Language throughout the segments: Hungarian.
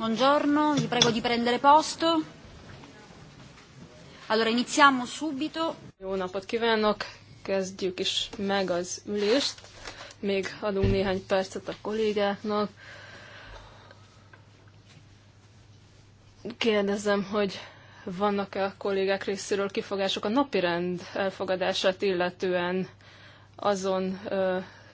Buongiorno, vi prego di prendere posto. Allora iniziamo subito. Jó napot kívánok, kezdjük is meg az ülést. Még adunk néhány percet a kollégáknak. Kérdezem, hogy vannak-e a kollégák részéről kifogások a napirend elfogadását illetően azon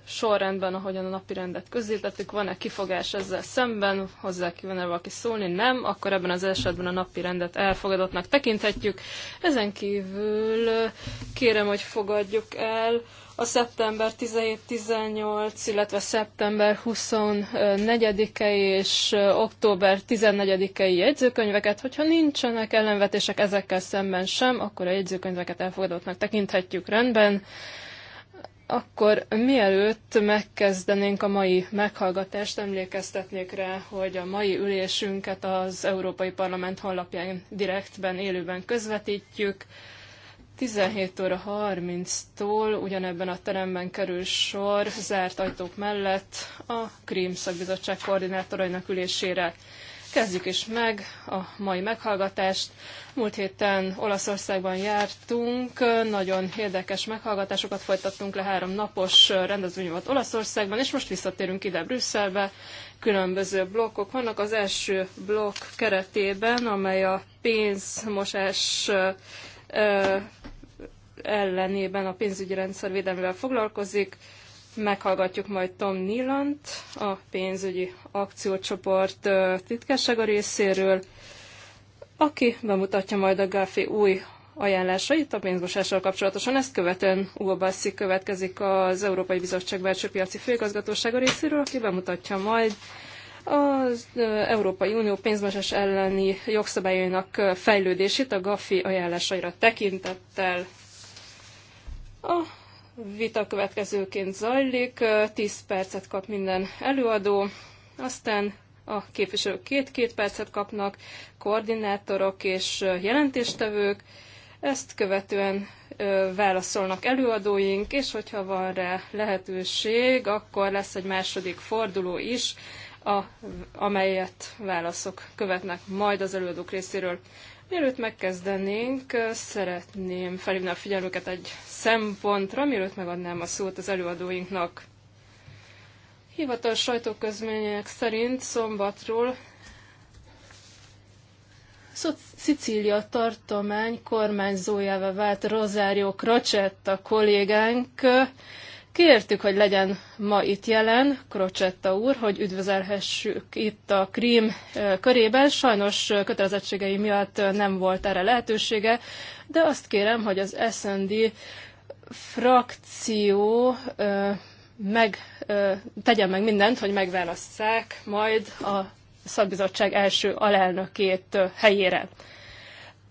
sorrendben, ahogyan a napi rendet közzétettük, van-e kifogás ezzel szemben, hozzá kívánna valaki szólni, nem, akkor ebben az esetben a napi rendet elfogadottnak tekinthetjük. Ezen kívül kérem, hogy fogadjuk el a szeptember 17-18, illetve szeptember 24-e és október 14-i jegyzőkönyveket. Hogyha nincsenek ellenvetések ezekkel szemben sem, akkor a jegyzőkönyveket elfogadottnak tekinthetjük rendben. Akkor mielőtt megkezdenénk a mai meghallgatást, emlékeztetnék rá, hogy a mai ülésünket az Európai Parlament honlapján direktben, élőben közvetítjük. 17 óra 30-tól ugyanebben a teremben kerül sor zárt ajtók mellett a Krím szakbizottság koordinátorainak ülésére. Kezdjük is meg a mai meghallgatást. Múlt héten Olaszországban jártunk, nagyon érdekes meghallgatásokat folytattunk le három napos rendezvény volt Olaszországban, és most visszatérünk ide Brüsszelbe. Különböző blokkok vannak. Az első blokk keretében, amely a pénzmosás ellenében a pénzügyi rendszer védelmével foglalkozik, Meghallgatjuk majd Tom Nilant, a pénzügyi akciócsoport titkássága részéről, aki bemutatja majd a Gáfi új ajánlásait a pénzmosással kapcsolatosan. Ezt követően Ugo Bassi következik az Európai Bizottság belső piaci főigazgatósága részéről, aki bemutatja majd az Európai Unió pénzmosás elleni jogszabályainak fejlődését a GAFI ajánlásaira tekintettel. A vita következőként zajlik, 10 percet kap minden előadó, aztán a képviselők két-két percet kapnak, koordinátorok és jelentéstevők, ezt követően válaszolnak előadóink, és hogyha van rá lehetőség, akkor lesz egy második forduló is, a, amelyet válaszok követnek majd az előadók részéről. Mielőtt megkezdenénk, szeretném felhívni a figyelmüket egy szempontra, mielőtt megadnám a szót az előadóinknak. Hivatalos sajtóközmények szerint szombatról Szicília tartomány kormányzójává vált Rosario Crocetta kollégánk, Kértük, hogy legyen ma itt jelen Krocsetta úr, hogy üdvözelhessük itt a Krím körében. Sajnos kötelezettségei miatt nem volt erre lehetősége, de azt kérem, hogy az SND frakció meg, tegyen meg mindent, hogy megválasszák majd a szakbizottság első alelnökét helyére.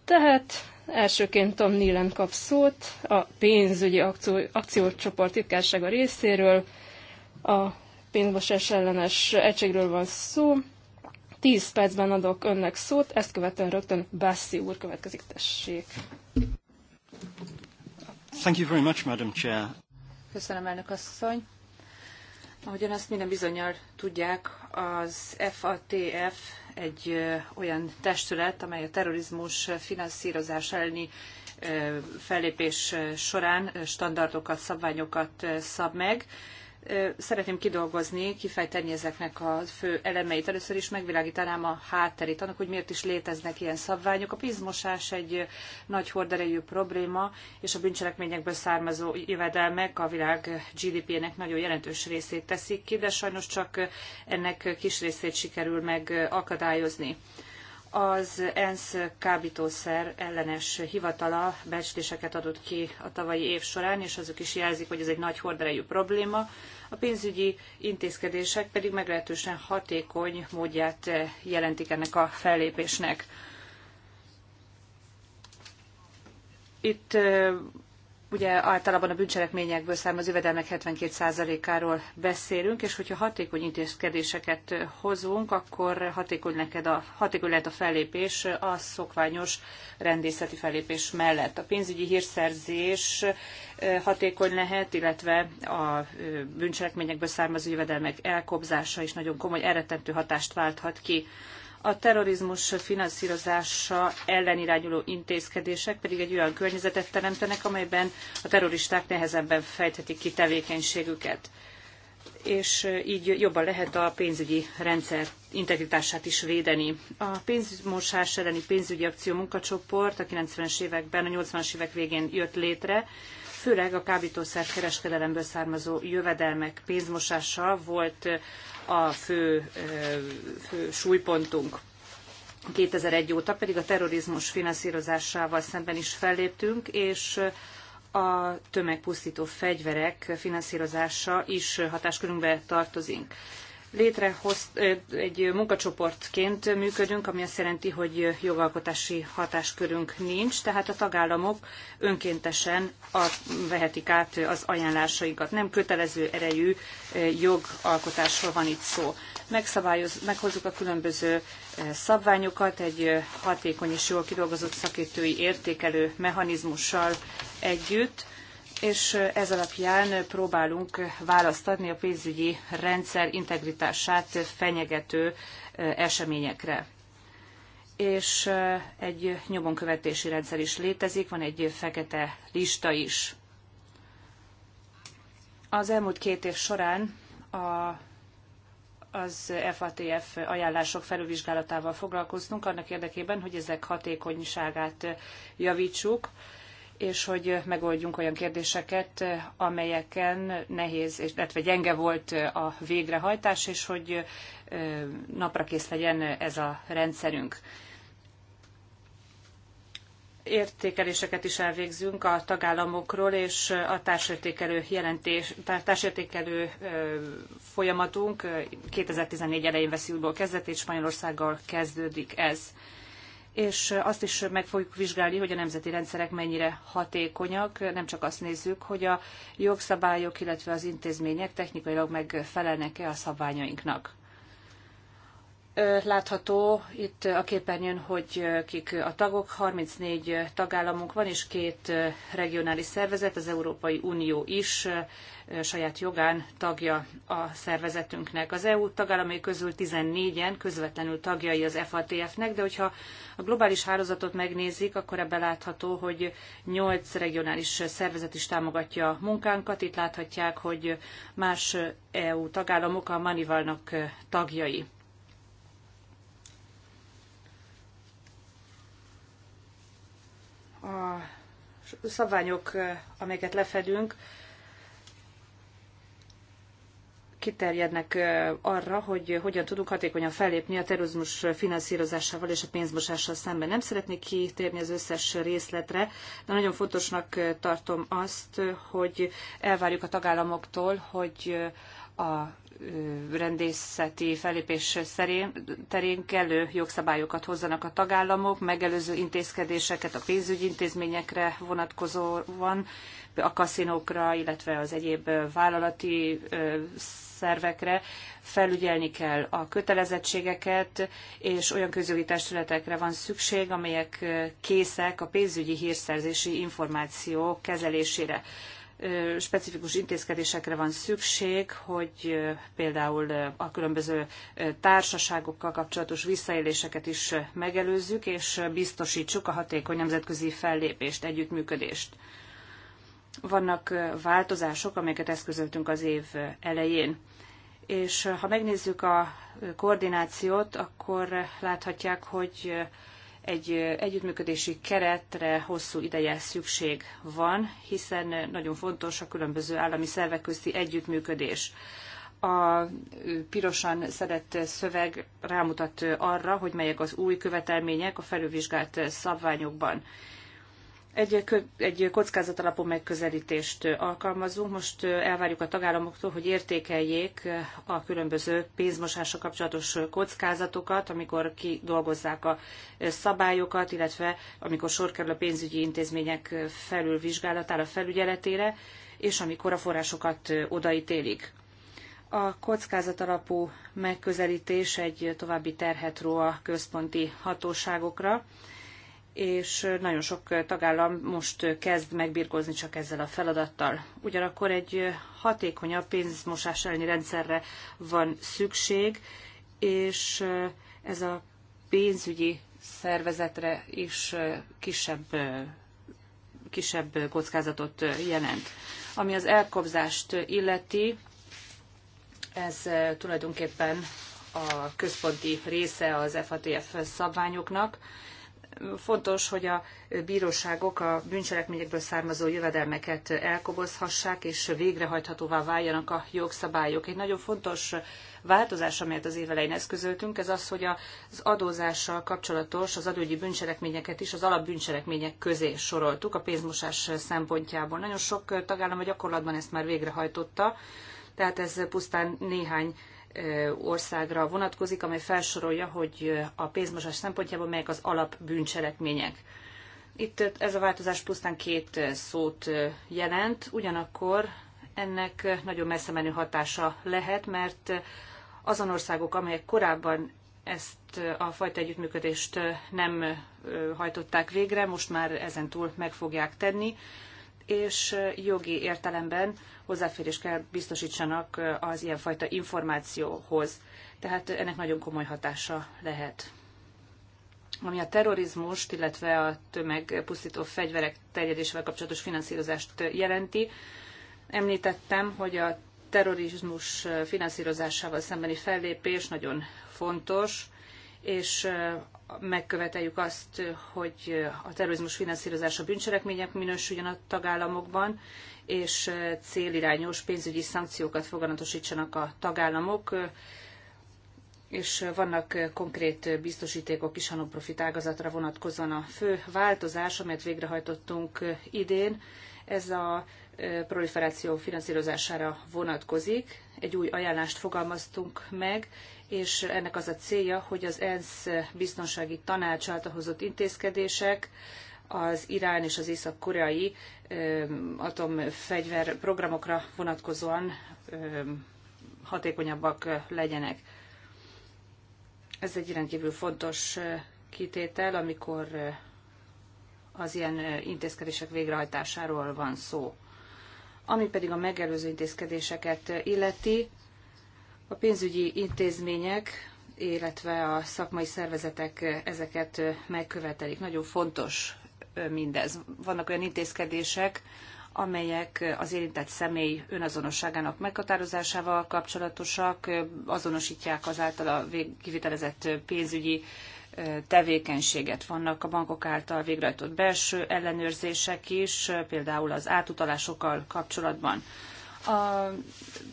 Tehát Elsőként Tom Nealon kap szót a pénzügyi akció, akciócsoport titkársága részéről. A pénzmosás ellenes egységről van szó. Tíz percben adok önnek szót, ezt követően rögtön Bassi úr következik, tessék. Thank you very much, Madam Chair. Köszönöm, elnök asszony. Ahogyan azt minden bizonyal tudják, az FATF egy olyan testület, amely a terrorizmus finanszírozás elleni fellépés során standardokat, szabványokat szab meg, szeretném kidolgozni, kifejteni ezeknek a fő elemeit. Először is megvilágítanám a hátterét, annak, hogy miért is léteznek ilyen szabványok. A pénzmosás egy nagy horderejű probléma, és a bűncselekményekből származó jövedelmek a világ GDP-nek nagyon jelentős részét teszik ki, de sajnos csak ennek kis részét sikerül megakadályozni az ENSZ kábítószer ellenes hivatala becsléseket adott ki a tavalyi év során, és azok is jelzik, hogy ez egy nagy horderejű probléma. A pénzügyi intézkedések pedig meglehetősen hatékony módját eh, jelentik ennek a fellépésnek. Itt eh, ugye általában a bűncselekményekből származó jövedelmek 72%-áról beszélünk, és hogyha hatékony intézkedéseket hozunk, akkor hatékony, neked a, hatékony lehet a fellépés a szokványos rendészeti fellépés mellett. A pénzügyi hírszerzés hatékony lehet, illetve a bűncselekményekből származó jövedelmek elkobzása is nagyon komoly, elrettentő hatást válthat ki a terrorizmus finanszírozása ellen irányuló intézkedések pedig egy olyan környezetet teremtenek, amelyben a terroristák nehezebben fejthetik ki tevékenységüket és így jobban lehet a pénzügyi rendszer integritását is védeni. A pénzmosás elleni pénzügyi akció munkacsoport a 90-es években, a 80-as évek végén jött létre, főleg a kábítószer kereskedelemből származó jövedelmek pénzmosása volt a fő, fő súlypontunk. 2001 óta pedig a terrorizmus finanszírozásával szemben is felléptünk, és a tömegpusztító fegyverek finanszírozása is hatáskörünkbe tartozik. Létrehozt egy munkacsoportként működünk, ami azt jelenti, hogy jogalkotási hatáskörünk nincs, tehát a tagállamok önkéntesen a, vehetik át az ajánlásaikat. Nem kötelező erejű jogalkotásról van itt szó. Megszabályoz, meghozzuk a különböző szabványokat egy hatékony és jól kidolgozott szakértői értékelő mechanizmussal együtt, és ez alapján próbálunk választ adni a pénzügyi rendszer integritását fenyegető eseményekre. És egy nyomonkövetési rendszer is létezik, van egy fekete lista is. Az elmúlt két év során a az FATF ajánlások felülvizsgálatával foglalkoztunk, annak érdekében, hogy ezek hatékonyságát javítsuk, és hogy megoldjunk olyan kérdéseket, amelyeken nehéz, illetve gyenge volt a végrehajtás, és hogy naprakész legyen ez a rendszerünk értékeléseket is elvégzünk a tagállamokról, és a társértékelő jelentés, társértékelő folyamatunk 2014 elején veszi útból kezdetét, Spanyolországgal kezdődik ez és azt is meg fogjuk vizsgálni, hogy a nemzeti rendszerek mennyire hatékonyak. Nem csak azt nézzük, hogy a jogszabályok, illetve az intézmények technikailag megfelelnek-e a szabványainknak. Látható itt a képernyőn, hogy kik a tagok, 34 tagállamunk van, és két regionális szervezet, az Európai Unió is saját jogán tagja a szervezetünknek. Az EU tagállamai közül 14-en közvetlenül tagjai az FATF-nek, de hogyha a globális hálózatot megnézik, akkor ebbe látható, hogy 8 regionális szervezet is támogatja a munkánkat. Itt láthatják, hogy más EU tagállamok a Manivalnak tagjai. a szabványok, amelyeket lefedünk, kiterjednek arra, hogy hogyan tudunk hatékonyan fellépni a terrorizmus finanszírozásával és a pénzmosással szemben. Nem szeretnék kitérni az összes részletre, de nagyon fontosnak tartom azt, hogy elvárjuk a tagállamoktól, hogy a rendészeti felépés terén kellő jogszabályokat hozzanak a tagállamok, megelőző intézkedéseket a pénzügyi intézményekre vonatkozóan, a kaszinókra, illetve az egyéb vállalati szervekre, felügyelni kell a kötelezettségeket, és olyan közjogi testületekre van szükség, amelyek készek a pénzügyi hírszerzési információ kezelésére specifikus intézkedésekre van szükség, hogy például a különböző társaságokkal kapcsolatos visszaéléseket is megelőzzük, és biztosítsuk a hatékony nemzetközi fellépést, együttműködést. Vannak változások, amelyeket eszközöltünk az év elején. És ha megnézzük a koordinációt, akkor láthatják, hogy egy együttműködési keretre hosszú ideje szükség van, hiszen nagyon fontos a különböző állami szervek közti együttműködés. A pirosan szedett szöveg rámutat arra, hogy melyek az új követelmények a felülvizsgált szabványokban egy, egy kockázatalapú megközelítést alkalmazunk. Most elvárjuk a tagállamoktól, hogy értékeljék a különböző pénzmosásra kapcsolatos kockázatokat, amikor kidolgozzák a szabályokat, illetve amikor sor kerül a pénzügyi intézmények felülvizsgálatára, felügyeletére, és amikor a forrásokat odaítélik. A kockázatalapú megközelítés egy további terhet ró a központi hatóságokra és nagyon sok tagállam most kezd megbirkózni csak ezzel a feladattal. Ugyanakkor egy hatékonyabb pénzmosás elleni rendszerre van szükség, és ez a pénzügyi szervezetre is kisebb, kisebb kockázatot jelent. Ami az elkobzást illeti, ez tulajdonképpen a központi része az FATF szabványoknak, Fontos, hogy a bíróságok a bűncselekményekből származó jövedelmeket elkobozhassák, és végrehajthatóvá váljanak a jogszabályok. Egy nagyon fontos változás, amelyet az évelején eszközöltünk, ez az, hogy az adózással kapcsolatos az adógyi bűncselekményeket is az alapbűncselekmények közé soroltuk a pénzmosás szempontjából. Nagyon sok tagállam a gyakorlatban ezt már végrehajtotta, tehát ez pusztán néhány országra vonatkozik, amely felsorolja, hogy a pénzmosás szempontjából melyek az alap bűncselekmények. Itt ez a változás pusztán két szót jelent, ugyanakkor ennek nagyon messze menő hatása lehet, mert azon országok, amelyek korábban ezt a fajta együttműködést nem hajtották végre, most már ezen túl meg fogják tenni és jogi értelemben hozzáférés kell biztosítsanak az ilyenfajta információhoz. Tehát ennek nagyon komoly hatása lehet. Ami a terrorizmust, illetve a tömegpusztító fegyverek terjedésével kapcsolatos finanszírozást jelenti, említettem, hogy a terrorizmus finanszírozásával szembeni fellépés nagyon fontos, és megköveteljük azt, hogy a terrorizmus finanszírozása bűncselekmények minősüljön a tagállamokban, és célirányos pénzügyi szankciókat foganatosítsanak a tagállamok, és vannak konkrét biztosítékok is a non-profit ágazatra vonatkozóan. A fő változás, amelyet végrehajtottunk idén, ez a e, proliferáció finanszírozására vonatkozik. Egy új ajánlást fogalmaztunk meg, és ennek az a célja, hogy az ENSZ biztonsági tanács által hozott intézkedések az Irán és az észak-koreai atomfegyver programokra vonatkozóan hatékonyabbak legyenek. Ez egy rendkívül fontos kitétel, amikor az ilyen intézkedések végrehajtásáról van szó. Ami pedig a megelőző intézkedéseket illeti, a pénzügyi intézmények, illetve a szakmai szervezetek ezeket megkövetelik. Nagyon fontos mindez. Vannak olyan intézkedések, amelyek az érintett személy önazonosságának meghatározásával kapcsolatosak, azonosítják az általa kivitelezett pénzügyi tevékenységet. Vannak a bankok által végrehajtott belső ellenőrzések is, például az átutalásokkal kapcsolatban. A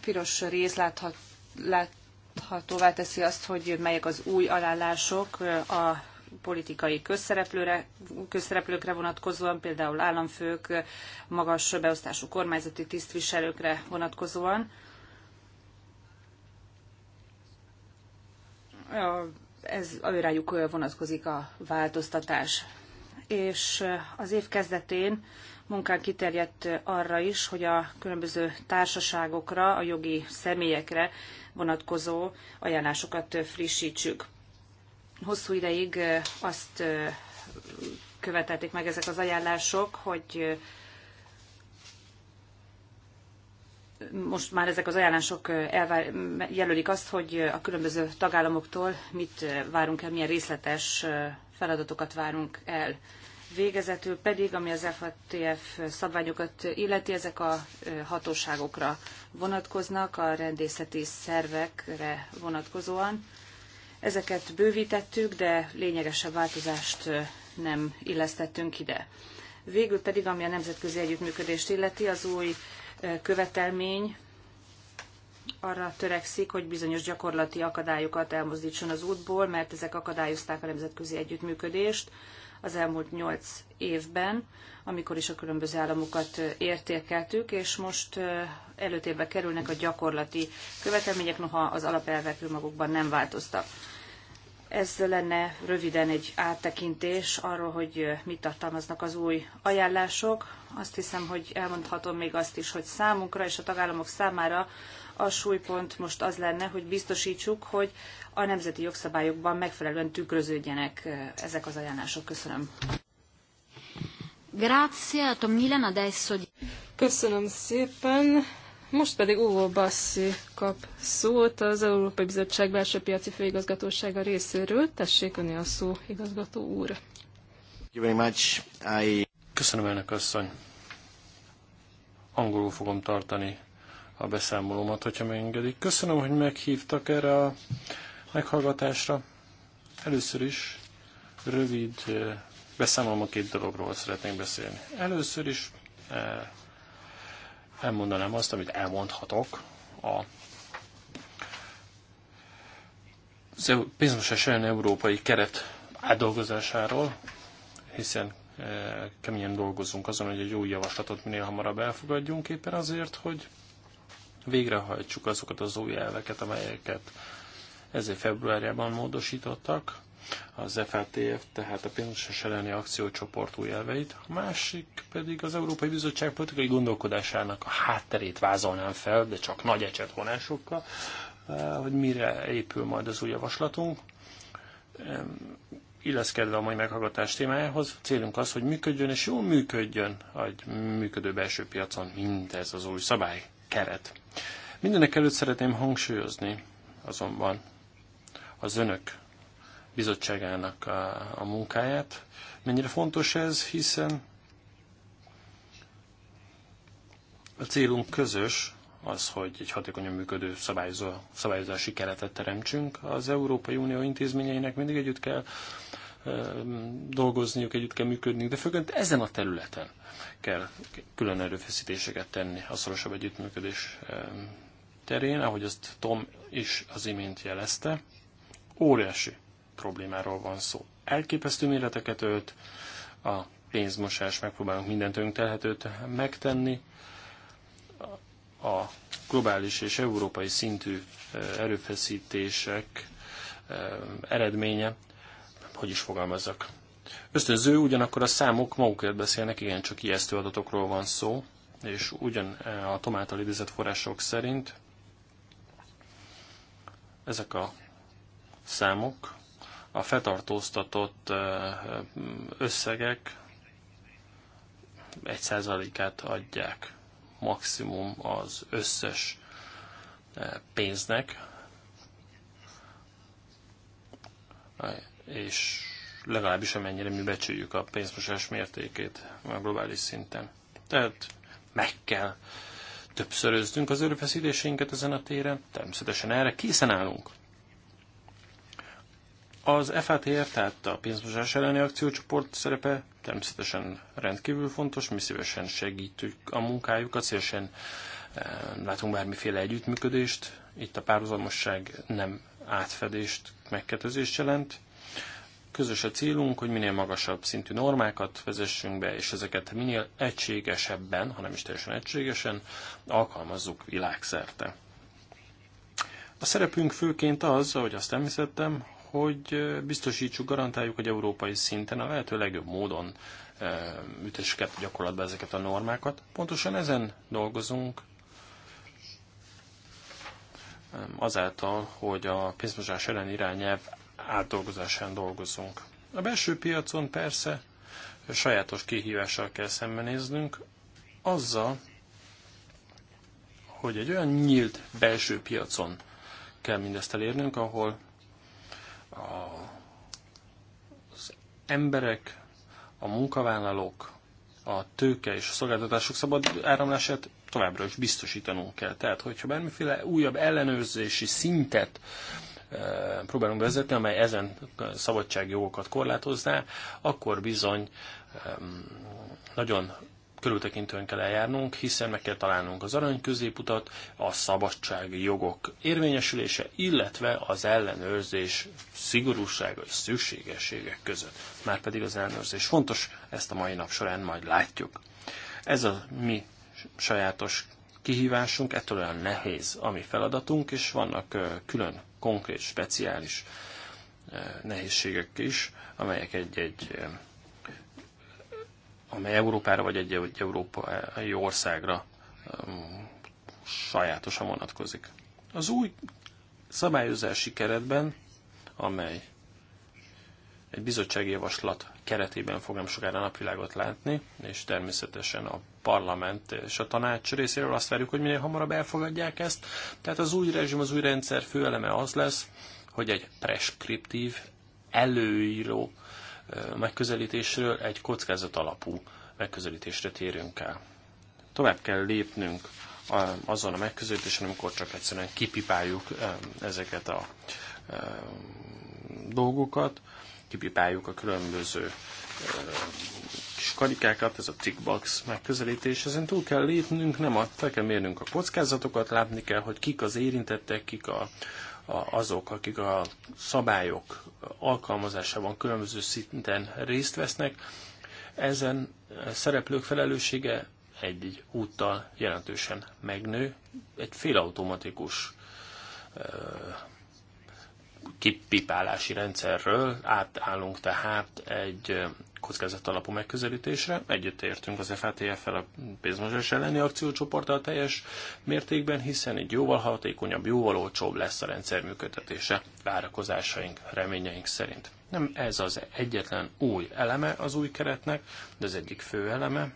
piros rész láthat, láthatóvá teszi azt, hogy melyek az új alállások a politikai közszereplőre, közszereplőkre vonatkozóan, például államfők, magas beosztású kormányzati tisztviselőkre vonatkozóan. Ez őrájuk vonatkozik a változtatás. És az év kezdetén munkán kiterjedt arra is, hogy a különböző társaságokra, a jogi személyekre vonatkozó ajánlásokat frissítsük. Hosszú ideig azt követelték meg ezek az ajánlások, hogy most már ezek az ajánlások elvár, jelölik azt, hogy a különböző tagállamoktól mit várunk el, milyen részletes feladatokat várunk el. Végezetül pedig, ami az FATF szabványokat illeti, ezek a hatóságokra vonatkoznak, a rendészeti szervekre vonatkozóan. Ezeket bővítettük, de lényegesebb változást nem illesztettünk ide. Végül pedig, ami a nemzetközi együttműködést illeti, az új követelmény arra törekszik, hogy bizonyos gyakorlati akadályokat elmozdítson az útból, mert ezek akadályozták a nemzetközi együttműködést az elmúlt nyolc évben, amikor is a különböző államokat értékeltük, és most előtérbe kerülnek a gyakorlati követelmények, noha az alapelvek magukban nem változtak. Ez lenne röviden egy áttekintés arról, hogy mit tartalmaznak az új ajánlások. Azt hiszem, hogy elmondhatom még azt is, hogy számunkra és a tagállamok számára a súlypont most az lenne, hogy biztosítsuk, hogy a nemzeti jogszabályokban megfelelően tükröződjenek ezek az ajánlások. Köszönöm. Grazie, Tom adesso... Köszönöm szépen. Most pedig Uvo Bassi kap szót az Európai Bizottság belső piaci főigazgatósága részéről. Tessék önni a szó, igazgató úr. Köszönöm önök, asszony. Angolul fogom tartani a beszámolómat, hogyha megengedik. Köszönöm, hogy meghívtak erre a meghallgatásra. Először is rövid eh, beszámolom a két dologról szeretnék beszélni. Először is eh, elmondanám azt, amit elmondhatok a az pénzmosás ellen európai keret átdolgozásáról, hiszen eh, keményen dolgozunk azon, hogy egy új javaslatot minél hamarabb elfogadjunk, éppen azért, hogy végrehajtsuk azokat az új elveket, amelyeket ezért februárjában módosítottak, az FATF, tehát a pénzes elleni akciócsoport új elveit, a másik pedig az Európai Bizottság politikai gondolkodásának a hátterét vázolnám fel, de csak nagy vonásokkal, eh, hogy mire épül majd az új javaslatunk. Illeszkedve a mai meghallgatás témájához, célunk az, hogy működjön és jól működjön a működő belső piacon mindez az új szabály keret. Mindenek előtt szeretném hangsúlyozni azonban az önök bizottságának a, a munkáját. Mennyire fontos ez, hiszen a célunk közös, az, hogy egy hatékonyan működő szabályozó, szabályozási keretet teremtsünk. Az Európai Unió intézményeinek mindig együtt kell dolgozniuk, együtt kell működniük, de főként ezen a területen kell külön erőfeszítéseket tenni a szorosabb együttműködés terén, ahogy azt Tom is az imént jelezte. Óriási problémáról van szó. Elképesztő méreteket ölt, a pénzmosás, megpróbálunk mindent telhetőt megtenni, a globális és európai szintű erőfeszítések eredménye hogy is fogalmazzak. Ösztönző, ugyanakkor a számok magukért beszélnek, igen, csak ijesztő adatokról van szó, és ugyan eh, a Tom által idézett források szerint ezek a számok, a fetartóztatott eh, összegek egy százalékát adják maximum az összes eh, pénznek és legalábbis amennyire mi becsüljük a pénzmosás mértékét a globális szinten. Tehát meg kell többszöröznünk az erőfeszítéseinket ezen a téren, természetesen erre készen állunk. Az FATR, tehát a pénzmosás elleni akciócsoport szerepe természetesen rendkívül fontos, mi szívesen segítjük a munkájukat, szívesen eh, látunk bármiféle együttműködést, itt a párhuzamosság nem átfedést, megkötözést jelent, Közös a célunk, hogy minél magasabb szintű normákat vezessünk be, és ezeket minél egységesebben, hanem is teljesen egységesen alkalmazzuk világszerte. A szerepünk főként az, ahogy azt említettem, hogy biztosítsuk, garantáljuk, hogy európai szinten a lehető legjobb módon e, ütesüket gyakorlatba ezeket a normákat. Pontosan ezen dolgozunk, e, azáltal, hogy a pénzmosás ellen irányelv átdolgozásán dolgozunk. A belső piacon persze sajátos kihívással kell szembenéznünk, azzal, hogy egy olyan nyílt belső piacon kell mindezt elérnünk, ahol a, az emberek, a munkavállalók, a tőke és a szolgáltatások szabad áramlását továbbra is biztosítanunk kell. Tehát, hogyha bármiféle újabb ellenőrzési szintet Eh, próbálunk vezetni, amely ezen szabadságjogokat korlátozná, akkor bizony nagyon körültekintően kell eljárnunk, hiszen meg kell találnunk az arany középutat, a szabadsági jogok érvényesülése, illetve az ellenőrzés szigorúsága és szükségességek között. Márpedig az ellenőrzés fontos, ezt a mai nap során majd látjuk. Ez a mi sajátos kihívásunk, ettől olyan nehéz a mi feladatunk, és vannak külön konkrét, speciális eh, nehézségek is, amelyek egy-egy eh, amely Európára vagy egy, egy európai országra eh, sajátosan vonatkozik. Az új szabályozási keretben, amely egy bizottsági javaslat keretében fog nem sokára napvilágot látni, és természetesen a parlament és a tanács részéről azt várjuk, hogy minél hamarabb elfogadják ezt. Tehát az új rezsim, az új rendszer főeleme az lesz, hogy egy preskriptív előíró megközelítésről egy kockázat alapú megközelítésre térünk el. Tovább kell lépnünk azon a megközelítésen, amikor csak egyszerűen kipipáljuk ezeket a dolgokat kipipáljuk a különböző kis karikákat, ez a tickbox megközelítés, ezen túl kell lépnünk, nem a, fel kell mérnünk a kockázatokat, látni kell, hogy kik az érintettek, kik a, a, azok, akik a szabályok alkalmazásában különböző szinten részt vesznek. Ezen szereplők felelőssége egy úttal jelentősen megnő, egy félautomatikus kipipálási rendszerről átállunk tehát egy kockázat alapú megközelítésre. Egyetértünk az FATF-fel a pénzmozsás elleni akciócsoporttal teljes mértékben, hiszen így jóval hatékonyabb, jóval olcsóbb lesz a rendszer működtetése várakozásaink, reményeink szerint. Nem ez az egyetlen új eleme az új keretnek, de az egyik fő eleme,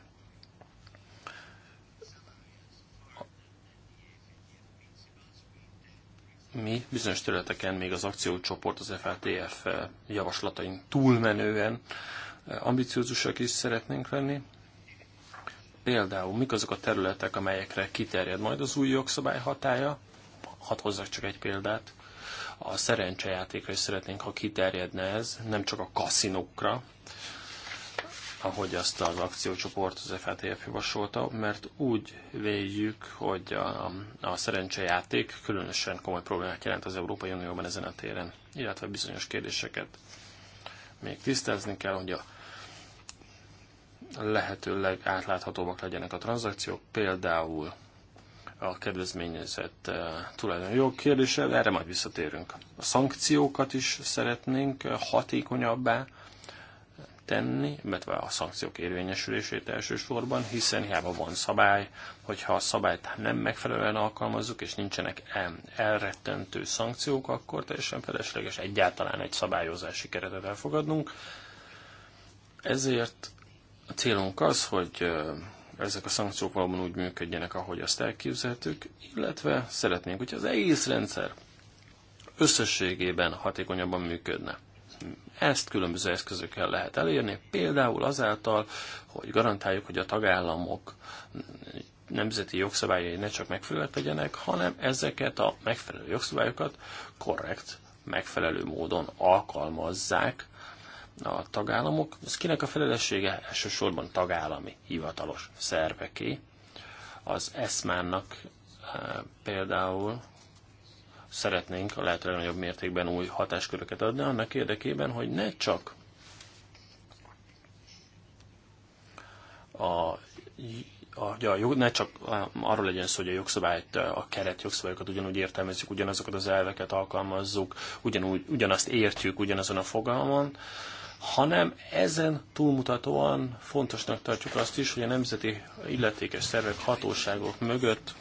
mi bizonyos területeken még az akciócsoport, az FATF eh, javaslatain túlmenően eh, ambiciózusak is szeretnénk lenni. Például mik azok a területek, amelyekre kiterjed majd az új jogszabály hatája? Hadd hozzak csak egy példát. A szerencsejátékra is szeretnénk, ha kiterjedne ez, nem csak a kaszinókra, ahogy azt az akciócsoport az FATF javasolta, mert úgy véljük, hogy a, a szerencsejáték különösen komoly problémát jelent az Európai Unióban ezen a téren, illetve bizonyos kérdéseket még tisztázni kell, hogy a lehetőleg átláthatóbbak legyenek a tranzakciók, például a kedvezményezett eh, tulajdonjog kérdése, erre majd visszatérünk. A szankciókat is szeretnénk hatékonyabbá tenni, illetve a szankciók érvényesülését elsősorban, hiszen hiába van szabály, hogyha a szabályt nem megfelelően alkalmazzuk, és nincsenek elrettentő szankciók, akkor teljesen felesleges egyáltalán egy szabályozási keretet elfogadnunk. Ezért a célunk az, hogy ezek a szankciók valóban úgy működjenek, ahogy azt elképzeltük, illetve szeretnénk, hogy az egész rendszer összességében hatékonyabban működne. Ezt különböző eszközökkel lehet elérni, például azáltal, hogy garantáljuk, hogy a tagállamok nemzeti jogszabályai ne csak megfelelőek legyenek, hanem ezeket a megfelelő jogszabályokat korrekt, megfelelő módon alkalmazzák a tagállamok. Ez kinek a felelőssége? Elsősorban tagállami hivatalos szerveké. Az ESMÁN-nak eh, például szeretnénk a lehető legnagyobb mértékben új hatásköröket adni, annak érdekében, hogy ne csak a a, a jog, ne csak arról legyen szó, hogy a jogszabályt, a keret jogszabályokat ugyanúgy értelmezzük, ugyanazokat az elveket alkalmazzuk, ugyanúgy, ugyanazt értjük ugyanazon a fogalmon, hanem ezen túlmutatóan fontosnak tartjuk azt is, hogy a nemzeti illetékes szervek, hatóságok mögött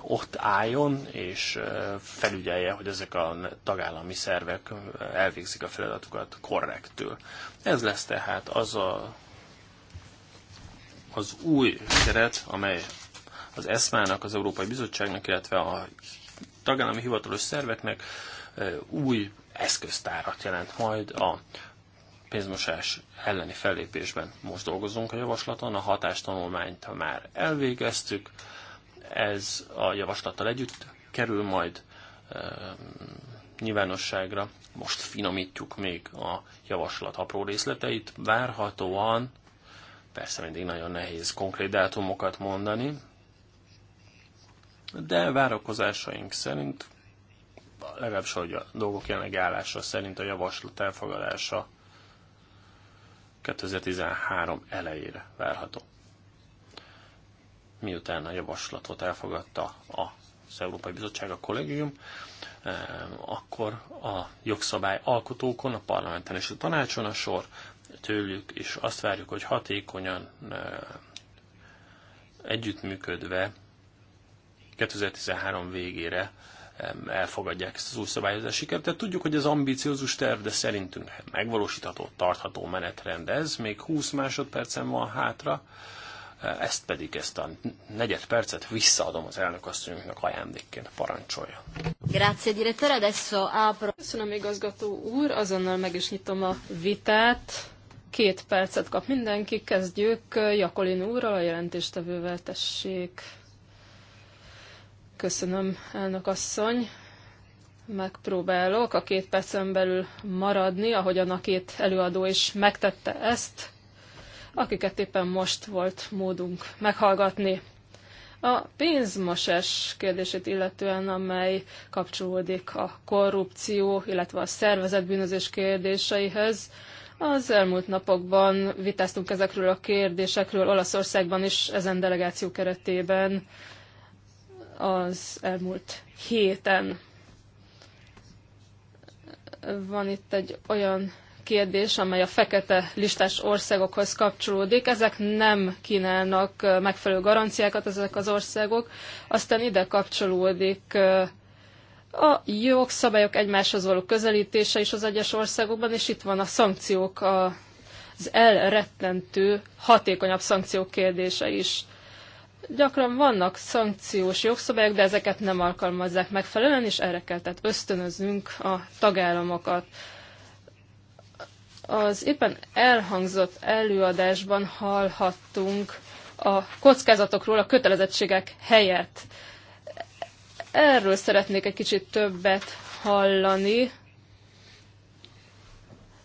ott álljon és felügyelje, hogy ezek a tagállami szervek elvégzik a feladatukat korrektül. Ez lesz tehát az a, az új keret, amely az ESMA-nak, az Európai Bizottságnak, illetve a tagállami hivatalos szerveknek új eszköztárat jelent majd a pénzmosás elleni fellépésben. Most dolgozunk a javaslaton, a hatástanulmányt már elvégeztük, ez a javaslattal együtt kerül majd ehm, nyilvánosságra. Most finomítjuk még a javaslat apró részleteit. Várhatóan, persze mindig nagyon nehéz konkrét dátumokat mondani, de várakozásaink szerint, legalábbis hogy a dolgok jelenlegi állása szerint a javaslat elfogadása 2013 elejére várható miután a javaslatot elfogadta az Európai Bizottság, a kollégium, eh, akkor a jogszabály alkotókon, a parlamenten és a tanácson a sor tőlük, és azt várjuk, hogy hatékonyan eh, együttműködve 2013 végére eh, elfogadják ezt az új szabályozási kertet. Tudjuk, hogy ez ambiciózus terv, de szerintünk megvalósítható, tartható menetrend ez. Még 20 másodpercen van hátra. Ezt pedig ezt a negyed percet visszaadom az elnök asszonyunknak ajándékként. Parancsolja. Grazie, direttore. Adesso apro. Köszönöm, igazgató úr. Azonnal meg is nyitom a vitát. Két percet kap mindenki. Kezdjük Jakolin úrral, a jelentéstevővel tessék. Köszönöm, elnök asszony. Megpróbálok a két percen belül maradni, ahogyan a két előadó is megtette ezt akiket éppen most volt módunk meghallgatni. A pénzmosás kérdését illetően, amely kapcsolódik a korrupció, illetve a szervezetbűnözés kérdéseihez, az elmúlt napokban vitáztunk ezekről a kérdésekről Olaszországban is ezen delegáció keretében az elmúlt héten. Van itt egy olyan kérdés, amely a fekete listás országokhoz kapcsolódik. Ezek nem kínálnak megfelelő garanciákat, ezek az országok. Aztán ide kapcsolódik a jogszabályok egymáshoz való közelítése is az egyes országokban, és itt van a szankciók, az elrettentő, hatékonyabb szankciók kérdése is. Gyakran vannak szankciós jogszabályok, de ezeket nem alkalmazzák megfelelően, és erre kell tehát ösztönöznünk a tagállamokat. Az éppen elhangzott előadásban hallhattunk a kockázatokról a kötelezettségek helyett. Erről szeretnék egy kicsit többet hallani,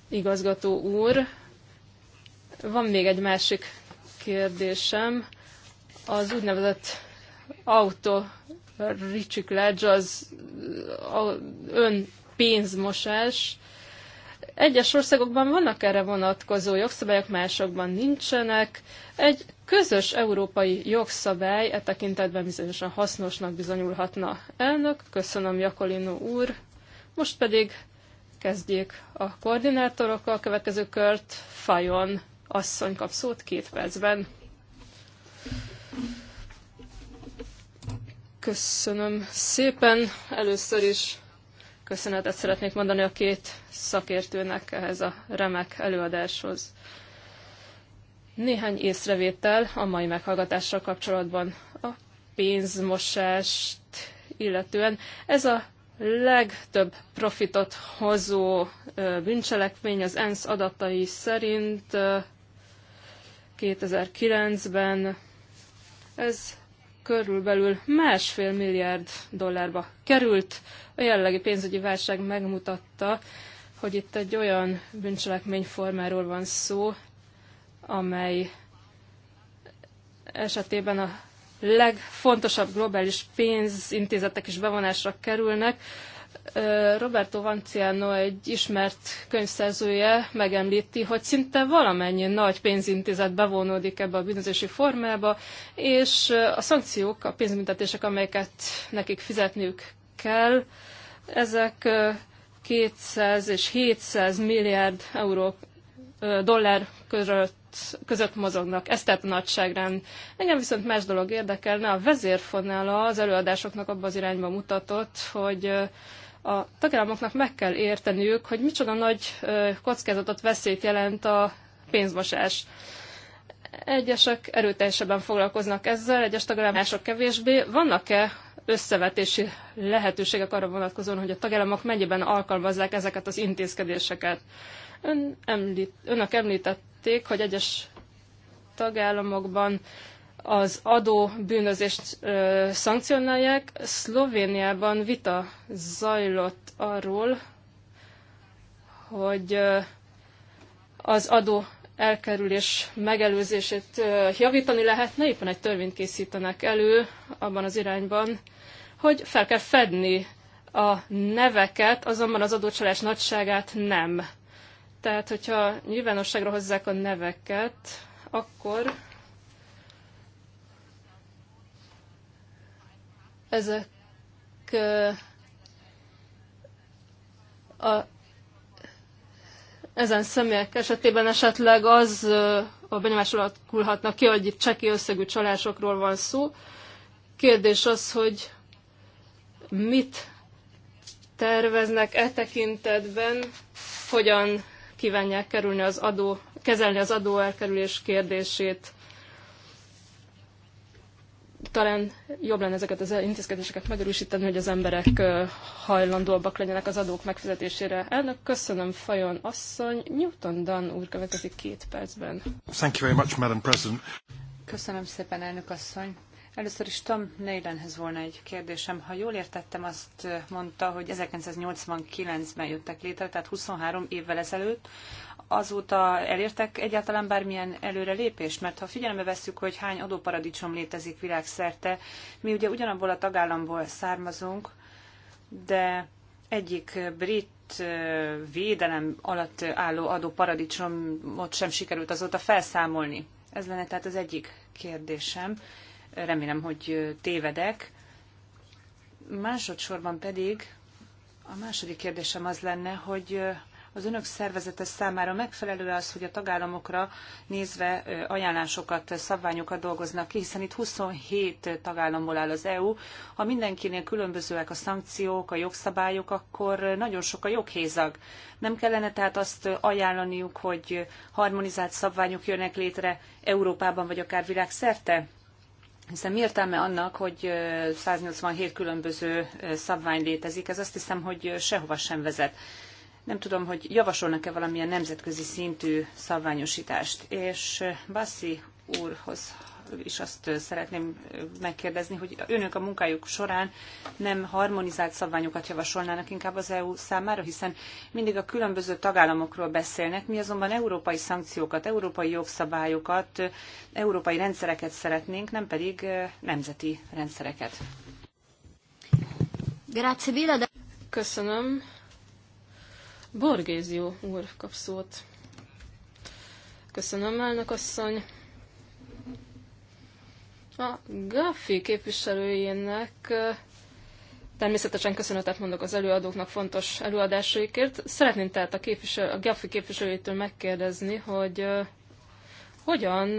igazgató úr. Van még egy másik kérdésem. Az úgynevezett autó az ön pénzmosás. Egyes országokban vannak erre vonatkozó jogszabályok, másokban nincsenek. Egy közös európai jogszabály e tekintetben bizonyosan hasznosnak bizonyulhatna. Elnök, köszönöm Jakolino úr. Most pedig kezdjék a koordinátorokkal a következő kört. Fajon asszony kap szót két percben. Köszönöm szépen. Először is köszönetet szeretnék mondani a két szakértőnek ehhez a remek előadáshoz. Néhány észrevétel a mai meghallgatással kapcsolatban a pénzmosást illetően. Ez a legtöbb profitot hozó bűncselekmény az ENSZ adatai szerint 2009-ben. Ez körülbelül másfél milliárd dollárba került. A jelenlegi pénzügyi válság megmutatta, hogy itt egy olyan bűncselekményformáról van szó, amely esetében a legfontosabb globális pénzintézetek is bevonásra kerülnek, Roberto Vanciano, egy ismert könyvszerzője megemlíti, hogy szinte valamennyi nagy pénzintézet bevonódik ebbe a bűnözési formába, és a szankciók, a pénzbüntetések, amelyeket nekik fizetniük kell, ezek 200 és 700 milliárd euró dollár között, között mozognak. Ez tehát a Engem viszont más dolog érdekelne. A vezérfonál az előadásoknak abba az irányba mutatott, hogy a tagállamoknak meg kell érteniük, hogy micsoda nagy kockázatot, veszélyt jelent a pénzmosás. Egyesek erőteljesebben foglalkoznak ezzel, egyes tagállamok mások kevésbé. Vannak-e összevetési lehetőségek arra vonatkozóan, hogy a tagállamok mennyiben alkalmazzák ezeket az intézkedéseket? Ön említ, önök említették, hogy egyes tagállamokban az adó bűnözést ö, szankcionálják. Szlovéniában vita zajlott arról, hogy ö, az adó elkerülés megelőzését ö, javítani lehetne, éppen egy törvényt készítenek elő abban az irányban, hogy fel kell fedni a neveket, azonban az adócsalás nagyságát nem. Tehát, hogyha nyilvánosságra hozzák a neveket, akkor ezek a, ezen személyek esetében esetleg az a benyomás alakulhatna ki, hogy itt cseki összegű csalásokról van szó. Kérdés az, hogy mit terveznek e tekintetben, hogyan kívánják kerülni az adó, kezelni az elkerülés kérdését talán jobb lenne ezeket az intézkedéseket megerősíteni, hogy az emberek hajlandóbbak legyenek az adók megfizetésére. Elnök, köszönöm, Fajon asszony. Newton Dan úr következik két percben. Thank you very much, Madam President. Köszönöm szépen, elnök asszony. Először is Tom Neylenhez volna egy kérdésem. Ha jól értettem, azt mondta, hogy 1989-ben jöttek létre, tehát 23 évvel ezelőtt, azóta elértek egyáltalán bármilyen előrelépést? Mert ha figyelembe vesszük, hogy hány adóparadicsom létezik világszerte, mi ugye ugyanabból a tagállamból származunk, de egyik brit védelem alatt álló adóparadicsomot sem sikerült azóta felszámolni. Ez lenne tehát az egyik kérdésem. Remélem, hogy tévedek. Másodszorban pedig a második kérdésem az lenne, hogy az önök szervezete számára megfelelő az, hogy a tagállamokra nézve ajánlásokat, szabványokat dolgoznak ki, hiszen itt 27 tagállamból áll az EU. Ha mindenkinél különbözőek a szankciók, a jogszabályok, akkor nagyon sok a joghézag. Nem kellene tehát azt ajánlaniuk, hogy harmonizált szabványok jönnek létre Európában vagy akár világszerte? Hiszen mi értelme annak, hogy 187 különböző szabvány létezik? Ez azt hiszem, hogy sehova sem vezet. Nem tudom, hogy javasolnak-e valamilyen nemzetközi szintű szabványosítást. És eh, Bassi úrhoz is azt eh, szeretném eh, megkérdezni, hogy önök a munkájuk során nem harmonizált szabványokat javasolnának inkább az EU számára, hiszen mindig a különböző tagállamokról beszélnek, mi azonban európai szankciókat, európai jogszabályokat, európai rendszereket szeretnénk, nem pedig nemzeti rendszereket. Köszönöm. Borgézió úr kap szót. Köszönöm, elnök asszony. A Gaffi képviselőjének természetesen köszönetet mondok az előadóknak fontos előadásaikért. Szeretném tehát a, képviselő, a Gaffi képviselőjétől megkérdezni, hogy hogyan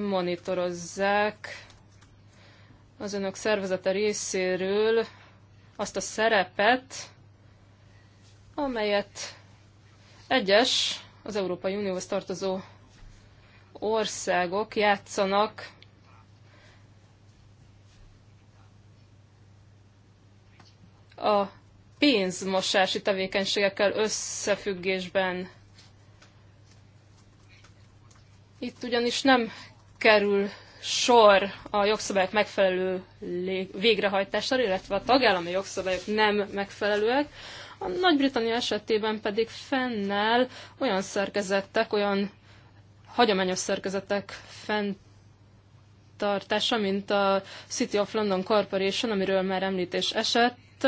monitorozzák az önök szervezete részéről azt a szerepet, amelyet egyes az Európai Unióhoz tartozó országok játszanak a pénzmosási tevékenységekkel összefüggésben. Itt ugyanis nem kerül sor a jogszabályok megfelelő végrehajtására, illetve a tagállami jogszabályok nem megfelelőek, a Nagy-Britannia esetében pedig fennel olyan szerkezettek, olyan hagyományos szerkezetek fenntartása, mint a City of London Corporation, amiről már említés esett.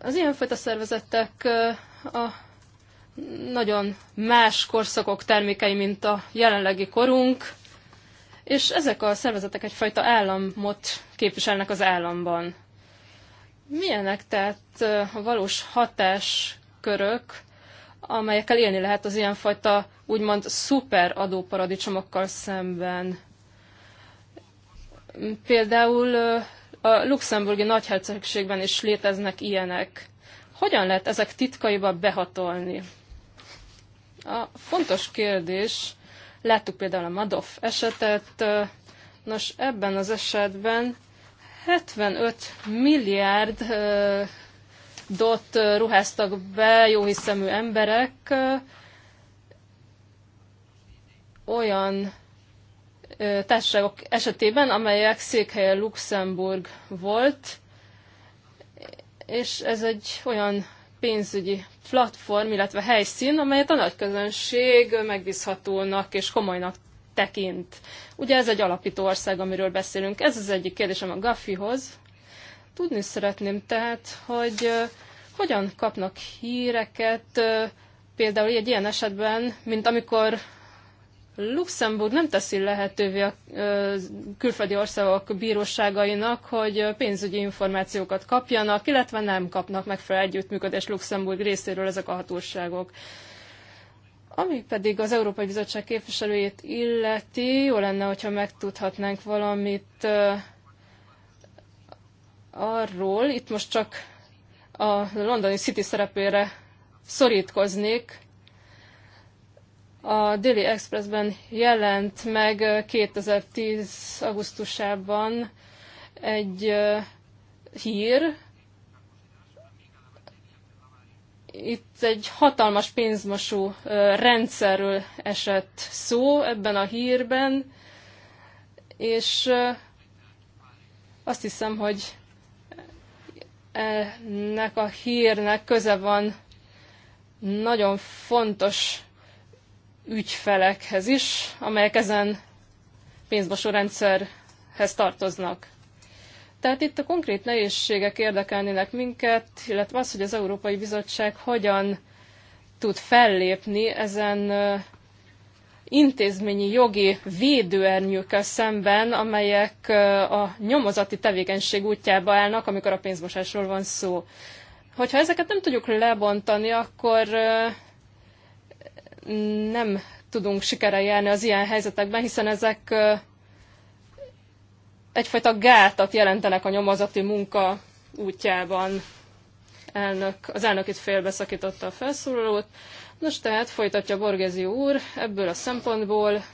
Az ilyenfajta szervezetek a nagyon más korszakok termékei, mint a jelenlegi korunk, és ezek a szervezetek egyfajta államot képviselnek az államban. Milyenek tehát a valós hatáskörök, amelyekkel élni lehet az ilyenfajta úgymond szuper adóparadicsomokkal szemben? Például a luxemburgi nagyhercegségben is léteznek ilyenek. Hogyan lehet ezek titkaiba behatolni? A fontos kérdés, láttuk például a Madoff esetet, nos ebben az esetben 75 milliárd dot ruháztak be hiszemű emberek olyan társaságok esetében, amelyek székhelye Luxemburg volt, és ez egy olyan pénzügyi platform, illetve helyszín, amelyet a nagy közönség megbízhatónak és komolynak tekint. Ugye ez egy alapító ország, amiről beszélünk. Ez az egyik kérdésem a Gaffihoz. Tudni szeretném tehát, hogy hogyan kapnak híreket például egy ilyen esetben, mint amikor Luxemburg nem teszi lehetővé a külföldi országok bíróságainak, hogy pénzügyi információkat kapjanak, illetve nem kapnak megfelelő együttműködés Luxemburg részéről ezek a hatóságok. Ami pedig az Európai Bizottság képviselőjét illeti, jó lenne, hogyha megtudhatnánk valamit arról, itt most csak a londoni City szerepére szorítkoznék. A Daily Expressben jelent meg 2010. augusztusában egy hír, itt egy hatalmas pénzmosó rendszerről esett szó ebben a hírben, és azt hiszem, hogy ennek a hírnek köze van nagyon fontos ügyfelekhez is, amelyek ezen pénzmosó rendszerhez tartoznak. Tehát itt a konkrét nehézségek érdekelnének minket, illetve az, hogy az Európai Bizottság hogyan tud fellépni ezen intézményi jogi védőernyőkkel szemben, amelyek a nyomozati tevékenység útjába állnak, amikor a pénzmosásról van szó. Hogyha ezeket nem tudjuk lebontani, akkor nem tudunk sikerrel járni az ilyen helyzetekben, hiszen ezek egyfajta gátat jelentenek a nyomozati munka útjában. Elnök, az elnök itt félbeszakította a felszólalót. Nos, tehát folytatja Borgezi úr, ebből a szempontból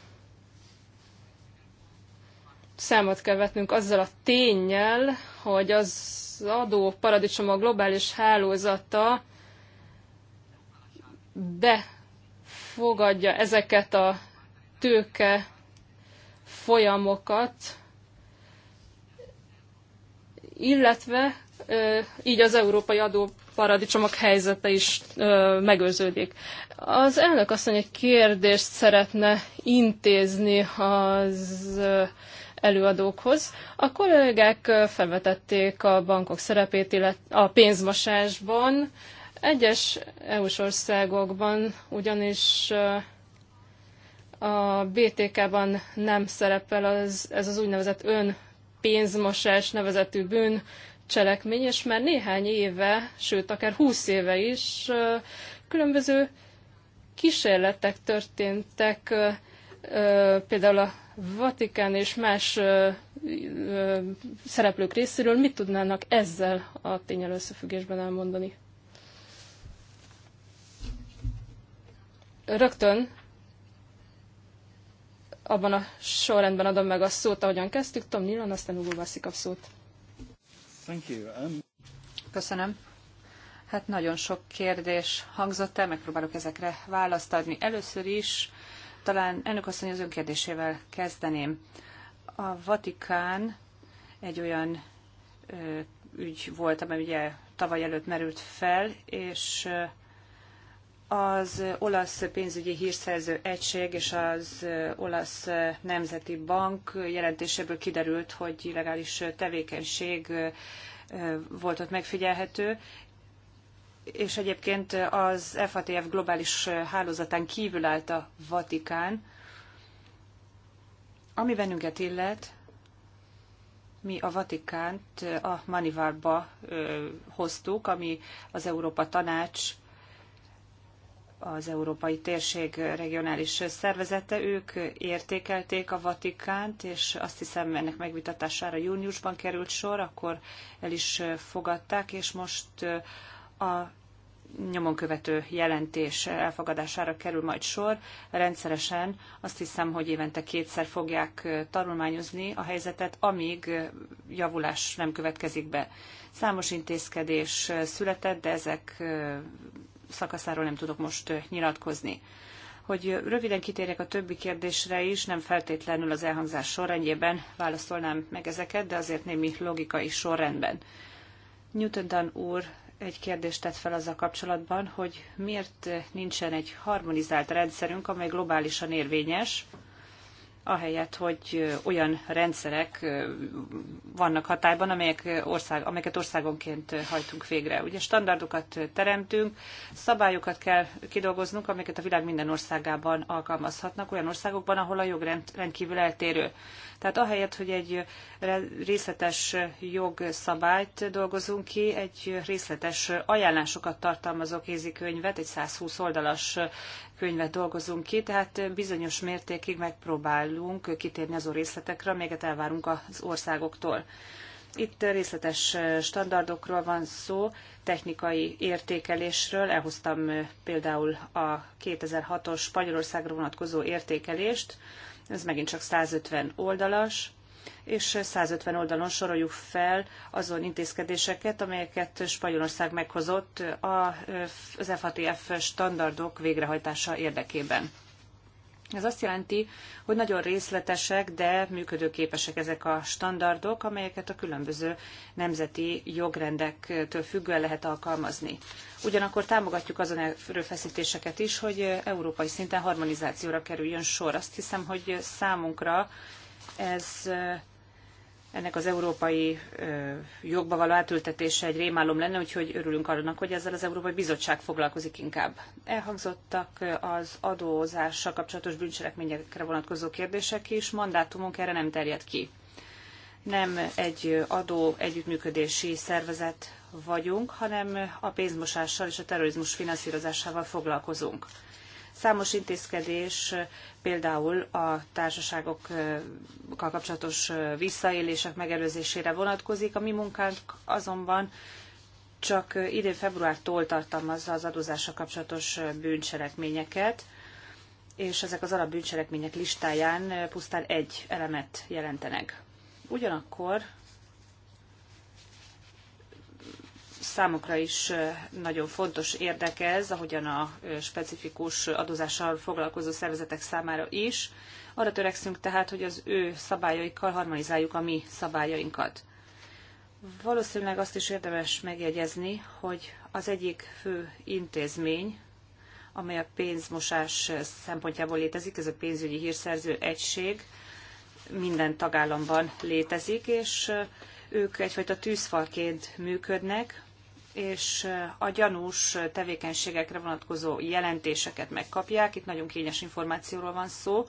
számot kell vetnünk azzal a tényel, hogy az adó paradicsom a globális hálózata befogadja ezeket a tőke folyamokat, illetve így az európai adóparadicsomok helyzete is megőrződik. Az elnök asszony egy kérdést szeretne intézni az előadókhoz. A kollégák felvetették a bankok szerepét illet, a pénzmosásban. Egyes EU-s országokban ugyanis a BTK-ban nem szerepel az, ez az úgynevezett ön pénzmosás nevezetű bűn cselekmény, és már néhány éve, sőt akár húsz éve is különböző kísérletek történtek, például a Vatikán és más szereplők részéről. Mit tudnának ezzel a tényel összefüggésben elmondani? Rögtön abban a sorrendben adom meg a szót, ahogyan kezdtük. Tom Nilan, aztán Ugo Vászi kap szót. Thank you. Um... Köszönöm. Hát nagyon sok kérdés hangzott el, megpróbálok ezekre választ adni. Először is talán ennek asszony az önkérdésével kezdeném. A Vatikán egy olyan ö, ügy volt, amely ugye tavaly előtt merült fel, és ö, az olasz pénzügyi hírszerző egység és az olasz nemzeti bank jelentéséből kiderült, hogy illegális tevékenység volt ott megfigyelhető, és egyébként az FATF globális hálózatán kívül állt a Vatikán. Ami bennünket illet, mi a Vatikánt a Manivarba hoztuk, ami az Európa Tanács az Európai Térség regionális szervezete. Ők értékelték a Vatikánt, és azt hiszem ennek megvitatására júniusban került sor, akkor el is fogadták, és most a nyomon követő jelentés elfogadására kerül majd sor. Rendszeresen azt hiszem, hogy évente kétszer fogják tanulmányozni a helyzetet, amíg javulás nem következik be. Számos intézkedés született, de ezek szakaszáról nem tudok most nyilatkozni. Hogy röviden kitérjek a többi kérdésre is, nem feltétlenül az elhangzás sorrendjében válaszolnám meg ezeket, de azért némi logikai sorrendben. Newton Dan úr egy kérdést tett fel azzal kapcsolatban, hogy miért nincsen egy harmonizált rendszerünk, amely globálisan érvényes, ahelyett, hogy olyan rendszerek vannak hatályban, amelyek ország, amelyeket országonként hajtunk végre. Ugye standardokat teremtünk, szabályokat kell kidolgoznunk, amelyeket a világ minden országában alkalmazhatnak, olyan országokban, ahol a jogrend rendkívül eltérő. Tehát ahelyett, hogy egy részletes jogszabályt dolgozunk ki, egy részletes ajánlásokat tartalmazó kézikönyvet, egy 120 oldalas könyvet dolgozunk ki, tehát bizonyos mértékig megpróbálunk kitérni azon részletekre, amelyeket elvárunk az országoktól. Itt részletes standardokról van szó, technikai értékelésről. Elhoztam például a 2006-os Spanyolországra vonatkozó értékelést, ez megint csak 150 oldalas, és 150 oldalon soroljuk fel azon intézkedéseket, amelyeket Spanyolország meghozott az FATF standardok végrehajtása érdekében. Ez azt jelenti, hogy nagyon részletesek, de működőképesek ezek a standardok, amelyeket a különböző nemzeti jogrendektől függően lehet alkalmazni. Ugyanakkor támogatjuk azon erőfeszítéseket is, hogy európai szinten harmonizációra kerüljön sor. Azt hiszem, hogy számunkra ez ennek az európai jogba való átültetése egy rémálom lenne, úgyhogy örülünk annak, hogy ezzel az Európai Bizottság foglalkozik inkább. Elhangzottak az adózással kapcsolatos bűncselekményekre vonatkozó kérdések is, mandátumunk erre nem terjed ki. Nem egy adó együttműködési szervezet vagyunk, hanem a pénzmosással és a terrorizmus finanszírozásával foglalkozunk. Számos intézkedés, például a társaságokkal kapcsolatos visszaélések megelőzésére vonatkozik. A mi munkánk azonban csak idén februártól tartalmazza az adózással kapcsolatos bűncselekményeket, és ezek az alapbűncselekmények listáján pusztán egy elemet jelentenek. Ugyanakkor számukra is nagyon fontos ez, ahogyan a specifikus adózással foglalkozó szervezetek számára is. Arra törekszünk tehát, hogy az ő szabályaikkal harmonizáljuk a mi szabályainkat. Valószínűleg azt is érdemes megjegyezni, hogy az egyik fő intézmény, amely a pénzmosás szempontjából létezik, ez a pénzügyi hírszerző egység, minden tagállamban létezik, és ők egyfajta tűzfalként működnek, és eh, a gyanús tevékenységekre vonatkozó jelentéseket megkapják. Itt nagyon kényes információról van szó.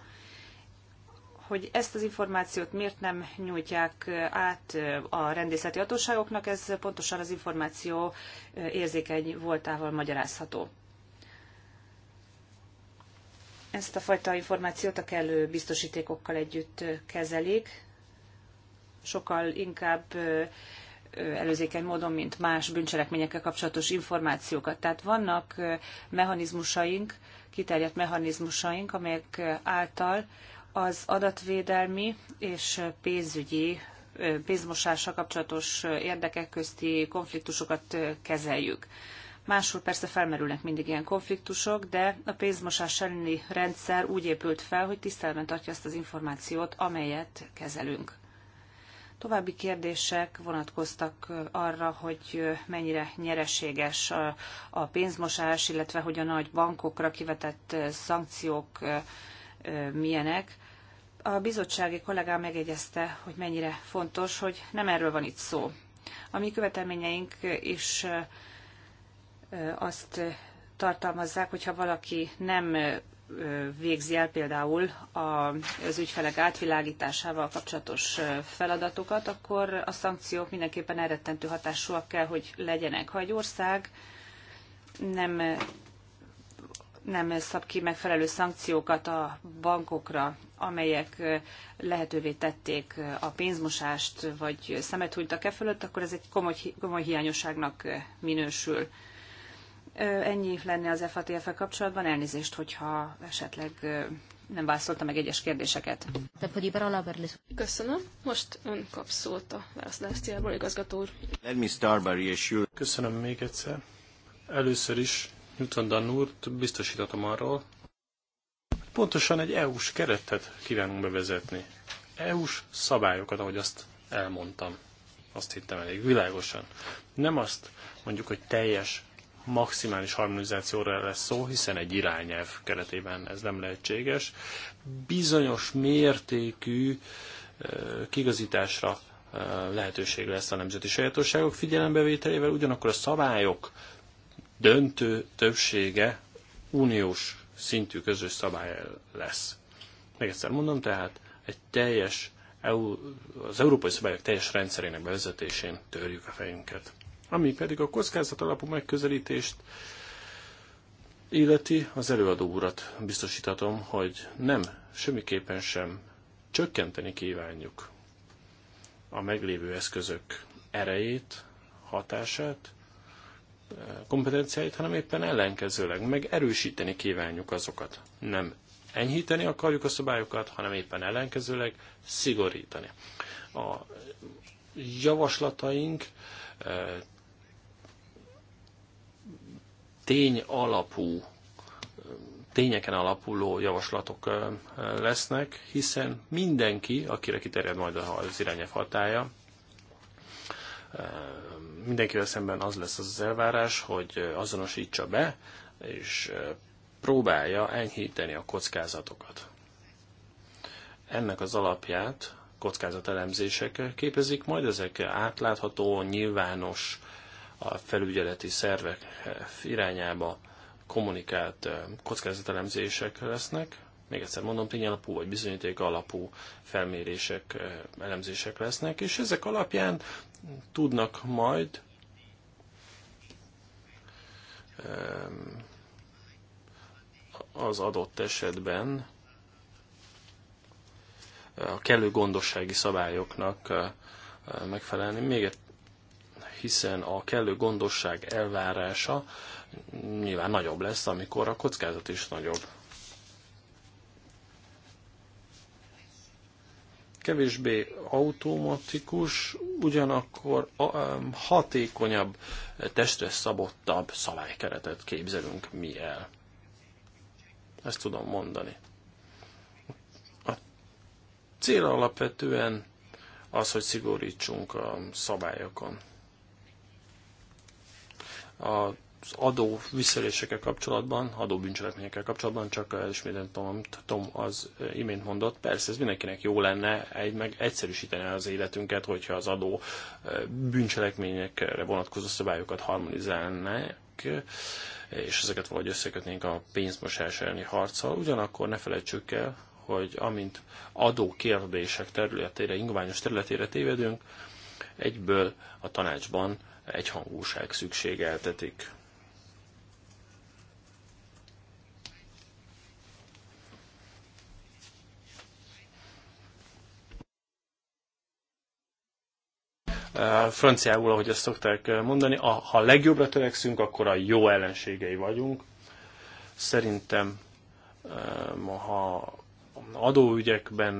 Hogy ezt az információt miért nem nyújtják eh, át eh, a rendészeti hatóságoknak, ez pontosan az információ érzékeny voltával magyarázható. Ezt a fajta információt a kellő biztosítékokkal együtt kezelik, sokkal inkább előzékeny módon, mint más bűncselekményekkel kapcsolatos információkat. Tehát vannak mechanizmusaink, kiterjedt mechanizmusaink, amelyek által az adatvédelmi és pénzügyi pénzmosással kapcsolatos érdekek közti konfliktusokat kezeljük. Máshol persze felmerülnek mindig ilyen konfliktusok, de a pénzmosás elleni rendszer úgy épült fel, hogy tiszteletben tartja azt az információt, amelyet kezelünk. További kérdések vonatkoztak arra, hogy mennyire nyereséges a pénzmosás, illetve hogy a nagy bankokra kivetett szankciók milyenek. A bizottsági kollégám megjegyezte, hogy mennyire fontos, hogy nem erről van itt szó. A mi követelményeink is azt tartalmazzák, hogyha valaki nem végzi el például az ügyfelek átvilágításával kapcsolatos feladatokat, akkor a szankciók mindenképpen elrettentő hatásúak kell, hogy legyenek. Ha egy ország nem nem szab ki megfelelő szankciókat a bankokra, amelyek lehetővé tették a pénzmosást, vagy szemet hunytak e fölött, akkor ez egy komoly, komoly hiányosságnak minősül. Ennyi lenne az fatf e kapcsolatban. Elnézést, hogyha esetleg nem válaszolta meg egyes kérdéseket. Köszönöm. Most ön kap szót a válaszlásztiából, igazgató úr. Let me start by reassure. Köszönöm még egyszer. Először is Newton úrt biztosítatom arról, hogy pontosan egy EU-s keretet kívánunk bevezetni. EU-s szabályokat, ahogy azt elmondtam. Azt hittem elég világosan. Nem azt mondjuk, hogy teljes maximális harmonizációra lesz szó, hiszen egy irányelv keretében ez nem lehetséges. Bizonyos mértékű kigazításra lehetőség lesz a nemzeti sajátosságok figyelembevételével, ugyanakkor a szabályok döntő többsége uniós szintű közös szabály lesz. Még egyszer mondom, tehát egy teljes EU, az európai szabályok teljes rendszerének bevezetésén törjük a fejünket. Ami pedig a kockázat alapú megközelítést illeti, az előadó urat biztosítatom, hogy nem, semmiképpen sem csökkenteni kívánjuk a meglévő eszközök erejét, hatását, kompetenciáit, hanem éppen ellenkezőleg meg erősíteni kívánjuk azokat. Nem enyhíteni akarjuk a szabályokat, hanem éppen ellenkezőleg szigorítani. A javaslataink eh, tény alapú, tényeken alapuló javaslatok lesznek, hiszen mindenki, akire kiterjed majd az irányelv hatája, mindenkivel szemben az lesz az elvárás, hogy azonosítsa be, és próbálja enyhíteni a kockázatokat. Ennek az alapját kockázatelemzések képezik, majd ezek átlátható, nyilvános a felügyeleti szervek eh, irányába kommunikált eh, kockázatelemzések lesznek. Még egyszer mondom, tényleg alapú vagy bizonyíték alapú felmérések, eh, elemzések lesznek, és ezek alapján tudnak majd ehm, az adott esetben a kellő gondossági szabályoknak megfelelni. Még hiszen a kellő gondosság elvárása nyilván nagyobb lesz, amikor a kockázat is nagyobb. Kevésbé automatikus, ugyanakkor hatékonyabb, testre szabottabb szabálykeretet képzelünk mi el. Ezt tudom mondani. A cél alapvetően az, hogy szigorítsunk a szabályokon az adó visszaélésekkel kapcsolatban, adóbűncselekményekkel kapcsolatban, csak ismétem Tom, Tom az imént mondott, persze ez mindenkinek jó lenne, egy, meg egyszerűsítene az életünket, hogyha az adó eh, bűncselekményekre vonatkozó szabályokat harmonizálnák, és ezeket valahogy összekötnénk a pénzmosás elleni harccal. Ugyanakkor ne felejtsük el, hogy amint kérdések területére, ingoványos területére tévedünk, egyből a tanácsban egyhangúság szükségeltetik. Franciául, ahogy ezt szokták mondani, a, ha legjobbra törekszünk, akkor a jó ellenségei vagyunk. Szerintem, ha adóügyekben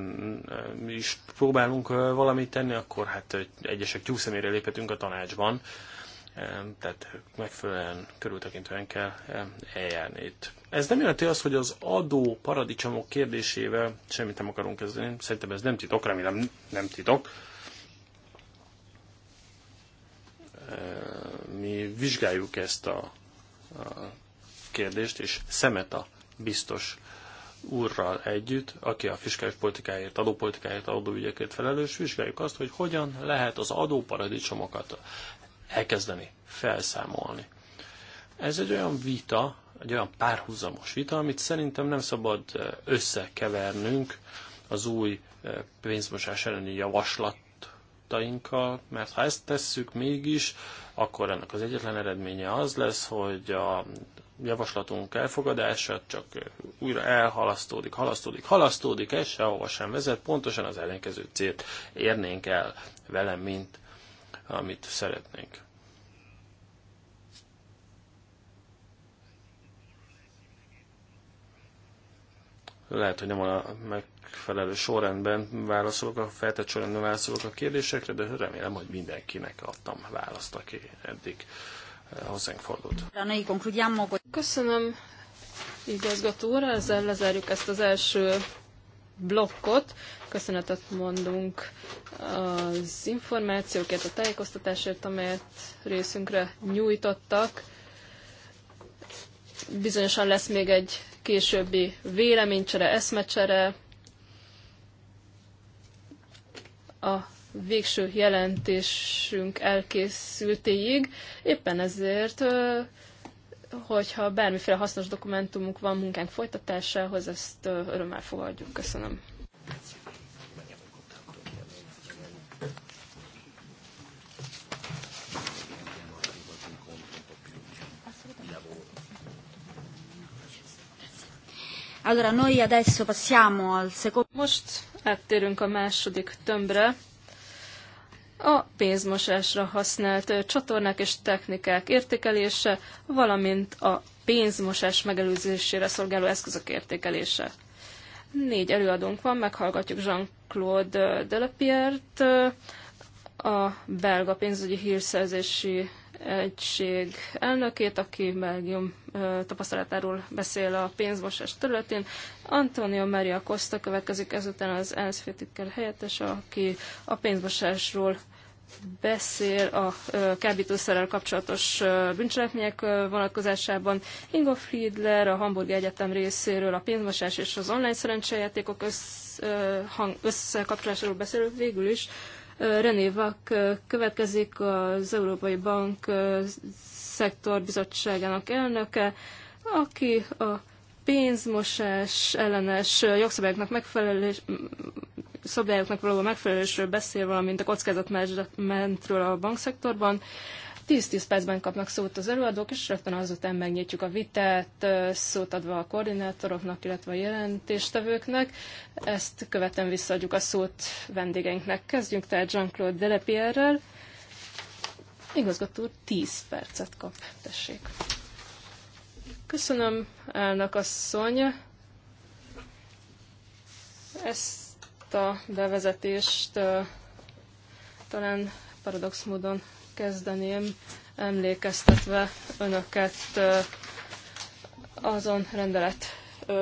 eh, is próbálunk eh, valamit tenni, akkor hát egyesek tyúkszemére léphetünk a tanácsban, eh, tehát megfelelően körültekintően kell eljárni itt. Ez nem jelenti azt, hogy az adó paradicsomok kérdésével semmit nem akarunk kezdeni. Szerintem ez nem titok, remélem nem titok. Mi vizsgáljuk ezt a, a kérdést, és szemet a biztos úrral együtt, aki a fiskális politikáért, adópolitikáért, adóügyekért felelős, vizsgáljuk azt, hogy hogyan lehet az adóparadicsomokat elkezdeni, felszámolni. Ez egy olyan vita, egy olyan párhuzamos vita, amit szerintem nem szabad eh, összekevernünk az új eh, pénzmosás elleni javaslatainkkal, mert ha ezt tesszük mégis, akkor ennek az egyetlen eredménye az lesz, hogy a javaslatunk elfogadása csak eh, újra elhalasztódik, halasztódik, halasztódik, ez sehova sem vezet, pontosan az ellenkező célt érnénk el velem, mint amit szeretnénk. Lehet, hogy nem a megfelelő sorrendben válaszolok, a feltett sorrendben válaszolok a kérdésekre, de remélem, hogy mindenkinek adtam választ, aki eddig eh, hozzánk fordult. Köszönöm igazgató úr. Ezzel lezárjuk ezt az első blokkot. Köszönetet mondunk az információkért, a tájékoztatásért, amelyet részünkre nyújtottak. Bizonyosan lesz még egy későbbi véleménycsere, eszmecsere. A végső jelentésünk elkészültéig. Éppen ezért hogyha bármiféle hasznos dokumentumunk van munkánk folytatásához, ezt örömmel fogadjuk. Köszönöm. Allora, noi adesso passiamo al secondo... Most áttérünk a második tömbre a pénzmosásra használt csatornák és technikák értékelése, valamint a pénzmosás megelőzésére szolgáló eszközök értékelése. Négy előadónk van, meghallgatjuk Jean-Claude Delapierre-t, a belga pénzügyi hírszerzési egység elnökét, aki Belgium tapasztalatáról beszél a pénzmosás területén. Antonio Maria Costa következik ezután az ENSZ főtitkár helyettes, aki a pénzmosásról beszél a kábítószerrel kapcsolatos bűncselekmények vonatkozásában. Ingo Friedler a Hamburg Egyetem részéről a pénzmosás és az online szerencsejátékok összekapcsolásáról beszél végül is. René Vak következik az Európai Bank Szektor Bizottságának elnöke, aki a pénzmosás ellenes jogszabályoknak megfelelés, szabályoknak való megfelelésről beszél, valamint a kockázatmenedzsmentről a bankszektorban. 10-10 percben kapnak szót az előadók, és rögtön azután megnyitjuk a vitát, szót adva a koordinátoroknak, illetve a jelentéstevőknek. Ezt követően visszaadjuk a szót vendégeinknek. Kezdjünk tehát Jean-Claude Delepierrel. Igazgató 10 percet kap, tessék. Köszönöm, elnök asszony. Ezt a bevezetést talán paradox módon kezdeném emlékeztetve önöket azon rendelet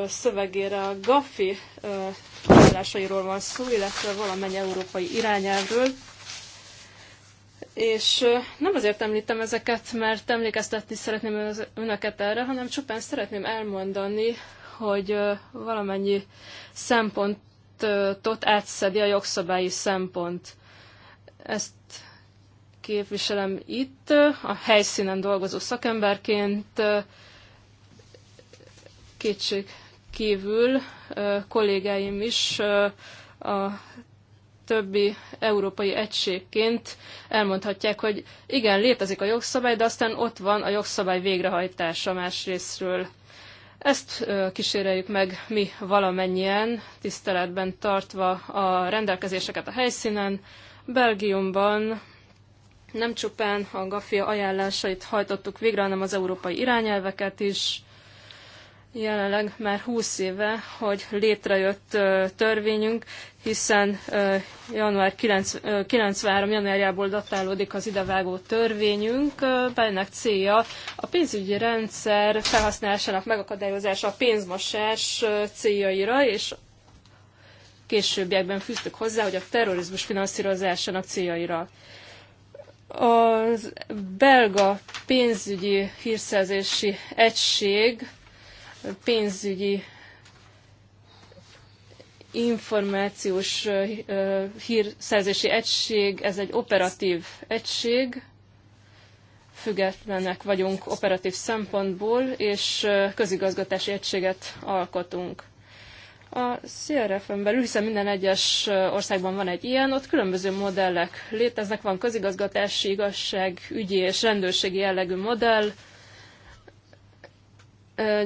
szövegére. A GAFI állásairól van szó, illetve valamennyi európai irányelvről. És nem azért említem ezeket, mert emlékeztetni szeretném önöket erre, hanem csupán szeretném elmondani, hogy valamennyi szempontot átszedi a jogszabályi szempont. Ezt képviselem itt, a helyszínen dolgozó szakemberként kétség kívül kollégáim is a többi európai egységként elmondhatják, hogy igen, létezik a jogszabály, de aztán ott van a jogszabály végrehajtása másrésztről. Ezt kíséreljük meg mi valamennyien, tiszteletben tartva a rendelkezéseket a helyszínen. Belgiumban nem csupán a GAFIA ajánlásait hajtottuk végre, hanem az európai irányelveket is. Jelenleg már 20 éve, hogy létrejött törvényünk, hiszen január 9, 93. januárjából datálódik az idevágó törvényünk, melynek célja a pénzügyi rendszer felhasználásának megakadályozása a pénzmosás céljaira, és későbbiekben fűztük hozzá, hogy a terrorizmus finanszírozásának céljaira. A belga pénzügyi hírszerzési egység pénzügyi információs hírszerzési egység, ez egy operatív egység, függetlenek vagyunk operatív szempontból, és közigazgatási egységet alkotunk. A CRF-en belül, hiszen minden egyes országban van egy ilyen, ott különböző modellek léteznek, van közigazgatási, igazság, ügyi és rendőrségi jellegű modell.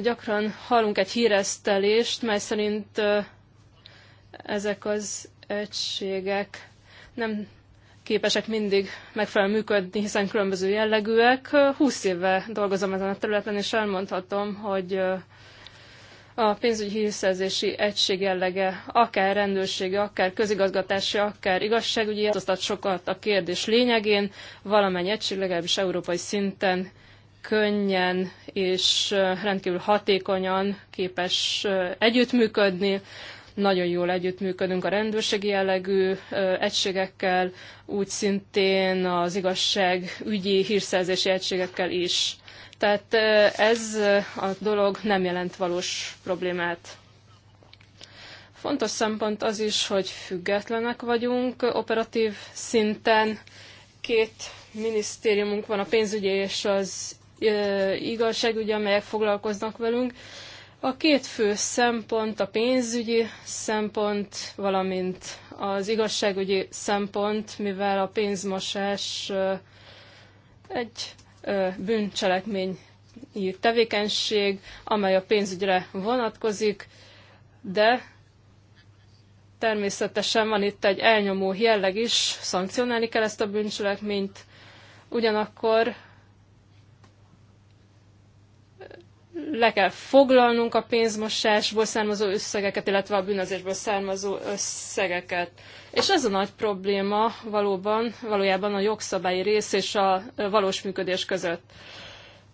Gyakran hallunk egy híresztelést, mely szerint ezek az egységek nem képesek mindig megfelelően működni, hiszen különböző jellegűek. 20 éve dolgozom ezen a területen, és elmondhatom, hogy a pénzügyi hírszerzési egység jellege, akár rendőrségi, akár közigazgatási, akár igazságügyi, változtat sokat a kérdés lényegén, valamennyi egység legalábbis európai szinten könnyen és rendkívül hatékonyan képes együttműködni. Nagyon jól együttműködünk a rendőrségi jellegű egységekkel, úgy szintén az igazságügyi hírszerzési egységekkel is. Tehát ez a dolog nem jelent valós problémát. Fontos szempont az is, hogy függetlenek vagyunk operatív szinten. Két minisztériumunk van, a pénzügyi és az igazságügyi, amelyek foglalkoznak velünk. A két fő szempont, a pénzügyi szempont, valamint az igazságügyi szempont, mivel a pénzmosás egy bűncselekményi tevékenység, amely a pénzügyre vonatkozik, de természetesen van itt egy elnyomó jelleg is, szankcionálni kell ezt a bűncselekményt, ugyanakkor le kell foglalnunk a pénzmosásból származó összegeket, illetve a bűnözésből származó összegeket. És ez a nagy probléma valóban, valójában a jogszabályi rész és a valós működés között.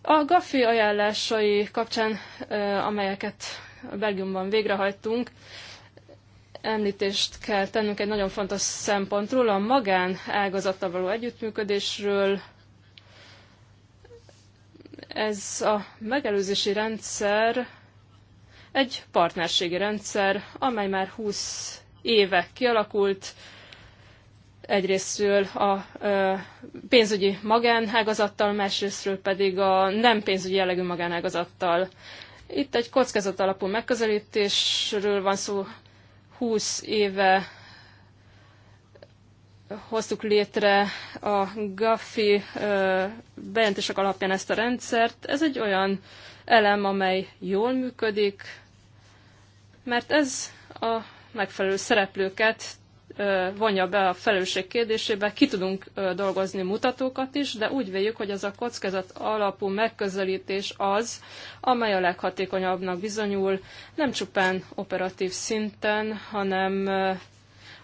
A GAFI ajánlásai kapcsán, amelyeket Belgiumban végrehajtunk, említést kell tennünk egy nagyon fontos szempontról, a magán ágazattal való együttműködésről, ez a megelőzési rendszer egy partnerségi rendszer, amely már 20 éve kialakult, egyrésztről a pénzügyi magánágazattal, másrésztről pedig a nem pénzügyi jellegű magánágazattal. Itt egy kockázat alapú megközelítésről van szó, 20 éve hoztuk létre a GAFI bejelentések alapján ezt a rendszert. Ez egy olyan elem, amely jól működik, mert ez a megfelelő szereplőket vonja be a felelősség kérdésébe. Ki tudunk dolgozni mutatókat is, de úgy véljük, hogy az a kockázat alapú megközelítés az, amely a leghatékonyabbnak bizonyul, nem csupán operatív szinten, hanem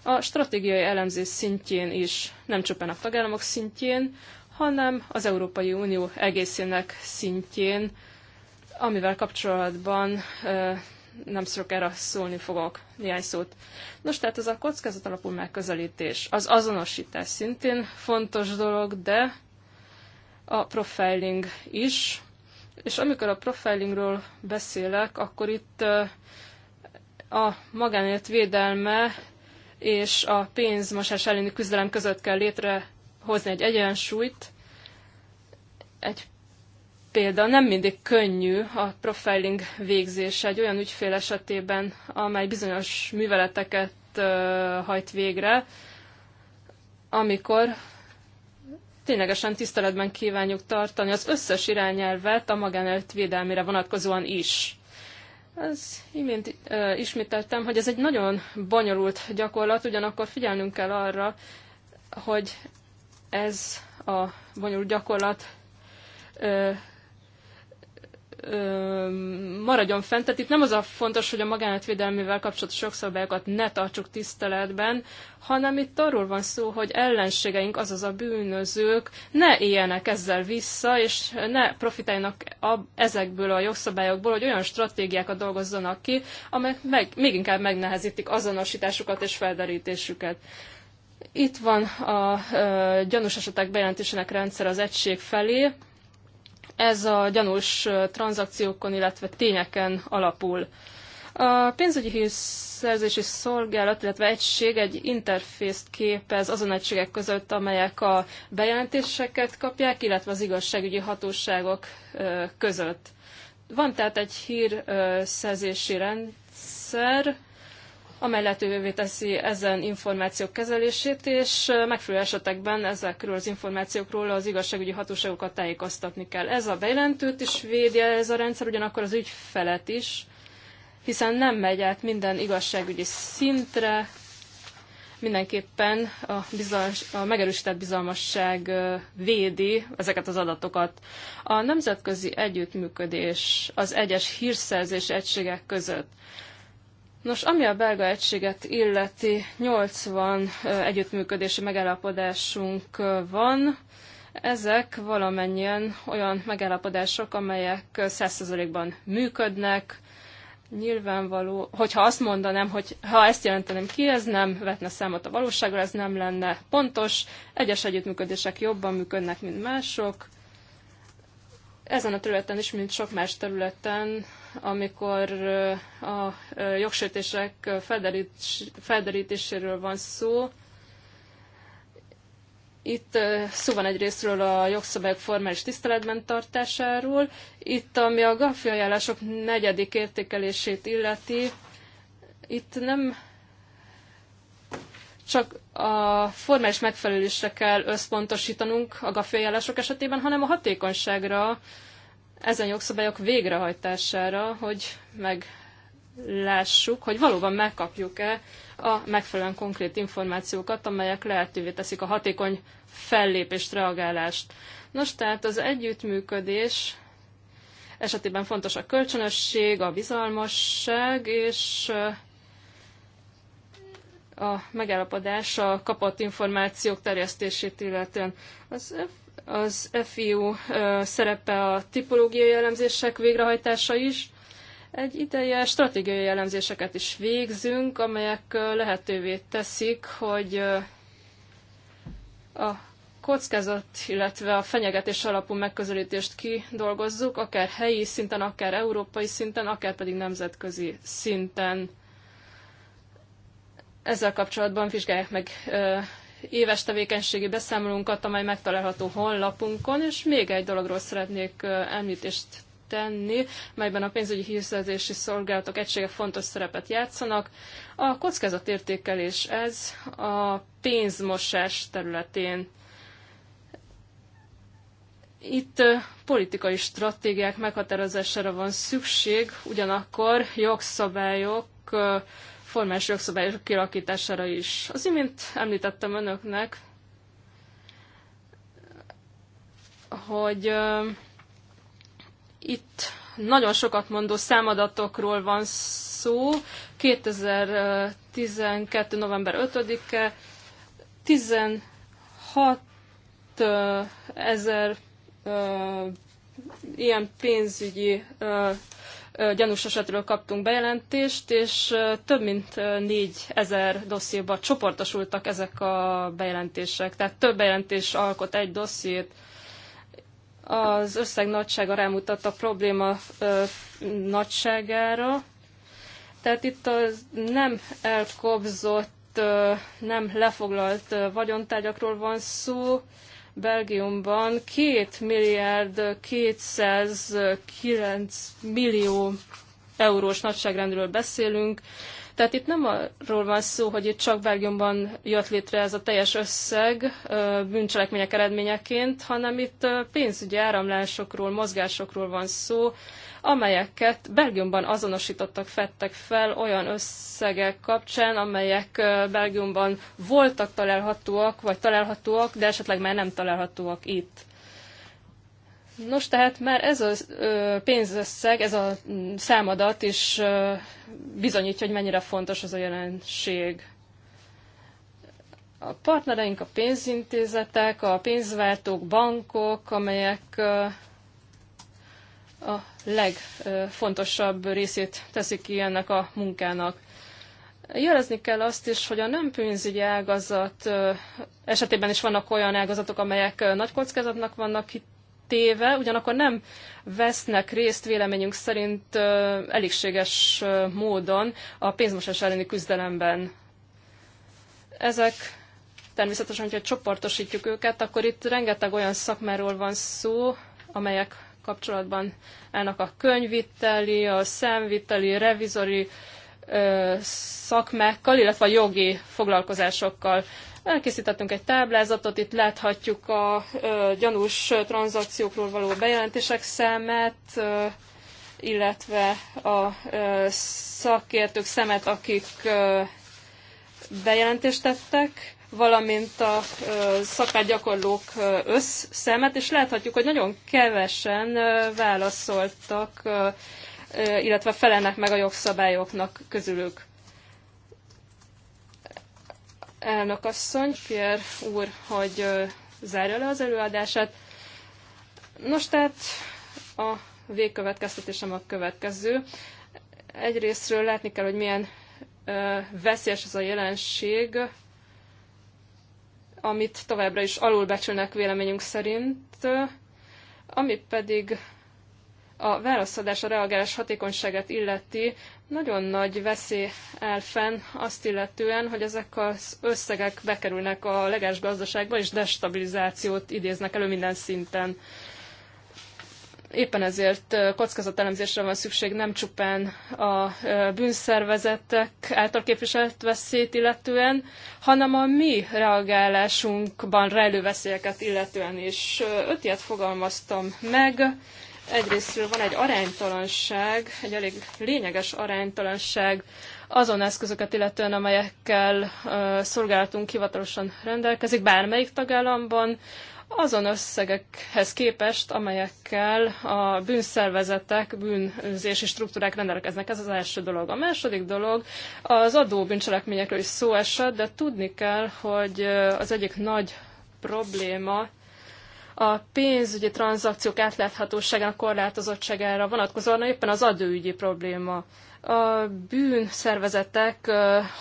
a stratégiai elemzés szintjén is, nem csupán a tagállamok szintjén, hanem az Európai Unió egészének szintjén, amivel kapcsolatban nem szokok erre szólni fogok néhány szót. Nos, tehát ez a kockázat alapú megközelítés, az azonosítás szintén fontos dolog, de a profiling is. És amikor a profilingról beszélek, akkor itt a magánélet védelme és a pénzmosás elleni küzdelem között kell létrehozni egy egyensúlyt. Egy példa, nem mindig könnyű a profiling végzése egy olyan ügyfél esetében, amely bizonyos műveleteket hajt végre, amikor ténylegesen tiszteletben kívánjuk tartani az összes irányelvet a magánélet védelmére vonatkozóan is. Az imént ö, ismételtem, hogy ez egy nagyon bonyolult gyakorlat, ugyanakkor figyelnünk kell arra, hogy ez a bonyolult gyakorlat maradjon fent. Tehát itt nem az a fontos, hogy a magánatvédelmével kapcsolatos jogszabályokat ne tartsuk tiszteletben, hanem itt arról van szó, hogy ellenségeink, azaz a bűnözők ne éljenek ezzel vissza, és ne profitáljanak a, ezekből a jogszabályokból, hogy olyan stratégiákat dolgozzanak ki, amelyek meg, még inkább megnehezítik azonosításukat és felderítésüket. Itt van a ö, gyanús esetek bejelentésének rendszer az egység felé, ez a gyanús tranzakciókon, illetve tényeken alapul. A pénzügyi szerzési szolgálat, illetve egység egy interfészt képez azon egységek között, amelyek a bejelentéseket kapják, illetve az igazságügyi hatóságok között. Van tehát egy hírszerzési rendszer, amely lehetővé teszi ezen információk kezelését, és megfelelő esetekben ezekről az információkról az igazságügyi hatóságokat tájékoztatni kell. Ez a bejelentőt is védi ez a rendszer, ugyanakkor az ügyfelet is, hiszen nem megy át minden igazságügyi szintre, mindenképpen a, bizalmas, a megerősített bizalmasság védi ezeket az adatokat. A nemzetközi együttműködés az egyes hírszerzés egységek között Nos, ami a belga egységet illeti, 80 együttműködési megállapodásunk van. Ezek valamennyien olyan megállapodások, amelyek 100%-ban működnek. Nyilvánvaló, hogyha azt mondanám, hogy ha ezt jelenteném ki, ez nem vetne számot a valósággal, ez nem lenne pontos. Egyes együttműködések jobban működnek, mint mások. Ezen a területen is, mint sok más területen amikor a jogsértések felderítéséről van szó. Itt szó van egyrésztről a jogszabályok formális tiszteletben tartásáról. Itt, ami a GAFI ajánlások negyedik értékelését illeti, itt nem csak a formális megfelelésre kell összpontosítanunk a GAFI ajánlások esetében, hanem a hatékonyságra, ezen jogszabályok végrehajtására, hogy meglássuk, hogy valóban megkapjuk-e a megfelelően konkrét információkat, amelyek lehetővé teszik a hatékony fellépést, reagálást. Nos, tehát az együttműködés esetében fontos a kölcsönösség, a bizalmasság és a megállapodás a kapott információk terjesztését illetően. Az az FIU szerepe a tipológiai jellemzések végrehajtása is. Egy ideje stratégiai jellemzéseket is végzünk, amelyek lehetővé teszik, hogy a kockázat, illetve a fenyegetés alapú megközelítést kidolgozzuk, akár helyi szinten, akár európai szinten, akár pedig nemzetközi szinten. Ezzel kapcsolatban vizsgálják meg éves tevékenységi beszámolónkat, amely megtalálható honlapunkon, és még egy dologról szeretnék említést tenni, melyben a pénzügyi hírszerzési szolgálatok egysége fontos szerepet játszanak. A kockázatértékelés ez a pénzmosás területén. Itt politikai stratégiák meghatározására van szükség, ugyanakkor jogszabályok formális jogszabályok kialakítására is. Az imént említettem önöknek, hogy uh, itt nagyon sokat mondó számadatokról van szó. 2012. november 5-e 16 ezer uh, ilyen pénzügyi uh, gyanús esetről kaptunk bejelentést, és több mint 4000 dossziéba csoportosultak ezek a bejelentések. Tehát több bejelentés alkot egy dossziét. Az összeg nagysága rámutat a probléma nagyságára. Tehát itt a nem elkobzott, nem lefoglalt vagyontárgyakról van szó, Belgiumban 2 milliárd 209 millió eurós nagyságrendről beszélünk, tehát itt nem arról van szó, hogy itt csak Belgiumban jött létre ez a teljes összeg bűncselekmények eredményeként, hanem itt pénzügyi áramlásokról, mozgásokról van szó, amelyeket Belgiumban azonosítottak, fettek fel olyan összegek kapcsán, amelyek Belgiumban voltak találhatóak, vagy találhatóak, de esetleg már nem találhatóak itt. Nos, tehát már ez a pénzösszeg, ez a mm, számadat is bizonyítja, hogy mennyire fontos az a jelenség. A partnereink a pénzintézetek, a pénzváltók, bankok, amelyek a legfontosabb részét teszik ki ennek a munkának. Jelezni kell azt is, hogy a nem pénzügyi ágazat esetében is vannak olyan ágazatok, amelyek nagy kockázatnak vannak itt téve, ugyanakkor nem vesznek részt véleményünk szerint elégséges módon a pénzmosás elleni küzdelemben. Ezek természetesen, hogyha csoportosítjuk őket, akkor itt rengeteg olyan szakmáról van szó, amelyek kapcsolatban ennek a könyvviteli, a szemviteli, revizori ö, szakmákkal, illetve a jogi foglalkozásokkal. Elkészítettünk egy táblázatot, itt láthatjuk a ö, gyanús tranzakciókról való bejelentések számát, ö, illetve a ö, szakértők szemet, akik ö, bejelentést tettek valamint a szakmát összszemet, és láthatjuk, hogy nagyon kevesen válaszoltak, illetve felelnek meg a jogszabályoknak közülük. Elnök asszony, Pierre úr, hogy zárja le az előadását. Nos, tehát a végkövetkeztetésem a következő. Egyrésztről látni kell, hogy milyen veszélyes ez a jelenség, amit továbbra is alulbecsülnek véleményünk szerint, ami pedig a válaszadás, a reagálás hatékonyságát illeti, nagyon nagy veszély áll fenn azt illetően, hogy ezek az összegek bekerülnek a legális gazdaságba, és destabilizációt idéznek elő minden szinten. Éppen ezért kockázatelemzésre van szükség nem csupán a bűnszervezetek által képviselt veszélyt illetően, hanem a mi reagálásunkban rejlő veszélyeket illetően is. Öt ilyet fogalmaztam meg. Egyrésztről van egy aránytalanság, egy elég lényeges aránytalanság azon eszközöket illetően, amelyekkel szolgálatunk hivatalosan rendelkezik bármelyik tagállamban, azon összegekhez képest, amelyekkel a bűnszervezetek, bűnzési struktúrák rendelkeznek. Ez az első dolog. A második dolog, az adó bűncselekményekről is szó esett, de tudni kell, hogy az egyik nagy probléma a pénzügyi tranzakciók átláthatóságának korlátozottságára vonatkozóan éppen az adóügyi probléma a bűnszervezetek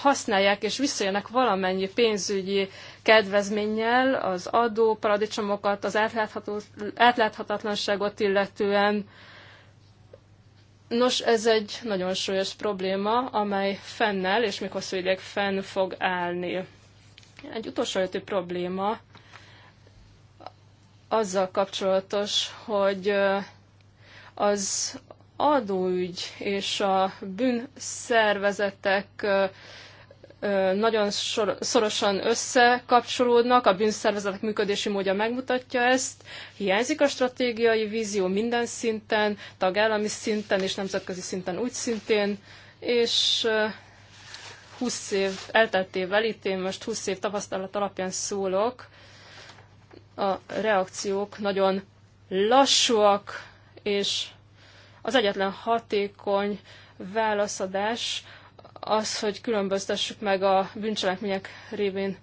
használják és visszajönnek valamennyi pénzügyi kedvezménnyel az adó paradicsomokat, az átláthatatlanságot illetően. Nos, ez egy nagyon súlyos probléma, amely fennel és még hosszú ideig fenn fog állni. Egy utolsó jöttő probléma azzal kapcsolatos, hogy az adóügy és a bűnszervezetek nagyon sor, szorosan összekapcsolódnak, a bűnszervezetek működési módja megmutatja ezt, hiányzik a stratégiai vízió minden szinten, tagállami szinten és nemzetközi szinten úgy szintén, és 20 év elteltével, itt én most 20 év tapasztalat alapján szólok, a reakciók nagyon lassúak, és az egyetlen hatékony válaszadás az, hogy különböztessük meg a bűncselekmények révén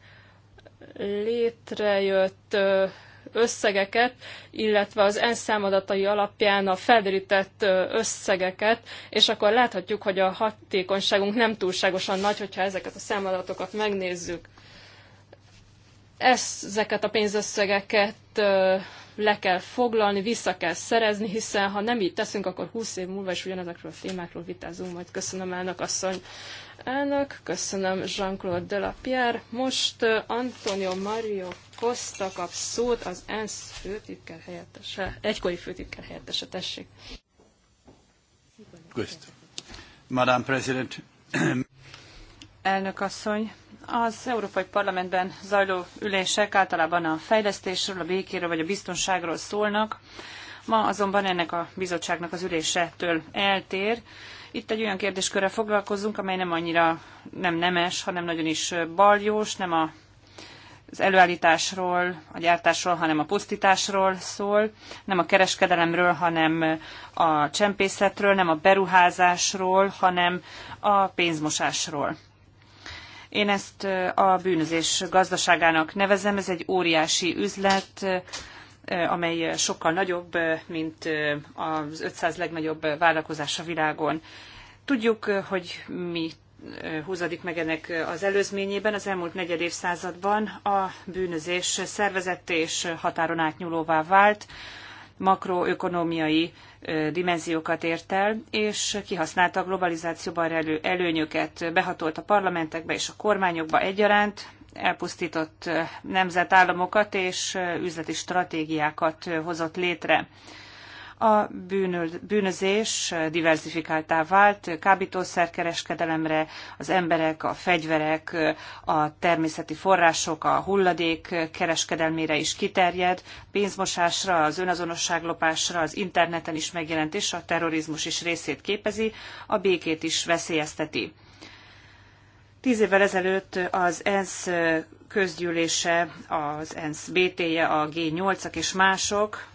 létrejött összegeket, illetve az ENSZ számadatai alapján a felderített összegeket, és akkor láthatjuk, hogy a hatékonyságunk nem túlságosan nagy, hogyha ezeket a számadatokat megnézzük ezeket a pénzösszegeket le kell foglalni, vissza kell szerezni, hiszen ha nem így teszünk, akkor 20 év múlva is ugyanezekről a témákról vitázunk majd. Köszönöm elnök asszony. Elnök, köszönöm Jean-Claude Delapierre. Most Antonio Mario Costa kap szót, az ENSZ főtitkár helyettese, egykori főtitkár helyettese, tessék. Köszönöm. Madame President. Elnök asszony, az Európai Parlamentben zajló ülések általában a fejlesztésről, a békéről vagy a biztonságról szólnak. Ma azonban ennek a bizottságnak az ülésétől eltér. Itt egy olyan kérdéskörrel foglalkozunk, amely nem annyira nem nemes, hanem nagyon is baljós, nem a az előállításról, a gyártásról, hanem a pusztításról szól, nem a kereskedelemről, hanem a csempészetről, nem a beruházásról, hanem a pénzmosásról. Én ezt a bűnözés gazdaságának nevezem, ez egy óriási üzlet, amely sokkal nagyobb, mint az 500 legnagyobb vállalkozás a világon. Tudjuk, hogy mi húzódik meg ennek az előzményében. Az elmúlt negyed évszázadban a bűnözés szervezett és határon átnyúlóvá vált makroökonomiai dimenziókat ért el, és kihasználta a globalizációban elő előnyöket, behatolt a parlamentekbe és a kormányokba egyaránt, elpusztított nemzetállamokat és üzleti stratégiákat hozott létre. A bűnözés diversifikáltá vált, kábítószerkereskedelemre, az emberek, a fegyverek, a természeti források, a hulladék kereskedelmére is kiterjed, pénzmosásra, az önazonosságlopásra, az interneten is megjelent, és a terrorizmus is részét képezi, a békét is veszélyezteti. Tíz évvel ezelőtt az ENSZ közgyűlése, az ENSZ BT-je, a G8-ak és mások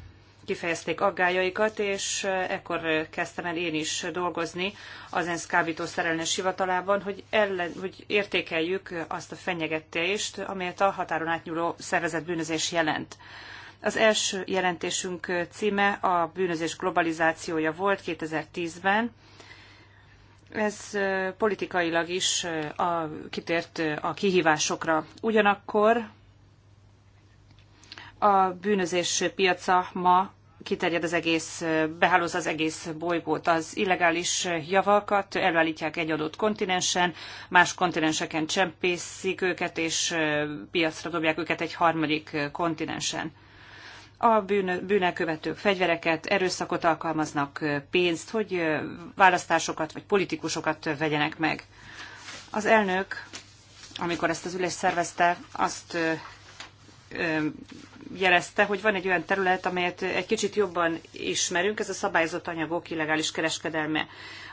kifejezték aggájaikat, és eh, ekkor eh, kezdtem el én is dolgozni az ENSZ kábítószer ellenes hivatalában, hogy, ellen, hogy értékeljük azt a fenyegetést, amelyet a határon átnyúló szervezet bűnözés jelent. Az első jelentésünk eh, címe a bűnözés globalizációja volt 2010-ben. Ez politikailag is a, kitért a kihívásokra. Ugyanakkor a bűnözés piaca ma kiterjed az egész, behálóz az egész bolygót. Az illegális javakat előállítják egy adott kontinensen, más kontinenseken csempészik őket, és piacra dobják őket egy harmadik kontinensen. A bűn, bűnekövetők fegyvereket, erőszakot alkalmaznak, pénzt, hogy választásokat vagy politikusokat vegyenek meg. Az elnök, amikor ezt az ülést szervezte, azt jelezte, hogy van egy olyan terület, amelyet egy kicsit jobban ismerünk, ez a szabályozott anyagok illegális kereskedelme,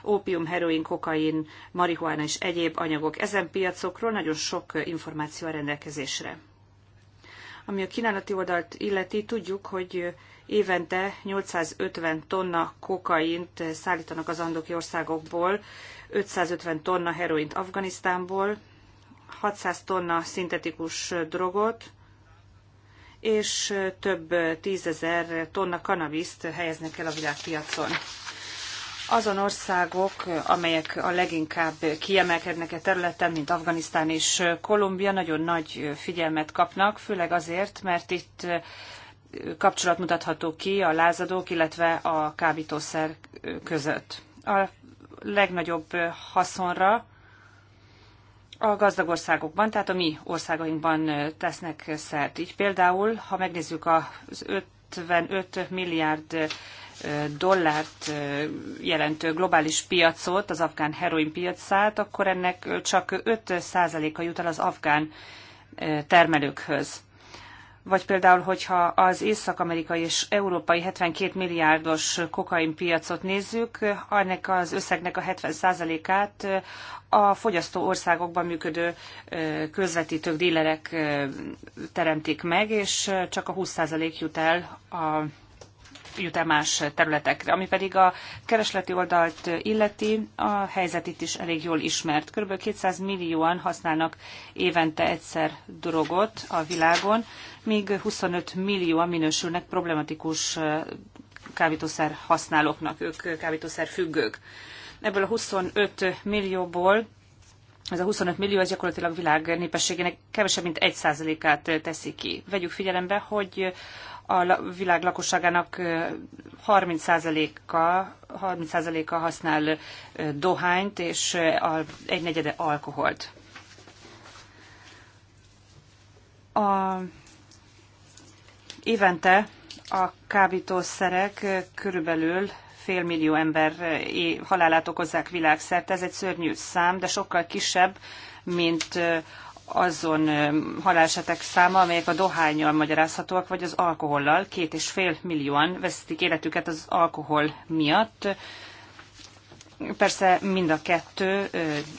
ópium, heroin, kokain, marihuana és egyéb anyagok. Ezen piacokról nagyon sok információ a rendelkezésre. Ami a kínálati oldalt illeti, tudjuk, hogy évente 850 tonna kokaint szállítanak az andoki országokból, 550 tonna heroint Afganisztánból, 600 tonna szintetikus drogot, és több tízezer tonna kanabiszt helyeznek el a világpiacon. Azon országok, amelyek a leginkább kiemelkednek a e területen, mint Afganisztán és Kolumbia, nagyon nagy figyelmet kapnak, főleg azért, mert itt kapcsolat mutatható ki a lázadók, illetve a kábítószer között. A legnagyobb haszonra a gazdag országokban, tehát a mi országainkban tesznek szert. Így például, ha megnézzük az 55 milliárd dollárt jelentő globális piacot, az afgán heroin piacát, akkor ennek csak 5%-a jut el az afgán termelőkhöz vagy például, hogyha az észak-amerikai és európai 72 milliárdos kokainpiacot nézzük, ennek az összegnek a 70%-át a fogyasztó országokban működő közvetítők, dílerek teremtik meg, és csak a 20% jut el a jut el más területekre. Ami pedig a keresleti oldalt illeti, a helyzet itt is elég jól ismert. Körülbelül 200 millióan használnak évente egyszer drogot a világon, míg 25 millióan minősülnek problematikus kábítószer használóknak, ők kábítószer függők. Ebből a 25 millióból ez a 25 millió, az gyakorlatilag világ népességének kevesebb, mint 1%-át teszi ki. Vegyük figyelembe, hogy a világ lakosságának 30%-a 30%-a használ dohányt, és a egynegyede alkoholt. A, évente a kábítószerek körülbelül fél millió ember halálát okozzák világszerte. Ez egy szörnyű szám, de sokkal kisebb, mint azon halálesetek száma, amelyek a dohányjal magyarázhatóak, vagy az alkohollal. Két és fél millióan vesztik életüket az alkohol miatt. Persze mind a kettő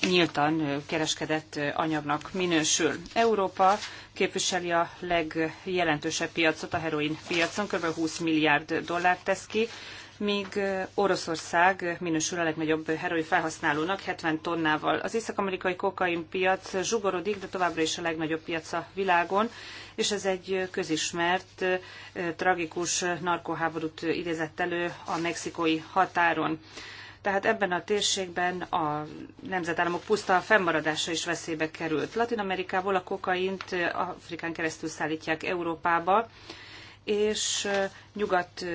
nyíltan kereskedett anyagnak minősül. Európa képviseli a legjelentősebb piacot a heroin piacon, kb. 20 milliárd dollárt tesz ki, míg Oroszország minősül a legnagyobb heroin felhasználónak 70 tonnával. Az észak-amerikai kokain piac zsugorodik, de továbbra is a legnagyobb piac a világon, és ez egy közismert, tragikus narkoháborút idézett elő a mexikói határon. Tehát ebben a térségben a nemzetállamok puszta fennmaradása is veszélybe került. Latin Amerikából a kokaint Afrikán keresztül szállítják Európába, és nyugat,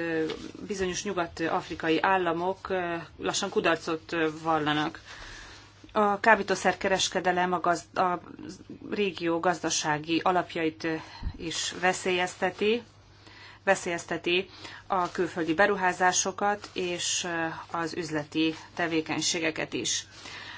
bizonyos nyugat-afrikai államok lassan kudarcot vallanak. A kábítószerkereskedelem a, gaz, a régió gazdasági alapjait is veszélyezteti, veszélyezteti a külföldi beruházásokat és az üzleti tevékenységeket is.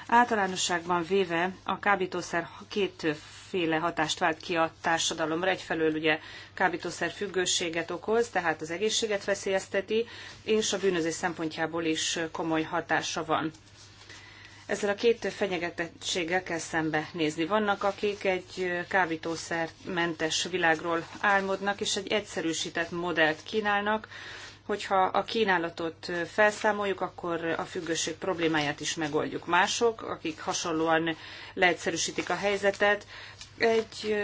Általánosságban véve a kábítószer két sokféle hatást vált ki a társadalomra. Egyfelől ugye kábítószer függőséget okoz, tehát az egészséget veszélyezteti, és a bűnözés szempontjából is komoly hatása van. Ezzel a két fenyegetettséggel kell szembe nézni. Vannak, akik egy kábítószermentes világról álmodnak, és egy egyszerűsített modellt kínálnak, hogyha a kínálatot felszámoljuk, akkor a függőség problémáját is megoldjuk. Mások, akik hasonlóan leegyszerűsítik a helyzetet, egy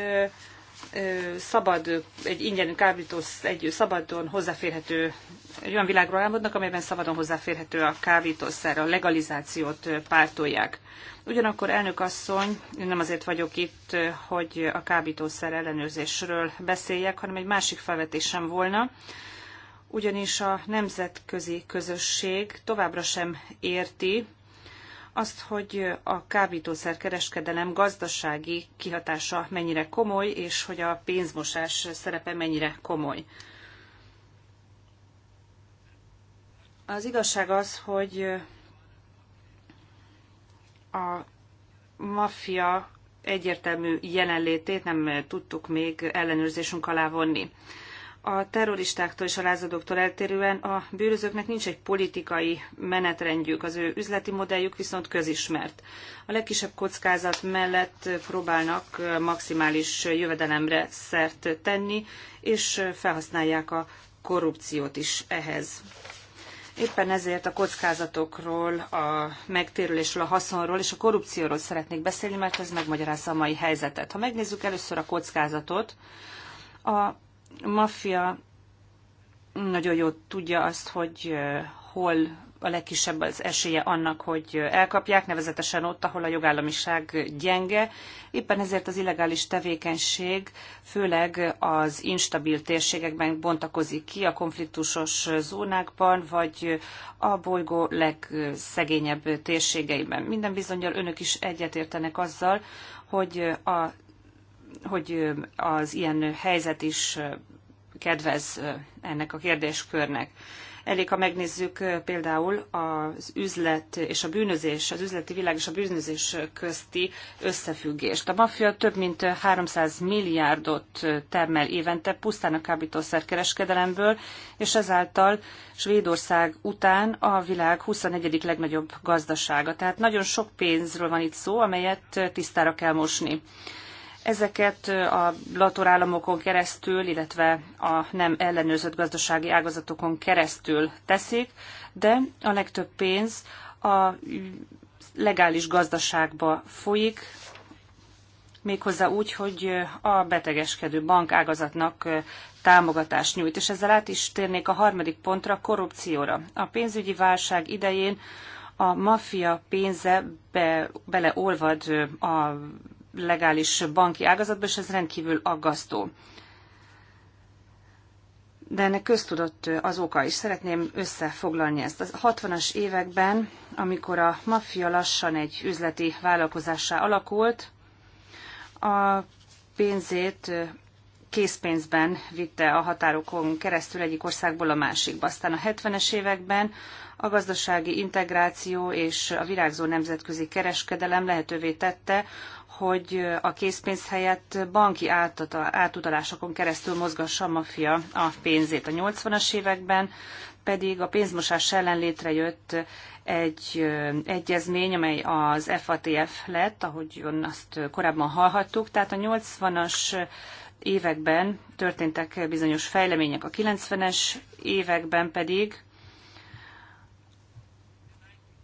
szabad, egy ingyen kábítós egy szabadon hozzáférhető, egy olyan világról álmodnak, amelyben szabadon hozzáférhető a kábítószer, a legalizációt pártolják. Ugyanakkor elnök asszony, én nem azért vagyok itt, hogy a kábítószer ellenőrzésről beszéljek, hanem egy másik felvetésem volna, ugyanis a nemzetközi közösség továbbra sem érti, azt, hogy a kábítószerkereskedelem gazdasági kihatása mennyire komoly, és hogy a pénzmosás szerepe mennyire komoly. Az igazság az, hogy a maffia egyértelmű jelenlétét nem tudtuk még ellenőrzésünk alá vonni a terroristáktól és a lázadóktól eltérően a bűnözőknek nincs egy politikai menetrendjük, az ő üzleti modelljük viszont közismert. A legkisebb kockázat mellett próbálnak maximális jövedelemre szert tenni, és felhasználják a korrupciót is ehhez. Éppen ezért a kockázatokról, a megtérülésről, a haszonról és a korrupcióról szeretnék beszélni, mert ez megmagyarázza a mai helyzetet. Ha megnézzük először a kockázatot, a maffia nagyon jól tudja azt, hogy hol a legkisebb az esélye annak, hogy elkapják, nevezetesen ott, ahol a jogállamiság gyenge. Éppen ezért az illegális tevékenység főleg az instabil térségekben bontakozik ki, a konfliktusos zónákban, vagy a bolygó legszegényebb térségeiben. Minden bizonyal önök is egyetértenek azzal, hogy a hogy az ilyen helyzet is kedvez ennek a kérdéskörnek. Elég, ha megnézzük például az üzlet és a bűnözés, az üzleti világ és a bűnözés közti összefüggést. A maffia több mint 300 milliárdot termel évente pusztán a kábítószerkereskedelemből, és ezáltal Svédország után a világ 24. legnagyobb gazdasága. Tehát nagyon sok pénzről van itt szó, amelyet tisztára kell mosni. Ezeket a latorállamokon keresztül, illetve a nem ellenőrzött gazdasági ágazatokon keresztül teszik, de a legtöbb pénz a legális gazdaságba folyik, méghozzá úgy, hogy a betegeskedő bank ágazatnak támogatást nyújt. És ezzel át is térnék a harmadik pontra, korrupcióra. A pénzügyi válság idején a maffia pénze be, beleolvad a legális banki ágazatba, és ez rendkívül aggasztó. De ennek köztudott az oka is. Szeretném összefoglalni ezt. A 60-as években, amikor a maffia lassan egy üzleti vállalkozássá alakult, a pénzét készpénzben vitte a határokon keresztül egyik országból a másikba. Aztán a 70-es években a gazdasági integráció és a virágzó nemzetközi kereskedelem lehetővé tette, hogy a készpénz helyett banki átutalásokon keresztül mozgassa a maffia a pénzét. A 80-as években pedig a pénzmosás ellen létrejött egy egyezmény, amely az FATF lett, ahogy azt korábban hallhattuk. Tehát a 80-as években történtek bizonyos fejlemények, a 90-es években pedig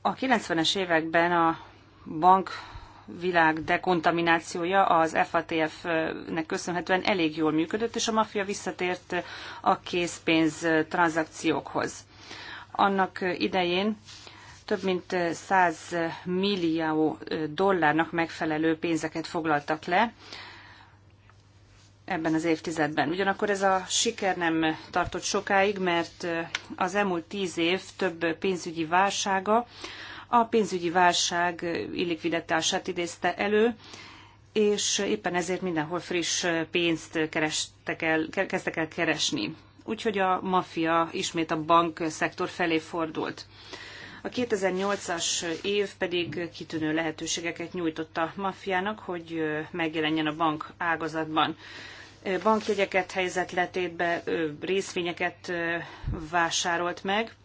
a 90-es években a bank világ dekontaminációja az FATF-nek köszönhetően elég jól működött, és a maffia visszatért a készpénz tranzakciókhoz. Annak idején több mint 100 millió dollárnak megfelelő pénzeket foglaltak le ebben az évtizedben. Ugyanakkor ez a siker nem tartott sokáig, mert az elmúlt tíz év több pénzügyi válsága a pénzügyi válság illikviditását idézte elő, és éppen ezért mindenhol friss pénzt kerestek el, kezdtek el keresni. Úgyhogy a maffia ismét a bankszektor felé fordult. A 2008-as év pedig kitűnő lehetőségeket nyújtott a maffiának, hogy megjelenjen a bank ágazatban. Bankjegyeket helyzetletétbe részvényeket vásárolt meg,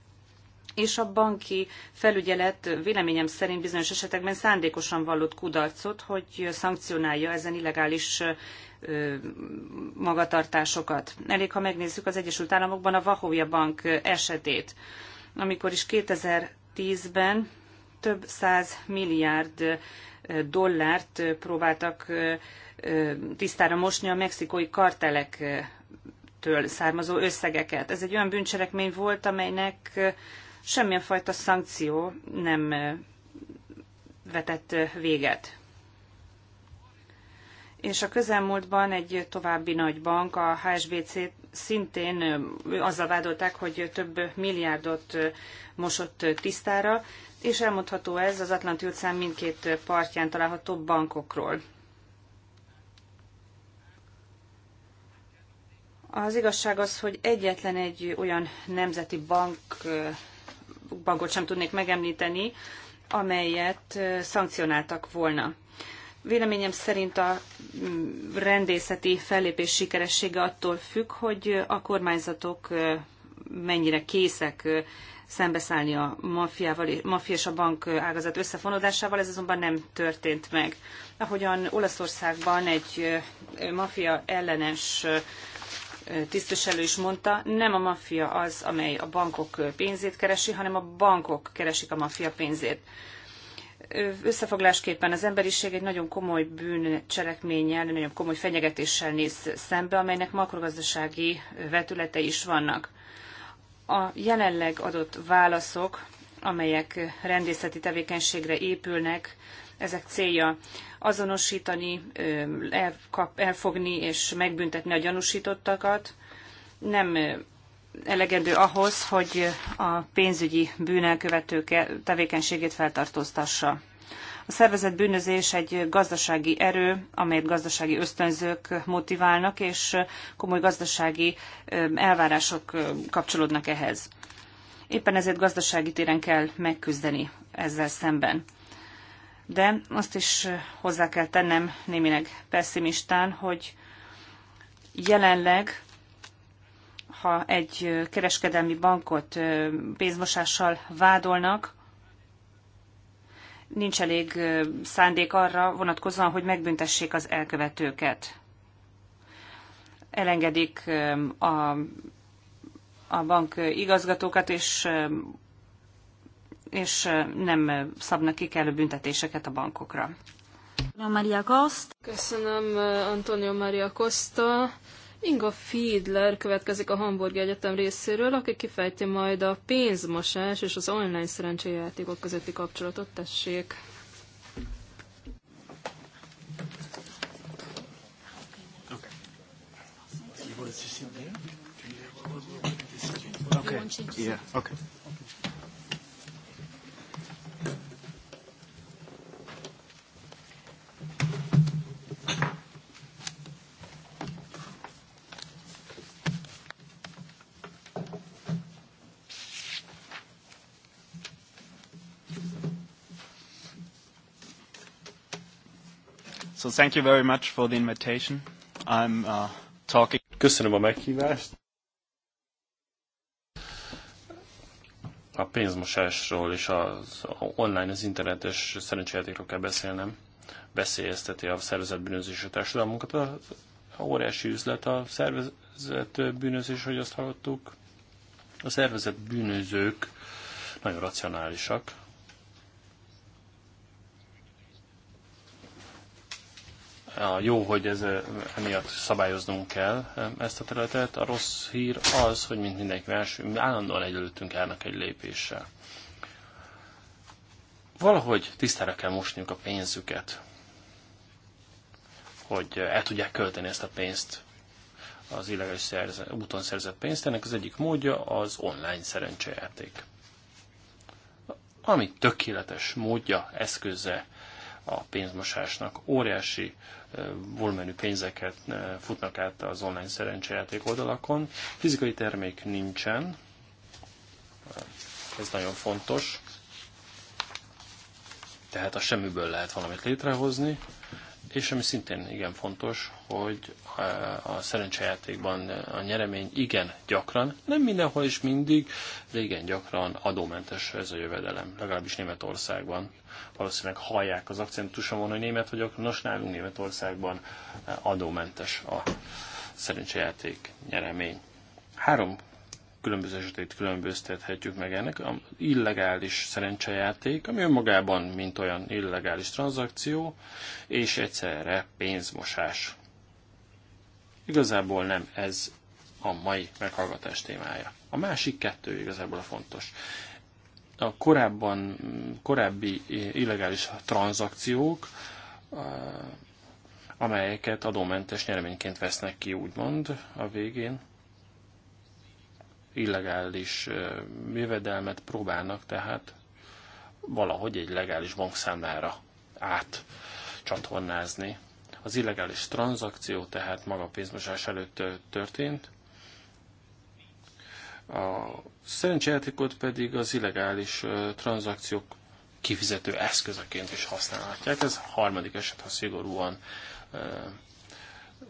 és a banki felügyelet véleményem szerint bizonyos esetekben szándékosan vallott kudarcot, hogy szankcionálja ezen illegális magatartásokat. Elég, ha megnézzük az Egyesült Államokban a Vahovia Bank esetét, amikor is 2010-ben több száz milliárd dollárt próbáltak tisztára mosni a mexikói kartelek től származó összegeket. Ez egy olyan bűncselekmény volt, amelynek semmilyen fajta szankció nem vetett véget. És a közelmúltban egy további nagy bank, a HSBC szintén azzal vádolták, hogy több milliárdot mosott tisztára, és elmondható ez az Atlanti utcán mindkét partján található bankokról. Az igazság az, hogy egyetlen egy olyan nemzeti bank bankot sem tudnék megemlíteni, amelyet szankcionáltak volna. Véleményem szerint a rendészeti fellépés sikeressége attól függ, hogy a kormányzatok mennyire készek szembeszállni a maffiával, maffia és a bank ágazat összefonódásával, ez azonban nem történt meg. Ahogyan Olaszországban egy maffia ellenes tisztviselő is mondta, nem a maffia az, amely a bankok pénzét keresi, hanem a bankok keresik a maffia pénzét. Összefoglásképpen az emberiség egy nagyon komoly bűncselekménnyel, nagyon komoly fenyegetéssel néz szembe, amelynek makrogazdasági vetületei is vannak. A jelenleg adott válaszok, amelyek rendészeti tevékenységre épülnek, ezek célja azonosítani, elkap, elfogni és megbüntetni a gyanúsítottakat. Nem elegendő ahhoz, hogy a pénzügyi bűnelkövető tevékenységét feltartóztassa. A szervezett bűnözés egy gazdasági erő, amelyet gazdasági ösztönzők motiválnak, és komoly gazdasági elvárások kapcsolódnak ehhez. Éppen ezért gazdasági téren kell megküzdeni ezzel szemben de azt is hozzá kell tennem némileg pessimistán, hogy jelenleg, ha egy kereskedelmi bankot pénzmosással vádolnak, nincs elég szándék arra vonatkozóan, hogy megbüntessék az elkövetőket. Elengedik a, a bank igazgatókat, és és nem szabnak ki kellő büntetéseket a bankokra. Maria Costa. Köszönöm Antonio Maria Costa. Inga Fiedler következik a Hamburg Egyetem részéről, aki kifejti majd a pénzmosás és az online szerencséjátékok közötti kapcsolatot. Tessék! Okay. Yeah. Okay. So thank you very much for the invitation. I'm uh, talking. Köszönöm a meghívást. A pénzmosásról és az online, az internetes szerencsejátékról kell beszélnem. Beszélyezteti a szervezet bűnözés a társadalmunkat. A, a óriási üzlet a szervezet bűnözés, hogy azt hallottuk. A szervezet bűnözők nagyon racionálisak, A jó, hogy ez emiatt szabályoznunk kell e, ezt a területet. A rossz hír az, hogy mint mindenki más, állandóan egyelőttünk állnak egy lépéssel. Valahogy tisztára kell mosniuk a pénzüket, hogy el tudják költeni ezt a pénzt, az illegális szerze, úton szerzett pénzt. Ennek az egyik módja az online szerencsejáték. Ami tökéletes módja, eszköze a pénzmosásnak. Óriási eh, volumenű pénzeket eh, futnak át az online szerencsejáték oldalakon. Fizikai termék nincsen, ez nagyon fontos. Tehát a semmiből lehet valamit létrehozni, és ami szintén igen fontos, hogy a szerencsejátékban a nyeremény igen gyakran, nem mindenhol is mindig, de igen gyakran adómentes ez a jövedelem, legalábbis Németországban. Valószínűleg hallják az akcentusomon, hogy német vagyok, nos nálunk Németországban adómentes a szerencsejáték nyeremény. Három különböző esetét különböztethetjük meg ennek. A illegális szerencsejáték, ami önmagában mint olyan illegális tranzakció, és egyszerre pénzmosás. Igazából nem ez a mai meghallgatás témája. A másik kettő igazából a fontos. A korábban, korábbi illegális tranzakciók, eh, amelyeket adómentes nyereményként vesznek ki, úgymond a végén, illegális eh, jövedelmet próbálnak tehát valahogy egy legális bankszámlára át csatornázni. Az illegális tranzakció tehát maga a pénzmosás előtt történt. A szerencsejátékot pedig az illegális tranzakciók kifizető eszközeként is használhatják. Ez a harmadik eset, ha szigorúan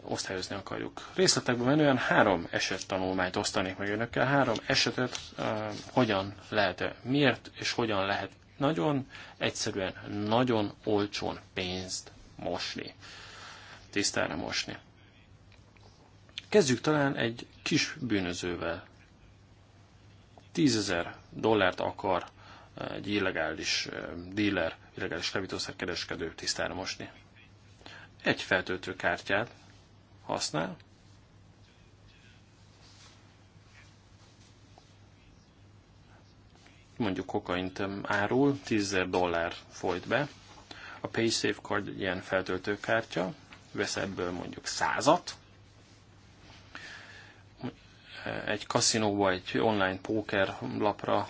osztályozni akarjuk. Részletekben menően három eset tanulmányt osztanék meg önökkel. Három esetet uh, hogyan lehet -e, miért és hogyan lehet nagyon egyszerűen, nagyon olcsón pénzt mosni tisztára mosni. Kezdjük talán egy kis bűnözővel. Tízezer dollárt akar egy illegális dealer, illegális kábítószerkereskedő tisztára mosni. Egy feltöltőkártyát használ, mondjuk kokaint árul, 10 dollár folyt be. A PaySafe Card ilyen feltöltőkártya, vesz ebből mondjuk százat, egy kaszinóba, egy online póker lapra,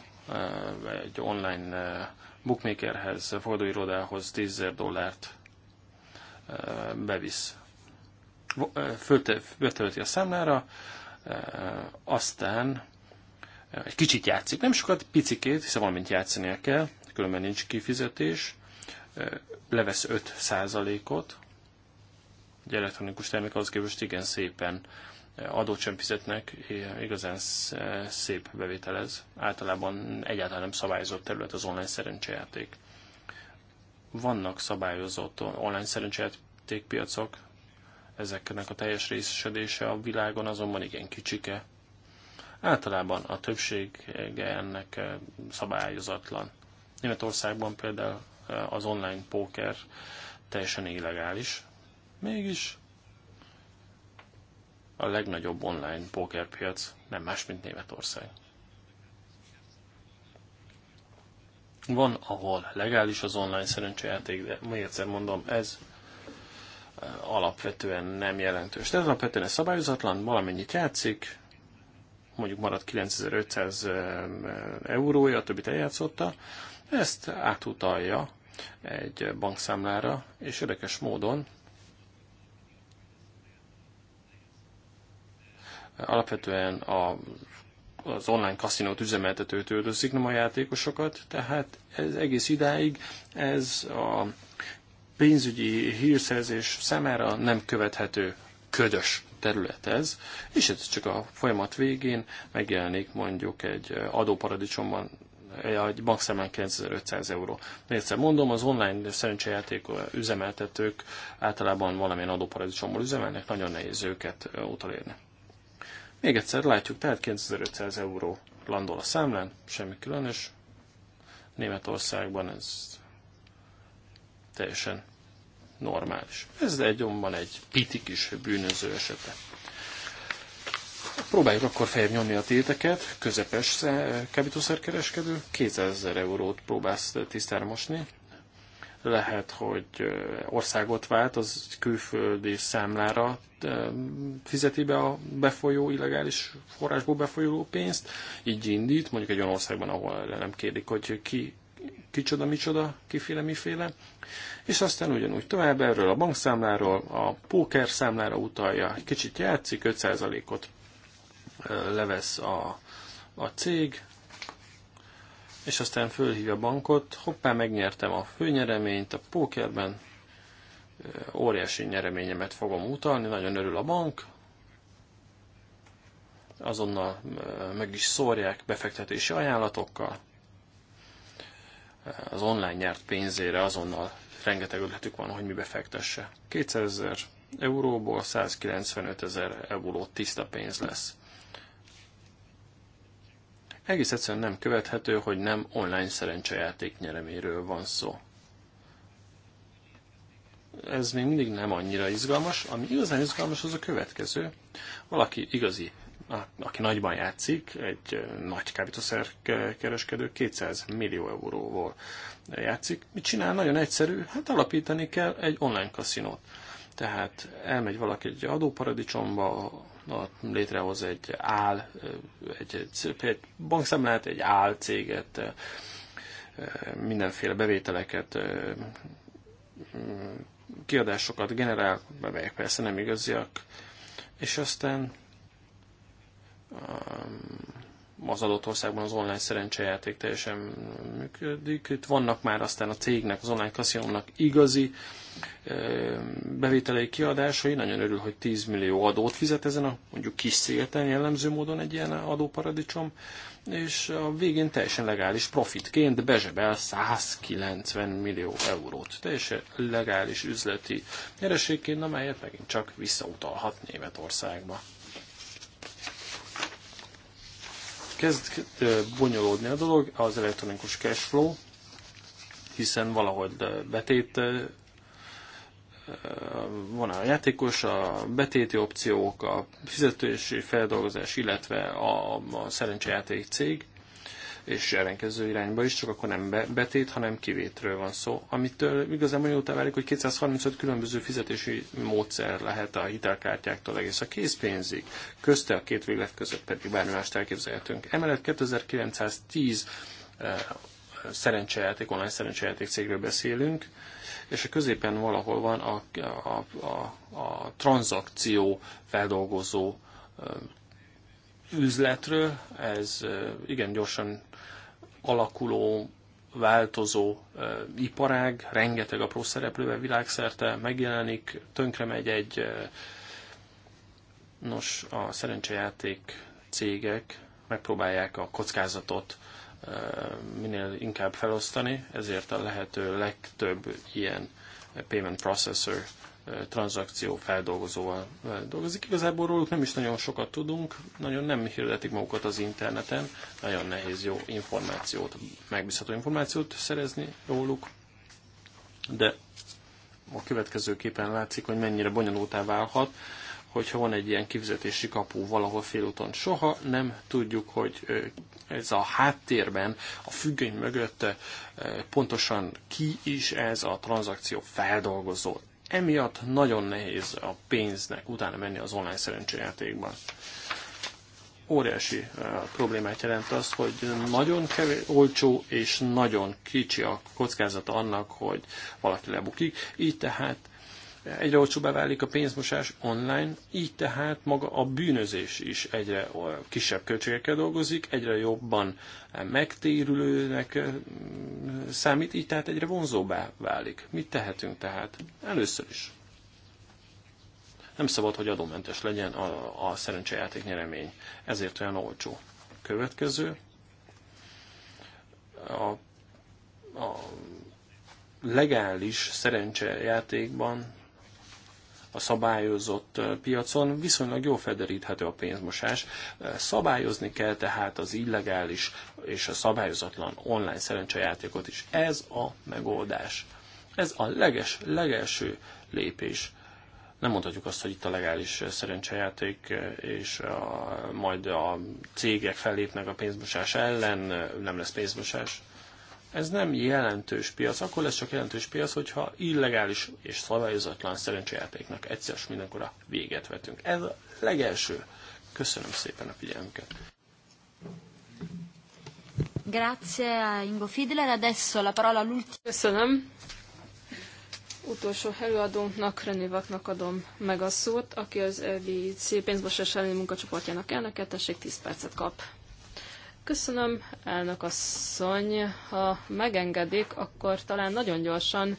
egy online eh, bookmakerhez, fordulóirodához 10 dollárt eh, bevisz. Eh, Föltölti a számlára, aztán egy kicsit játszik, nem sokat, picikét, hiszen valamint játszania kell, különben nincs kifizetés, levesz 5 ot egy elektronikus termék ahhoz képest igen szépen eh, adót sem fizetnek, eh, igazán eh, szép bevételez. Általában egyáltalán nem szabályozott terület az online szerencsejáték. Vannak szabályozott online piacok, ezeknek a teljes részesedése a világon azonban igen kicsike. Általában a többsége ennek szabályozatlan. Németországban például az online póker teljesen illegális, Mégis a legnagyobb online pókerpiac nem más, mint Németország. Van, ahol legális az online szerencsejáték, de még egyszer mondom, ez e, alapvetően nem jelentős. Tehát alapvetően ez szabályozatlan, valamennyit játszik, mondjuk maradt 9500 e, eurója, a többit eljátszotta, ezt átutalja egy bankszámlára, és érdekes módon Alapvetően a, az online kaszinót üzemeltetőt öldözik, nem a játékosokat, tehát ez egész idáig ez a pénzügyi hírszerzés számára nem követhető ködös terület ez, és ez csak a folyamat végén megjelenik mondjuk egy adóparadicsomban egy maximum 9500 euró. Még egyszer mondom, az online szerencsejáték üzemeltetők általában valamilyen adóparadicsomból üzemelnek, nagyon nehéz őket utolérni. Még egyszer látjuk, tehát 9500 euró landol a számlán, semmi különös. Németországban ez teljesen normális. Ez egy omban egy piti kis bűnöző esete. Próbáljuk akkor fejebb nyomni a téteket. Közepes kábítószerkereskedő 200 ezer eurót próbálsz tisztára mosni lehet, hogy országot vált, az külföldi számlára fizeti be a befolyó, illegális forrásból befolyó pénzt, így indít, mondjuk egy olyan országban, ahol nem kérik, hogy ki kicsoda, micsoda, kiféle, miféle, és aztán ugyanúgy tovább erről a bankszámláról, a póker számlára utalja, kicsit játszik, 5%-ot levesz a, a cég, és aztán fölhívja a bankot, hoppá, megnyertem a főnyereményt a pókerben, óriási nyereményemet fogom utalni, nagyon örül a bank, azonnal meg is szórják befektetési ajánlatokkal, az online nyert pénzére azonnal rengeteg ötletük van, hogy mi befektesse. 200 ezer euróból 195 ezer euró tiszta pénz lesz. Egész egyszerűen nem követhető, hogy nem online szerencsejáték nyereméről van szó. Ez még mindig nem annyira izgalmas. Ami igazán izgalmas, az a következő. Valaki igazi, aki nagyban játszik, egy nagy kábítószer kereskedő 200 millió euróval játszik. Mit csinál? Nagyon egyszerű. Hát alapítani kell egy online kaszinót. Tehát elmegy valaki egy adóparadicsomba, létrehoz egy áll, egy, egy, egy bankszámlát, egy áll céget, mindenféle bevételeket, mm, kiadásokat generál, amelyek persze nem igaziak, és aztán um, az adott országban az online szerencsejáték teljesen működik. Itt vannak már aztán a cégnek, az online kaszinónak igazi bevételei, kiadásai. Nagyon örül, hogy 10 millió adót fizet ezen a mondjuk kis szigeten jellemző módon egy ilyen adóparadicsom, és a végén teljesen legális profitként bezsebel 190 millió eurót. Teljesen legális üzleti nyereségként, amelyet megint csak visszautalhat Németországba. kezd bonyolódni a dolog, az elektronikus cashflow, hiszen valahogy betét van a játékos, a betéti opciók, a fizetési feldolgozás, illetve a, a szerencsejáték cég és ellenkező irányba is, csak akkor nem betét, hanem kivétről van szó, amitől igazán mióta válik, hogy 235 különböző fizetési módszer lehet a hitelkártyáktól egész a készpénzig, közte a két véglet között pedig bármi mást elképzelhetünk. Emellett 2910 eh, szerencsejáték, online szerencsejáték cégről beszélünk, és a középen valahol van a, a, a, a tranzakció feldolgozó eh, üzletről, ez eh, igen gyorsan alakuló, változó iparág, rengeteg apró szereplővel világszerte megjelenik, tönkre megy egy, nos, a szerencsejáték cégek megpróbálják a kockázatot minél inkább felosztani, ezért a lehető legtöbb ilyen payment processor tranzakció feldolgozóval dolgozik. Igazából róluk nem is nagyon sokat tudunk, nagyon nem hirdetik magukat az interneten, nagyon nehéz jó információt, megbízható információt szerezni róluk, de a következő képen látszik, hogy mennyire bonyolultá válhat, hogyha van egy ilyen kifizetési kapu valahol félúton. Soha nem tudjuk, hogy ez a háttérben, a függöny mögött pontosan ki is ez a tranzakció feldolgozó emiatt nagyon nehéz a pénznek utána menni az online szerencsejátékban. Óriási eh, problémát jelent az, hogy nagyon kevés, olcsó és nagyon kicsi a kockázata annak, hogy valaki lebukik, így tehát egyre olcsóbbá válik a pénzmosás online, így tehát maga a bűnözés is egyre kisebb költségekkel dolgozik, egyre jobban megtérülőnek számít, így tehát egyre vonzóbbá válik. Mit tehetünk tehát? Először is. Nem szabad, hogy adómentes legyen a, a szerencsejáték nyeremény, ezért olyan olcsó. Következő. A, a legális szerencsejátékban a szabályozott piacon viszonylag jól felderíthető a pénzmosás. Szabályozni kell tehát az illegális és a szabályozatlan online szerencsejátékot is. Ez a megoldás. Ez a leges, legelső lépés nem mondhatjuk azt, hogy itt a legális szerencsejáték, és a, majd a cégek fellépnek a pénzmosás ellen, nem lesz pénzmosás. Ez nem jelentős piac, akkor lesz csak jelentős piac, hogyha illegális és szabályozatlan szerencsejátéknak egyszer mindenkora véget vetünk. Ez a legelső. Köszönöm szépen a figyelmüket. Grazie a Ingo Fidler, adesso la parola all'ultimo. Köszönöm. Utolsó előadónknak, Vaknak adom meg a szót, aki az EBC pénzbosás elleni munkacsoportjának elnöke, tessék 10 percet kap. Köszönöm, elnök asszony. Ha megengedik, akkor talán nagyon gyorsan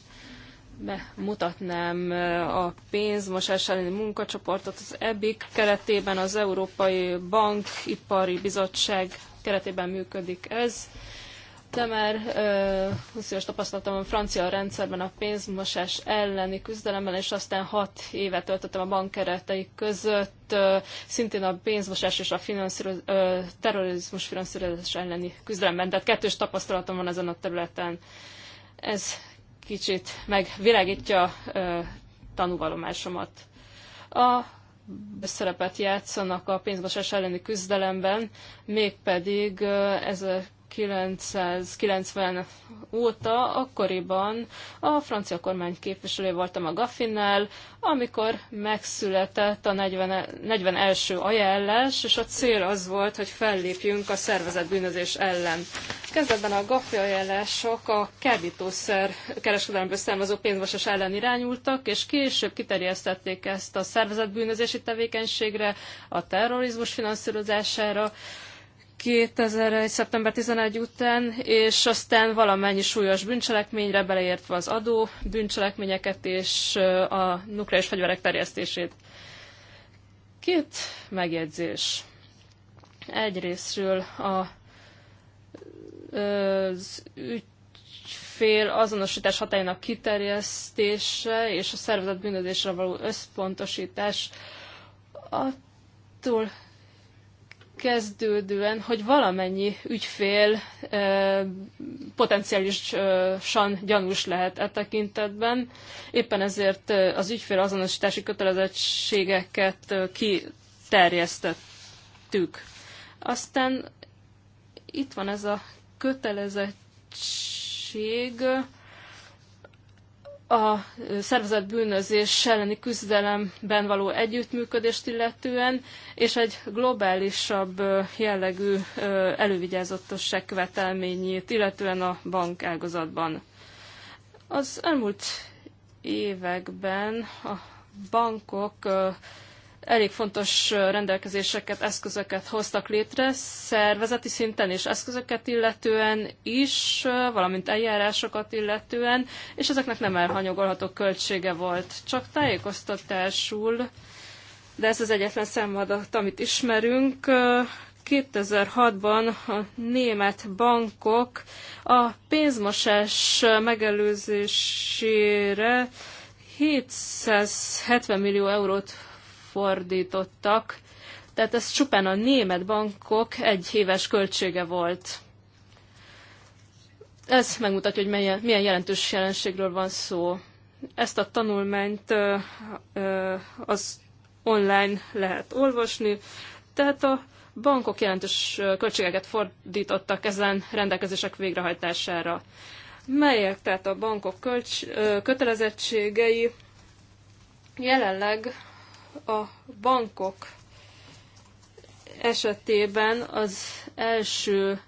bemutatnám eh, a pénzmosás elleni munkacsoportot az EBIC keretében, az Európai bankipari Bizottság keretében működik ez említette már, 20 éves tapasztalatom a francia rendszerben a pénzmosás elleni küzdelemmel, és aztán hat évet töltöttem a bankeretei között, szintén a pénzmosás és a finanszíroz, terrorizmus finanszírozás elleni küzdelemben. Tehát kettős tapasztalatom van ezen a területen. Ez kicsit megvilágítja tanúvallomásomat. A szerepet játszanak a pénzmosás elleni küzdelemben, mégpedig ez a 1990 óta, akkoriban a francia kormány képviselő voltam a Gaffinnel, amikor megszületett a 40, 41. ajánlás, és a cél az volt, hogy fellépjünk a szervezett bűnözés ellen. Kezdetben a Gaffi ajánlások a kábítószer kereskedelemből származó pénzvasas ellen irányultak, és később kiterjesztették ezt a szervezett bűnözési tevékenységre, a terrorizmus finanszírozására, 2001. szeptember 11 után, és aztán valamennyi súlyos bűncselekményre, beleértve az adó bűncselekményeket és a nukleáris fegyverek terjesztését. Két megjegyzés. Egyrésztről a, az ügyfél azonosítás hatályának kiterjesztése és a szervezet bűnözésre való összpontosítás attól kezdődően, hogy valamennyi ügyfél potenciálisan gyanús lehet e tekintetben. Éppen ezért az ügyfél azonosítási kötelezettségeket kiterjesztettük. Aztán itt van ez a kötelezettség, a szervezett bűnözés elleni küzdelemben való együttműködést illetően, és egy globálisabb jellegű elővigyázatosság követelményét, illetően a bank ágazatban. Az elmúlt években a bankok elég fontos rendelkezéseket, eszközöket hoztak létre, szervezeti szinten és eszközöket illetően is, valamint eljárásokat illetően, és ezeknek nem elhanyagolható költsége volt. Csak tájékoztatásul, de ez az egyetlen számadat, amit ismerünk, 2006-ban a német bankok a pénzmosás megelőzésére 770 millió eurót fordítottak, tehát ez csupán a német bankok egy éves költsége volt. Ez megmutatja, hogy milyen, milyen jelentős jelenségről van szó. Ezt a tanulmányt az online lehet olvasni, tehát a bankok jelentős költségeket fordítottak ezen rendelkezések végrehajtására. Melyek tehát a bankok ö, kötelezettségei jelenleg a bankok esetében az első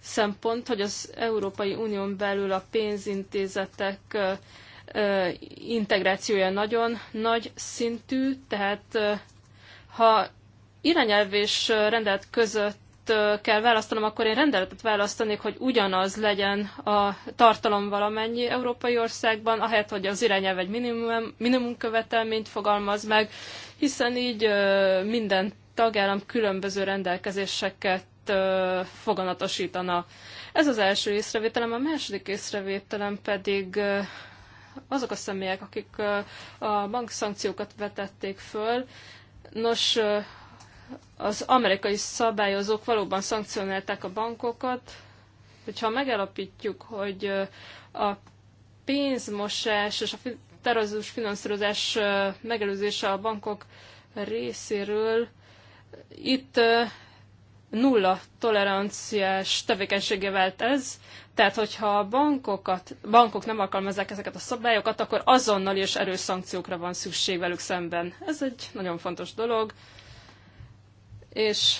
szempont, hogy az Európai Unión belül a pénzintézetek integrációja nagyon nagy szintű, tehát ha irányelv és rendelet között kell választanom, akkor én rendeletet választanék, hogy ugyanaz legyen a tartalom valamennyi európai országban, ahelyett, hogy az irányelv egy minimum, minimum követelményt fogalmaz meg, hiszen így minden tagállam különböző rendelkezéseket foganatosítana. Ez az első észrevételem, a második észrevételem pedig azok a személyek, akik a bankszankciókat vetették föl. Nos, az amerikai szabályozók valóban szankcionálták a bankokat, hogyha megállapítjuk, hogy a pénzmosás és a terrorizmus finanszírozás megelőzése a bankok részéről, itt nulla toleranciás tevékenységé vált ez, tehát hogyha a bankokat, bankok nem alkalmazzák ezeket a szabályokat, akkor azonnal és erős szankciókra van szükség velük szemben. Ez egy nagyon fontos dolog, és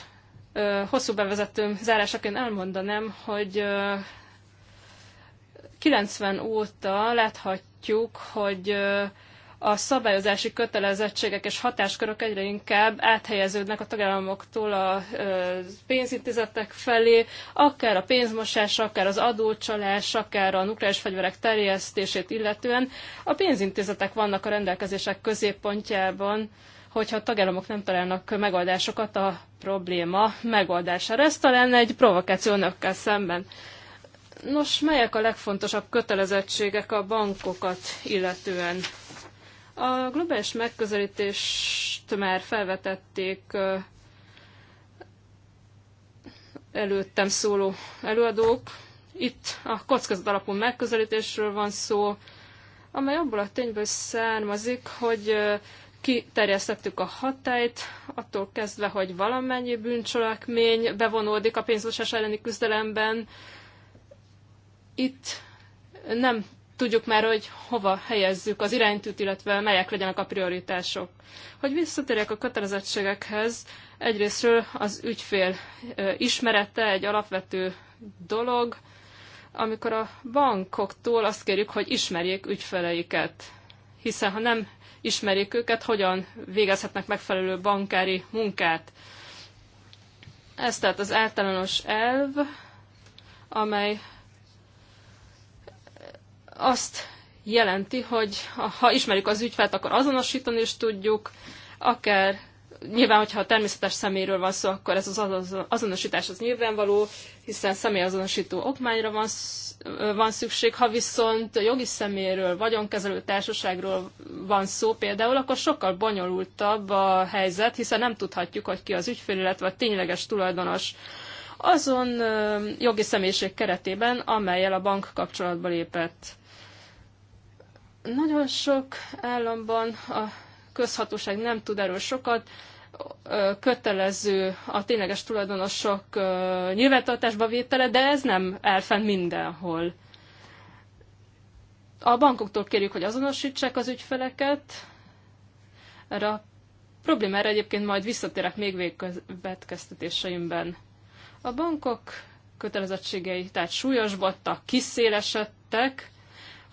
hosszú bevezetőm zárásaként elmondanám, hogy 90 óta láthatjuk, hogy a szabályozási kötelezettségek és hatáskörök egyre inkább áthelyeződnek a tagállamoktól a pénzintézetek felé, akár a pénzmosás, akár az adócsalás, akár a nukleáris fegyverek terjesztését illetően. A pénzintézetek vannak a rendelkezések középpontjában, hogyha a tagállamok nem találnak megoldásokat a probléma megoldására. Ez talán egy provokáció önökkel szemben. Nos, melyek a legfontosabb kötelezettségek a bankokat illetően? A globális megközelítést már felvetették előttem szóló előadók. Itt a kockázat alapú megközelítésről van szó, amely abból a tényből származik, hogy kiterjesztettük a hatályt, attól kezdve, hogy valamennyi bűncselekmény bevonódik a pénzmosás elleni küzdelemben. Itt nem tudjuk már, hogy hova helyezzük az iránytűt, illetve melyek legyenek a prioritások. Hogy visszatérjek a kötelezettségekhez, egyrésztről az ügyfél ismerete egy alapvető dolog, amikor a bankoktól azt kérjük, hogy ismerjék ügyfeleiket. Hiszen ha nem ismerik őket, hogyan végezhetnek megfelelő bankári munkát. Ez tehát az általános elv, amely azt jelenti, hogy ha ismerjük az ügyfelt, akkor azonosítani is tudjuk, akár nyilván, hogyha a természetes szeméről van szó, akkor ez az azonosítás az nyilvánvaló, hiszen személyazonosító okmányra van, van szükség. Ha viszont jogi szeméről, vagyonkezelő társaságról van szó például, akkor sokkal bonyolultabb a helyzet, hiszen nem tudhatjuk, hogy ki az ügyfél, illetve a tényleges tulajdonos azon jogi személyiség keretében, amelyel a bank kapcsolatba lépett. Nagyon sok államban a közhatóság nem tud erről sokat, kötelező a tényleges tulajdonosok nyilvántartásba vétele, de ez nem elfent mindenhol. A bankoktól kérjük, hogy azonosítsák az ügyfeleket. Erre a problémára egyébként majd visszatérek még végkövetkeztetéseimben. A bankok kötelezettségei tehát súlyosbodtak, kiszélesedtek,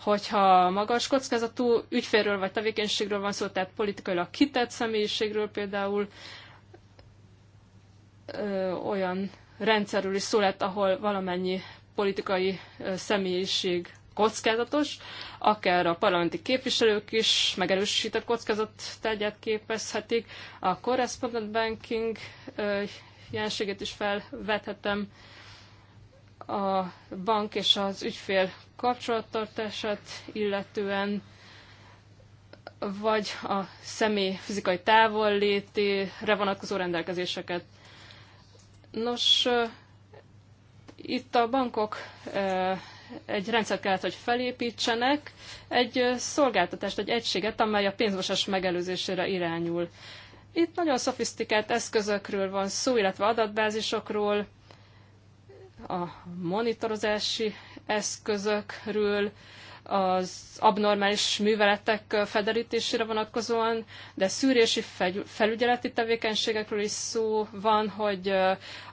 hogyha magas kockázatú ügyférről vagy tevékenységről van szó, tehát politikailag kitett személyiségről például ö, olyan rendszerről is szó lett, ahol valamennyi politikai személyiség kockázatos, akár a parlamenti képviselők is megerősített kockázat tegyet képezhetik, a correspondent banking jelenségét is felvethetem, a bank és az ügyfél kapcsolattartását illetően, vagy a személy fizikai távollétére vonatkozó rendelkezéseket. Nos, itt a bankok egy rendszert kellett, hogy felépítsenek, egy szolgáltatást, egy egységet, amely a pénzmosás megelőzésére irányul. Itt nagyon szofisztikált eszközökről van szó, illetve adatbázisokról, a monitorozási eszközökről, az abnormális műveletek felderítésére vonatkozóan, de szűrési felügyeleti tevékenységekről is szó van, hogy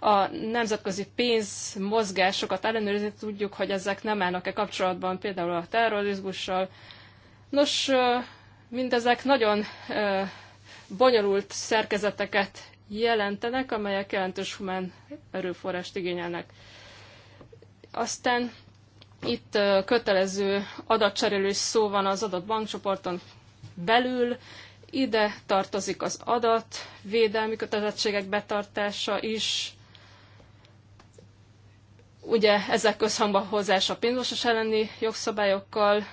a nemzetközi pénzmozgásokat ellenőrizni tudjuk, hogy ezek nem állnak-e kapcsolatban például a terrorizmussal. Nos, mindezek nagyon bonyolult szerkezeteket jelentenek, amelyek jelentős humán erőforrást igényelnek. Aztán itt kötelező adatcserélő szó van az adott bankcsoporton belül, ide tartozik az adat, védelmi kötelezettségek betartása is, ugye ezek közhangba hozása a pénzmosás elleni jogszabályokkal.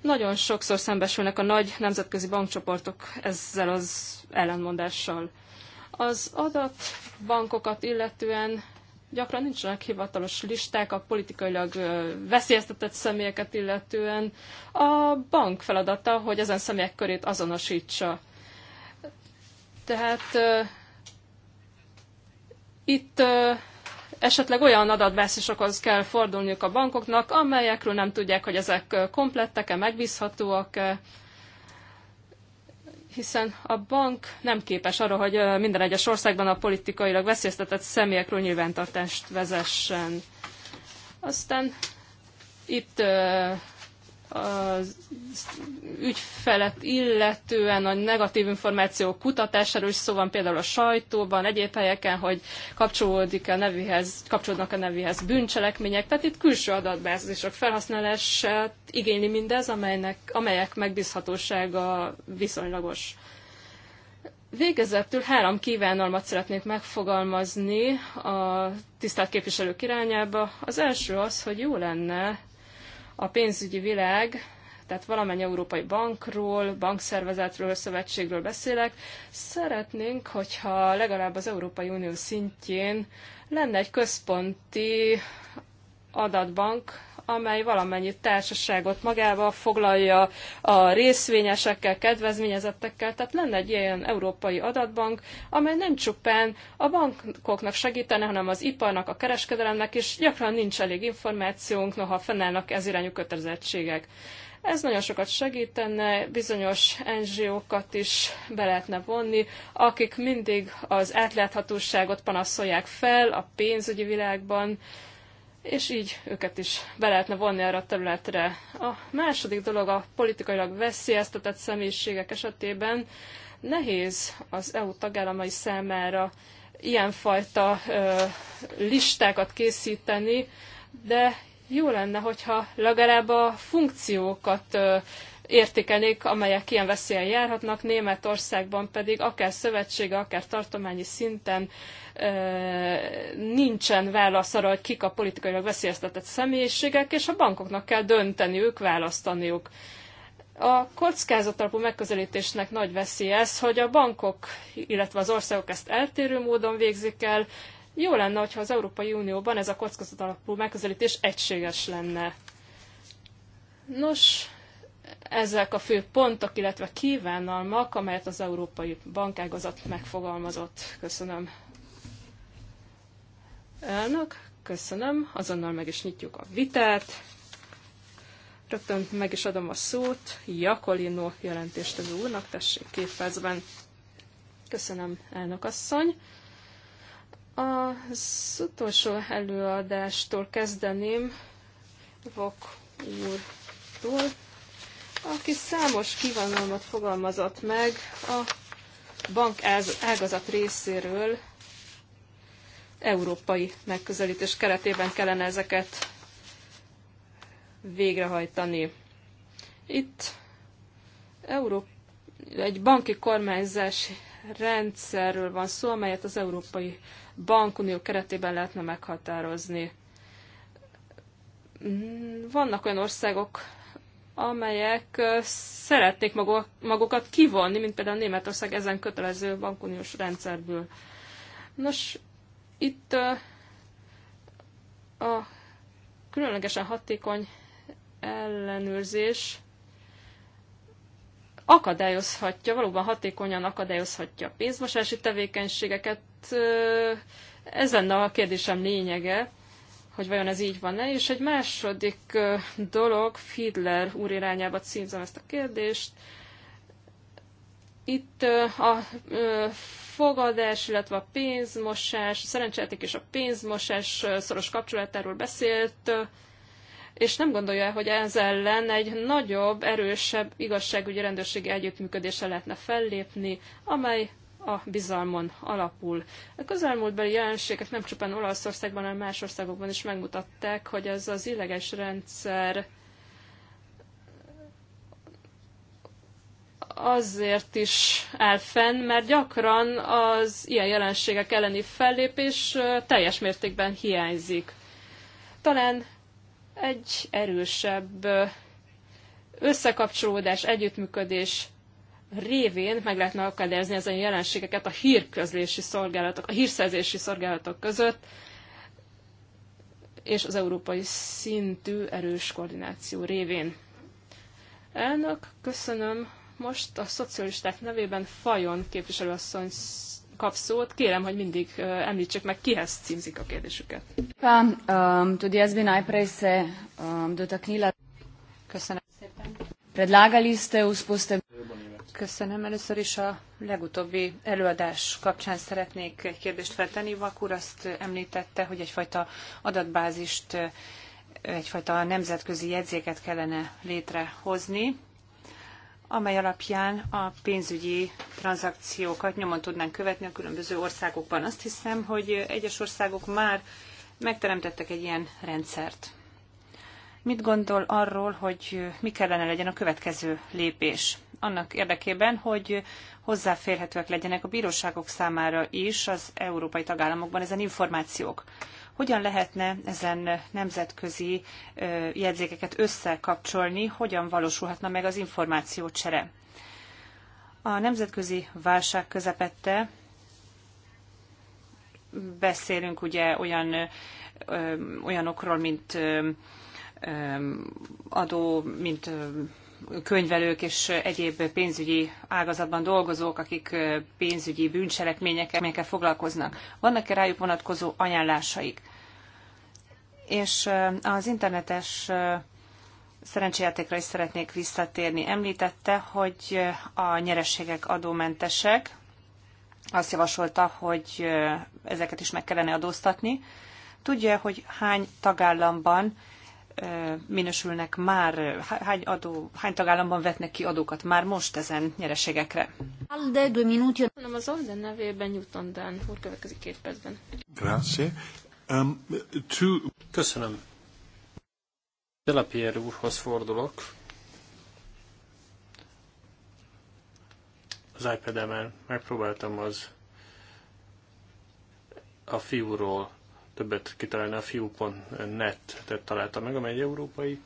Nagyon sokszor szembesülnek a nagy nemzetközi bankcsoportok ezzel az ellenmondással. Az adatbankokat illetően Gyakran nincsenek hivatalos listák a politikailag veszélyeztetett személyeket illetően. A bank feladata, hogy ezen személyek körét azonosítsa. Tehát uh, itt uh, esetleg olyan adatbázisokhoz kell fordulniuk a bankoknak, amelyekről nem tudják, hogy ezek komplettek-e, megbízhatóak-e, hiszen a bank nem képes arra, hogy minden egyes országban a politikailag veszélyeztetett személyekről nyilvántartást vezessen. Aztán itt az ügyfelet illetően a negatív információ kutatásáról is szó van például a sajtóban, egyéb helyeken, hogy kapcsolódik a nevéhez, kapcsolódnak a nevéhez bűncselekmények. Tehát itt külső adatbázisok felhasználását igényli mindez, amelynek, amelyek megbízhatósága viszonylagos. Végezetül három kívánalmat szeretnék megfogalmazni a tisztelt képviselők irányába. Az első az, hogy jó lenne a pénzügyi világ, tehát valamennyi európai bankról, bankszervezetről, szövetségről beszélek, szeretnénk, hogyha legalább az Európai Unió szintjén lenne egy központi adatbank, amely valamennyi társaságot magába foglalja a részvényesekkel, kedvezményezettekkel, tehát lenne egy ilyen európai adatbank, amely nem csupán a bankoknak segítene, hanem az iparnak, a kereskedelemnek is gyakran nincs elég információnk, noha fennállnak ez irányú kötelezettségek. Ez nagyon sokat segítene, bizonyos NGO-kat is be lehetne vonni, akik mindig az átláthatóságot panaszolják fel a pénzügyi világban, és így őket is be lehetne vonni erre a területre. A második dolog a politikailag veszélyeztetett személyiségek esetében nehéz az EU tagállamai számára ilyenfajta ö, listákat készíteni, de jó lenne, hogyha legalább a funkciókat ö, értékelik, amelyek ilyen veszélyen járhatnak. Németországban pedig akár szövetsége, akár tartományi szinten nincsen válasz arra, hogy kik a politikailag veszélyeztetett személyiségek, és a bankoknak kell dönteniük, választaniuk. A kockázatalapú megközelítésnek nagy veszélye ez, hogy a bankok, illetve az országok ezt eltérő módon végzik el. Jó lenne, hogyha az Európai Unióban ez a kockázatalapú megközelítés egységes lenne. Nos, ezek a fő pontok, illetve kívánalmak, amelyet az Európai Bankágazat megfogalmazott. Köszönöm. Elnök, köszönöm. Azonnal meg is nyitjuk a vitát. Rögtön meg is adom a szót. Jakolino jelentéstevő úrnak, tessék két percben. Köszönöm, elnök asszony. Az utolsó előadástól kezdeném, Vok úrtól aki számos kívánalmat fogalmazott meg a bank ágazat részéről európai megközelítés keretében kellene ezeket végrehajtani. Itt Európa, egy banki kormányzás rendszerről van szó, amelyet az Európai Bankunió keretében lehetne meghatározni. Vannak olyan országok, amelyek szeretnék magukat kivonni, mint például Németország ezen kötelező bankuniós rendszerből. Nos, itt a különlegesen hatékony ellenőrzés akadályozhatja, valóban hatékonyan akadályozhatja a pénzmosási tevékenységeket. Ez lenne a kérdésem lényege hogy vajon ez így van-e. És egy második dolog, Fiedler úr irányába címzem ezt a kérdést. Itt a fogadás, illetve a pénzmosás, a és a pénzmosás szoros kapcsolatáról beszélt, és nem gondolja, hogy ez ellen egy nagyobb, erősebb igazságügyi rendőrségi együttműködéssel lehetne fellépni, amely a bizalmon alapul. A közelmúltbeli jelenségek nem csupán Olaszországban, hanem más országokban is megmutatták, hogy ez az illegális rendszer azért is áll fenn, mert gyakran az ilyen jelenségek elleni fellépés teljes mértékben hiányzik. Talán egy erősebb összekapcsolódás, együttműködés révén meg lehetne akadályozni ezen jelenségeket a hírközlési szolgálatok, a hírszerzési szolgálatok között, és az európai szintű erős koordináció révén. Elnök, köszönöm. Most a szocialisták nevében Fajon képviselőasszony kap szót. Kérem, hogy mindig említsék meg, kihez címzik a kérdésüket. Um, um, köszönöm szépen. Predlagali ste Köszönöm. Először is a legutóbbi előadás kapcsán szeretnék egy kérdést feltenni. Vakúr azt említette, hogy egyfajta adatbázist, egyfajta nemzetközi jegyzéket kellene létrehozni, amely alapján a pénzügyi tranzakciókat nyomon tudnánk követni a különböző országokban. Azt hiszem, hogy egyes országok már megteremtettek egy ilyen rendszert. Mit gondol arról, hogy mi kellene legyen a következő lépés? Annak érdekében, hogy hozzáférhetőek legyenek a bíróságok számára is az európai tagállamokban ezen információk. Hogyan lehetne ezen nemzetközi jegyzékeket összekapcsolni, hogyan valósulhatna meg az információcsere? A nemzetközi válság közepette beszélünk ugye olyan, olyanokról, mint adó, mint könyvelők és egyéb pénzügyi ágazatban dolgozók, akik pénzügyi bűncselekményekkel foglalkoznak. Vannak-e rájuk vonatkozó ajánlásaik? És az internetes szerencsejátékra is szeretnék visszatérni. Említette, hogy a nyerességek adómentesek. Azt javasolta, hogy ezeket is meg kellene adóztatni. Tudja, hogy hány tagállamban minősülnek már, hány, adó, hány tagállamban vetnek ki adókat már most ezen nyereségekre? Alde, due minuti. Nem az Alde nevében nyújtom, de úr következik két percben. Grazie. Um, Köszönöm. Delapier úrhoz fordulok. Az iPad-emen megpróbáltam az a fiúról többet kitalálni a fiúkon net találta meg, amely egy európai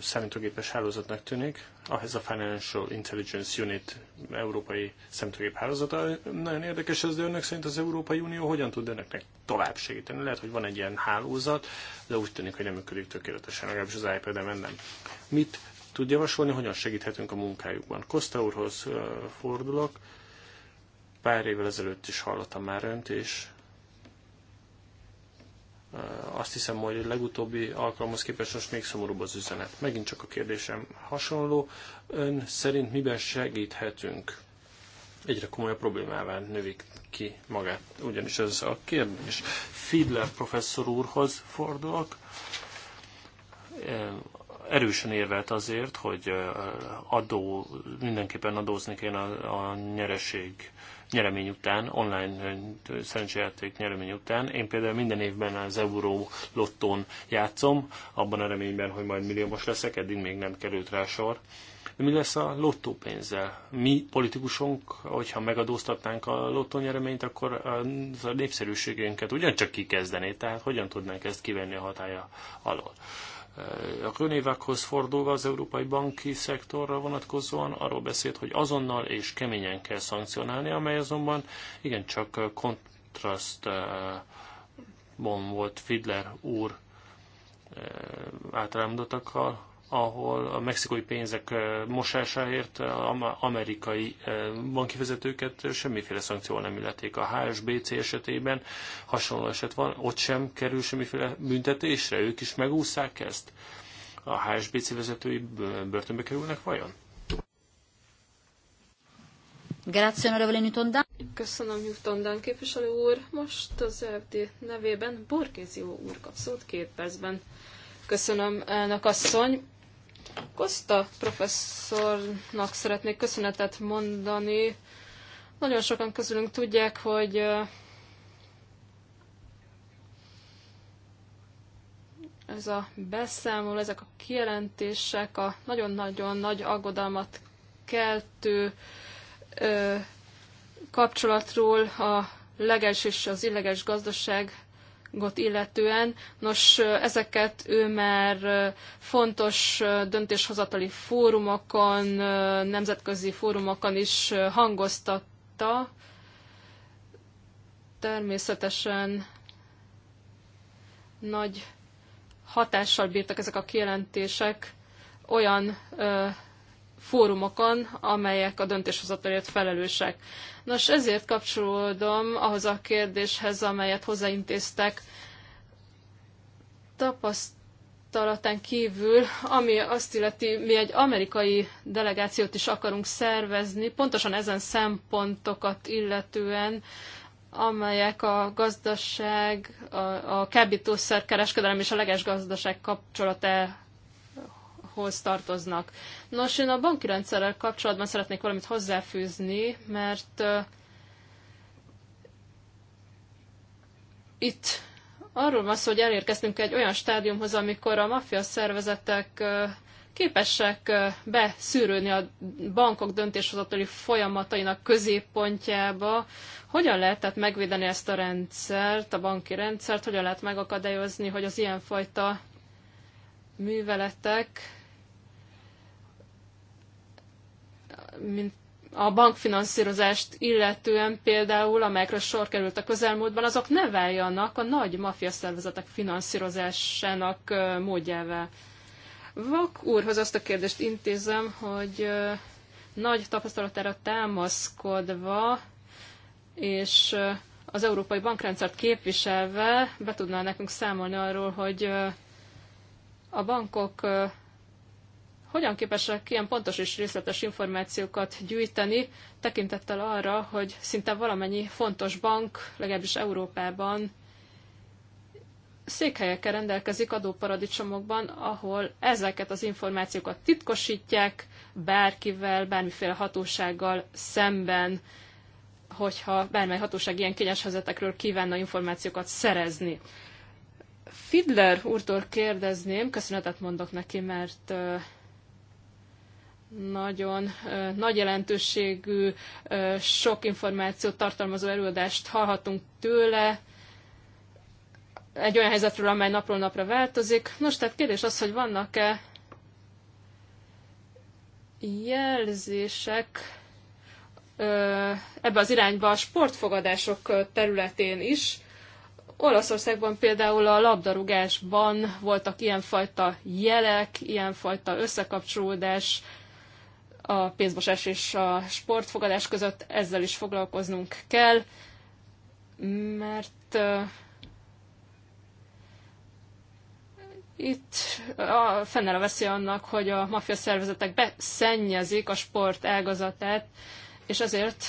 számítógépes hálózatnak tűnik. Ahhez a Financial Intelligence Unit európai számítógép hálózata. Nagyon érdekes ez, de önök szerint az Európai Unió hogyan tud önöknek tovább segíteni? Lehet, hogy van egy ilyen hálózat, de úgy tűnik, hogy nem működik tökéletesen, legalábbis az iPad-en nem. Mit tud javasolni, hogyan segíthetünk a munkájukban? Kosta úrhoz fordulok. Pár évvel ezelőtt is hallottam már önt, és azt hiszem, hogy a legutóbbi alkalomhoz képest most még szomorúbb az üzenet. Megint csak a kérdésem hasonló. Ön szerint miben segíthetünk? Egyre komolyabb problémává növik ki magát. Ugyanis ez a kérdés. Fiedler professzor úrhoz fordulok erősen érvelt azért, hogy adó, mindenképpen adózni kéne a, a nyereség nyeremény után, online szerencsejáték nyeremény után. Én például minden évben az Euró lottón játszom, abban a reményben, hogy majd milliómos leszek, eddig még nem került rá sor. De mi lesz a lottópénzzel? Mi politikusunk, hogyha megadóztatnánk a nyereményt, akkor a népszerűségünket ugyancsak kikezdené, tehát hogyan tudnánk ezt kivenni a hatája alól? A könyvekhoz fordulva az európai banki szektorra vonatkozóan arról beszélt, hogy azonnal és keményen kell szankcionálni, amely azonban igencsak kontrasztban volt Fidler úr eh, általámodatakkal, ahol a mexikói pénzek mosásáért amerikai bankifizetőket semmiféle szankcióval nem illeték. A HSBC esetében hasonló eset van, ott sem kerül semmiféle büntetésre, ők is megúszszák ezt. A HSBC vezetői börtönbe kerülnek vajon? Köszönöm, Newton Dan képviselő úr. Most az FD nevében Borgézió úr kap szót két percben. Köszönöm, elnök asszony. Kosta professzornak szeretnék köszönetet mondani. Nagyon sokan közülünk tudják, hogy ez a beszámoló, ezek a kijelentések a nagyon-nagyon nagy aggodalmat keltő kapcsolatról a leges és az illeges gazdaság got illetően. Nos, ezeket ő már fontos döntéshozatali fórumokon, nemzetközi fórumokon is hangoztatta. Természetesen nagy hatással bírtak ezek a kijelentések olyan fórumokon, amelyek a döntéshozatalért felelősek. Nos, ezért kapcsolódom ahhoz a kérdéshez, amelyet hozzáintéztek tapasztalatán kívül, ami azt illeti, mi egy amerikai delegációt is akarunk szervezni, pontosan ezen szempontokat illetően, amelyek a gazdaság, a, a kábítószer kereskedelem és a leges gazdaság kapcsolatát bankhoz tartoznak. Nos, én a banki rendszerrel kapcsolatban szeretnék valamit hozzáfűzni, mert itt arról van szó, hogy elérkeztünk egy olyan stádiumhoz, amikor a maffia szervezetek képesek beszűrődni a bankok döntéshozatali folyamatainak középpontjába. Hogyan lehet tehát megvédeni ezt a rendszert, a banki rendszert, hogyan lehet megakadályozni, hogy az ilyenfajta műveletek mint a bankfinanszírozást illetően például, amelyekre sor került a közelmúltban, azok ne váljanak a nagy mafia szervezetek finanszírozásának módjává. Vak úrhoz azt a kérdést intézem, hogy nagy tapasztalatára támaszkodva és az európai bankrendszert képviselve be tudná nekünk számolni arról, hogy a bankok hogyan képesek ilyen pontos és részletes információkat gyűjteni, tekintettel arra, hogy szinte valamennyi fontos bank, legalábbis Európában székhelyekkel rendelkezik adóparadicsomokban, ahol ezeket az információkat titkosítják bárkivel, bármiféle hatósággal szemben, hogyha bármely hatóság ilyen kényes helyzetekről kívánna információkat szerezni. Fidler úrtól kérdezném, köszönetet mondok neki, mert nagyon nagy jelentőségű, sok információt tartalmazó előadást hallhatunk tőle, egy olyan helyzetről, amely napról napra változik. Nos, tehát kérdés az, hogy vannak-e jelzések ebbe az irányba a sportfogadások területén is. Olaszországban például a labdarúgásban voltak ilyenfajta jelek, ilyenfajta összekapcsolódás a pénzmosás és a sportfogadás között, ezzel is foglalkoznunk kell, mert uh, itt a, fennel a veszély annak, hogy a maffia szervezetek beszennyezik a sport ágazatát, és ezért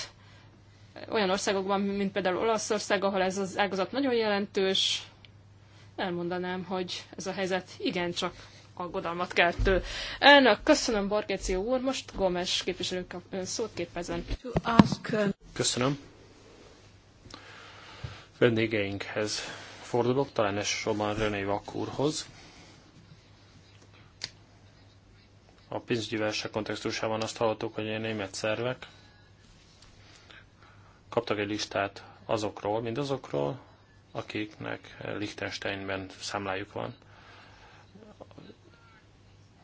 olyan országokban, mint például Olaszország, ahol ez az ágazat nagyon jelentős, elmondanám, hogy ez a helyzet igencsak aggodalmat keltő. Elnök, köszönöm Borgéció úr, most Gomes képviselőnk a szót képezen. Uh, köszönöm. Vendégeinkhez fordulok, talán elsősorban René Vakúrhoz. A pénzügyi verse kontextusában azt hallottuk, hogy a német szervek kaptak egy listát azokról, mindazokról, akiknek Liechtensteinben számlájuk van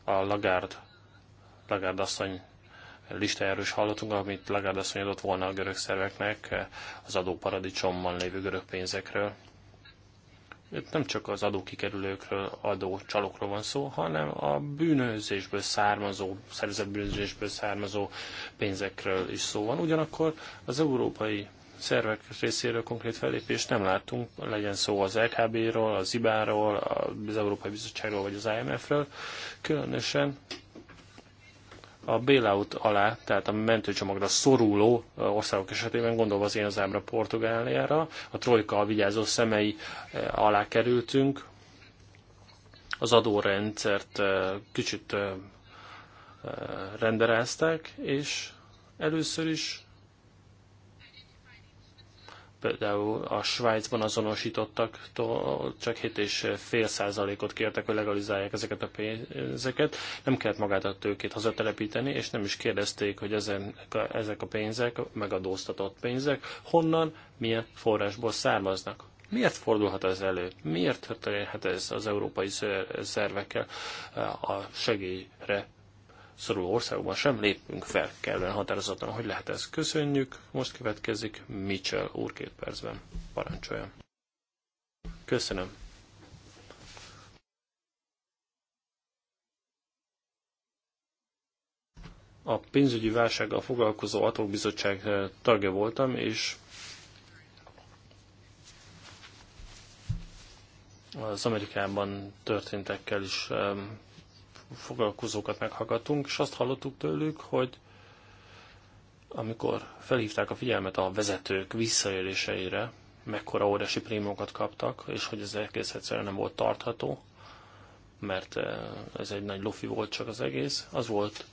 a Lagard, Lagard asszony listájáról is hallottunk, amit Lagard asszony adott volna a görög szerveknek az adóparadicsomban lévő görög pénzekről. Itt nem csak az adókikerülőkről, adócsalókról van szó, hanem a bűnözésből származó, szervezett bűnözésből származó pénzekről is szó van. Ugyanakkor az európai szervek részéről konkrét fellépést nem látunk, legyen szó az LKB-ról, az IBA-ról, az Európai Bizottságról vagy az IMF-ről, különösen a bailout alá, tehát a mentőcsomagra szoruló országok esetében, gondolva az én az ábra Portugáliára, a trojka a vigyázó szemei alá kerültünk, az adórendszert kicsit renderázták, és először is például a Svájcban azonosítottak csak 7,5 százalékot kértek, hogy legalizálják ezeket a pénzeket. Nem kellett magát a tőkét hazatelepíteni, és nem is kérdezték, hogy a, ezek a pénzek, megadóztatott pénzek, honnan, milyen forrásból származnak. Miért fordulhat ez elő? Miért történhet ez az európai szervekkel a segélyre szoruló országokban sem lépünk fel kellően határozottan. Hogy lehet ez? Köszönjük. Most következik Mitchell úr két percben. Parancsolja. Köszönöm. A pénzügyi válsággal foglalkozó atombizottság eh, tagja voltam, és az Amerikában történtekkel is eh, foglalkozókat meghallgattunk, és azt hallottuk tőlük, hogy amikor felhívták a figyelmet a vezetők visszaéléseire, mekkora óriási prémiumokat kaptak, és hogy ez egész egyszerűen nem volt tartható, mert eh, ez egy nagy lufi volt csak az egész, az volt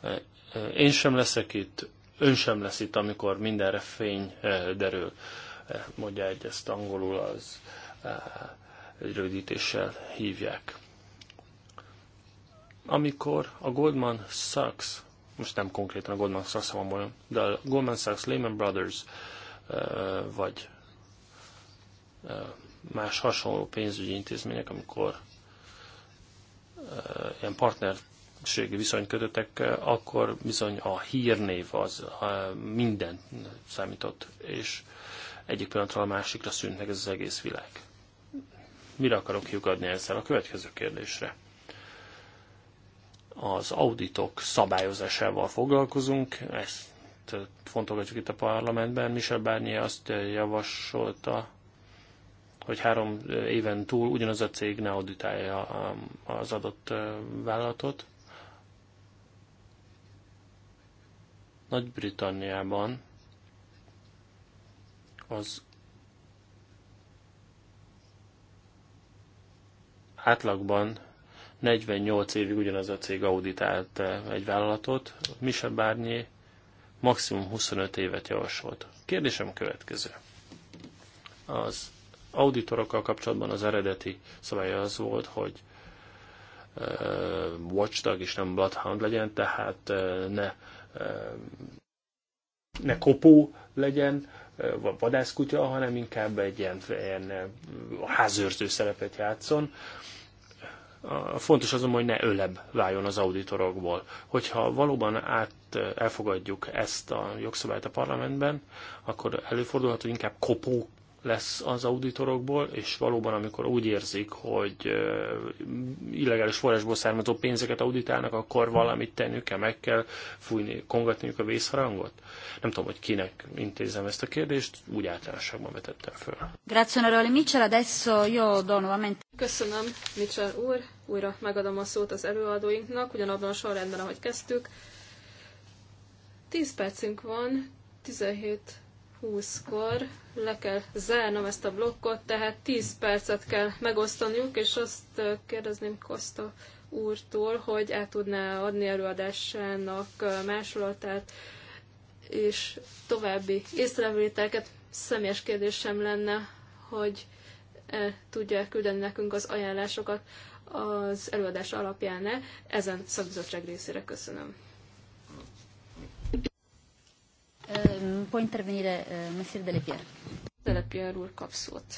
eh, eh, én sem leszek itt, ön sem lesz itt, amikor mindenre fény derül mondja egy, ezt angolul az egy eh, rövidítéssel hívják. Amikor a Goldman Sachs, most nem konkrétan a Goldman Sachs van de a Goldman Sachs, Lehman Brothers, eh, vagy eh, más hasonló pénzügyi intézmények, amikor ilyen partnerségi viszonyt kötöttek, akkor bizony a hírnév az minden számított, és egyik pillanatra a másikra szűnt meg ez az egész világ. Mire akarok kiukadni ezzel? A következő kérdésre. Az auditok szabályozásával foglalkozunk, ezt fontolgatjuk itt a parlamentben. Michel Barnier azt javasolta, hogy három éven túl ugyanaz a cég ne auditálja az adott vállalatot. Nagy-Britanniában az átlagban 48 évig ugyanaz a cég auditált egy vállalatot, Mise Bárnyé maximum 25 évet javasolt. Kérdésem következő. Az auditorokkal kapcsolatban az eredeti szabály az volt, hogy uh, watchdog és nem bloodhound legyen, tehát uh, ne, uh, ne kopó legyen, vadászkutya, hanem inkább egy ilyen, ilyen házőrző szerepet játszon. Fontos azonban, hogy ne ölebb váljon az auditorokból. Hogyha valóban át elfogadjuk ezt a jogszabályt a parlamentben, akkor előfordulhat, hogy inkább kopó lesz az auditorokból, és valóban amikor úgy érzik, hogy illegális forrásból származó pénzeket auditálnak, akkor valamit tenniük kell, meg kell fújni, kongatniuk a vészharangot? Nem tudom, hogy kinek intézem ezt a kérdést, úgy általánosságban vetettem föl. Köszönöm, Mitchell úr. Újra megadom a szót az előadóinknak, ugyanabban a sorrendben, ahogy kezdtük. 10 percünk van, 17 20-kor le kell zárnom ezt a blokkot, tehát 10 percet kell megosztaniuk, és azt kérdezném Kosta úrtól, hogy át tudná adni előadásának másolatát, és további észrevételket. Személyes kérdésem lenne, hogy e tudja küldeni nekünk az ajánlásokat az előadás alapján -e. Ezen szakbizottság részére köszönöm. Può intervenire Monsieur Delepier. Delepier úr kap szót.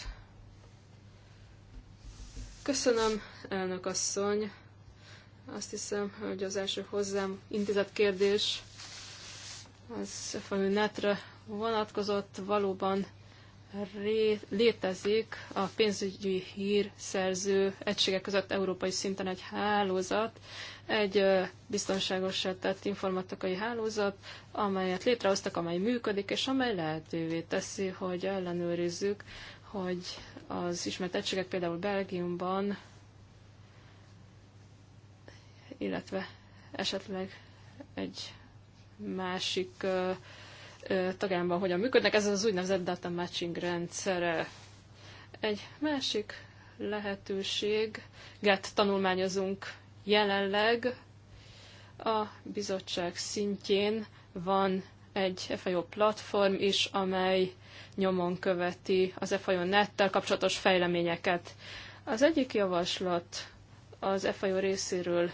Köszönöm, elnök asszony. Azt hiszem, hogy az első hozzám intézett kérdés az valami netre vonatkozott, valóban ré, létezik a pénzügyi hírszerző egységek között európai szinten egy hálózat, egy biztonságosra tett informatikai hálózat, amelyet létrehoztak, amely működik, és amely lehetővé teszi, hogy ellenőrizzük, hogy az ismert egységek például Belgiumban, illetve esetleg egy másik tagállamban hogyan működnek. Ez az úgynevezett data matching rendszere. Egy másik lehetőség, get tanulmányozunk Jelenleg a bizottság szintjén van egy FIO platform is, amely nyomon követi az FIO nettel kapcsolatos fejleményeket. Az egyik javaslat az FIO részéről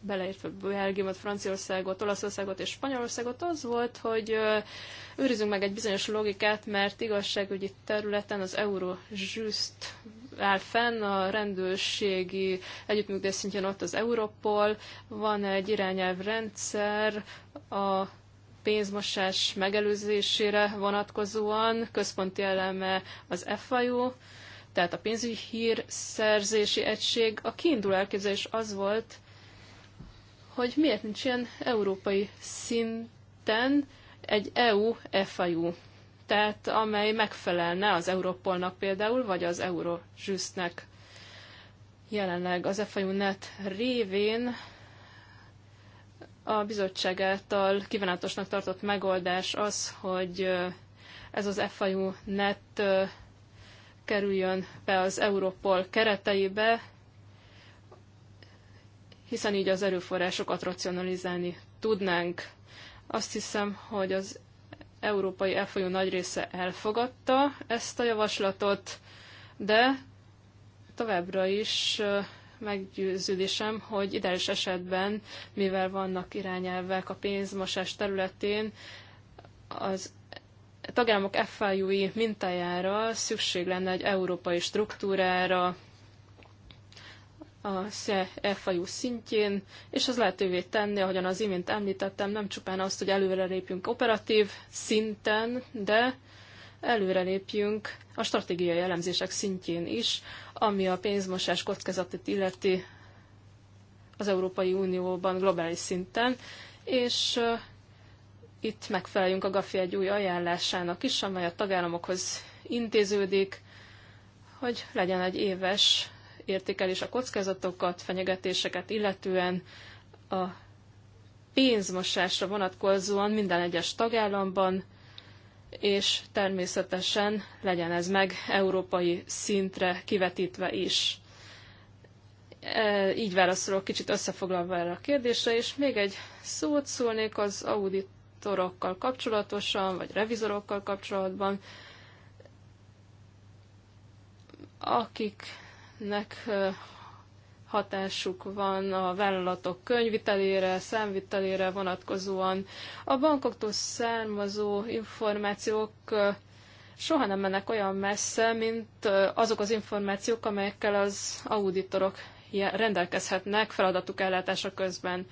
beleértve Belgiumot, Franciaországot, Olaszországot és Spanyolországot, az volt, hogy őrizzünk meg egy bizonyos logikát, mert igazságügyi területen az Eurojust áll fenn, a rendőrségi együttműködés szintjén ott az Európol, van egy irányelvrendszer a pénzmosás megelőzésére vonatkozóan, központi eleme az FIU, tehát a pénzügyi hírszerzési egység. A kiinduló elképzelés az volt, hogy miért nincs ilyen európai szinten egy EU-FIU tehát amely megfelelne az Europolnak például, vagy az Eurojustnek. Jelenleg az net révén a bizottság által kívánatosnak tartott megoldás az, hogy ez az net kerüljön be az Europol kereteibe, hiszen így az erőforrásokat racionalizálni tudnánk. Azt hiszem, hogy az európai elfolyó nagy része elfogadta ezt a javaslatot, de továbbra is meggyőződésem, hogy ideális esetben, mivel vannak irányelvek a pénzmosás területén, az tagállamok FIU-i mintájára szükség lenne egy európai struktúrára, a SZE-fajú szintjén, és az lehetővé tenni, ahogyan az imént említettem, nem csupán azt, hogy előrelépjünk operatív szinten, de előrelépjünk a stratégiai elemzések szintjén is, ami a pénzmosás kockázatot illeti az Európai Unióban globális szinten, és itt megfeleljünk a GAFI egy új ajánlásának is, amely a tagállamokhoz intéződik, hogy legyen egy éves értékelés a kockázatokat, fenyegetéseket illetően a pénzmosásra vonatkozóan minden egyes tagállamban, és természetesen legyen ez meg európai szintre kivetítve is. E, így válaszolok kicsit összefoglalva erre a kérdésre, és még egy szót szólnék az auditorokkal kapcsolatosan, vagy revizorokkal kapcsolatban, akik nek hatásuk van a vállalatok könyvitelére, számvitelére vonatkozóan. A bankoktól származó információk soha nem mennek olyan messze, mint azok az információk, amelyekkel az auditorok rendelkezhetnek feladatuk ellátása közben.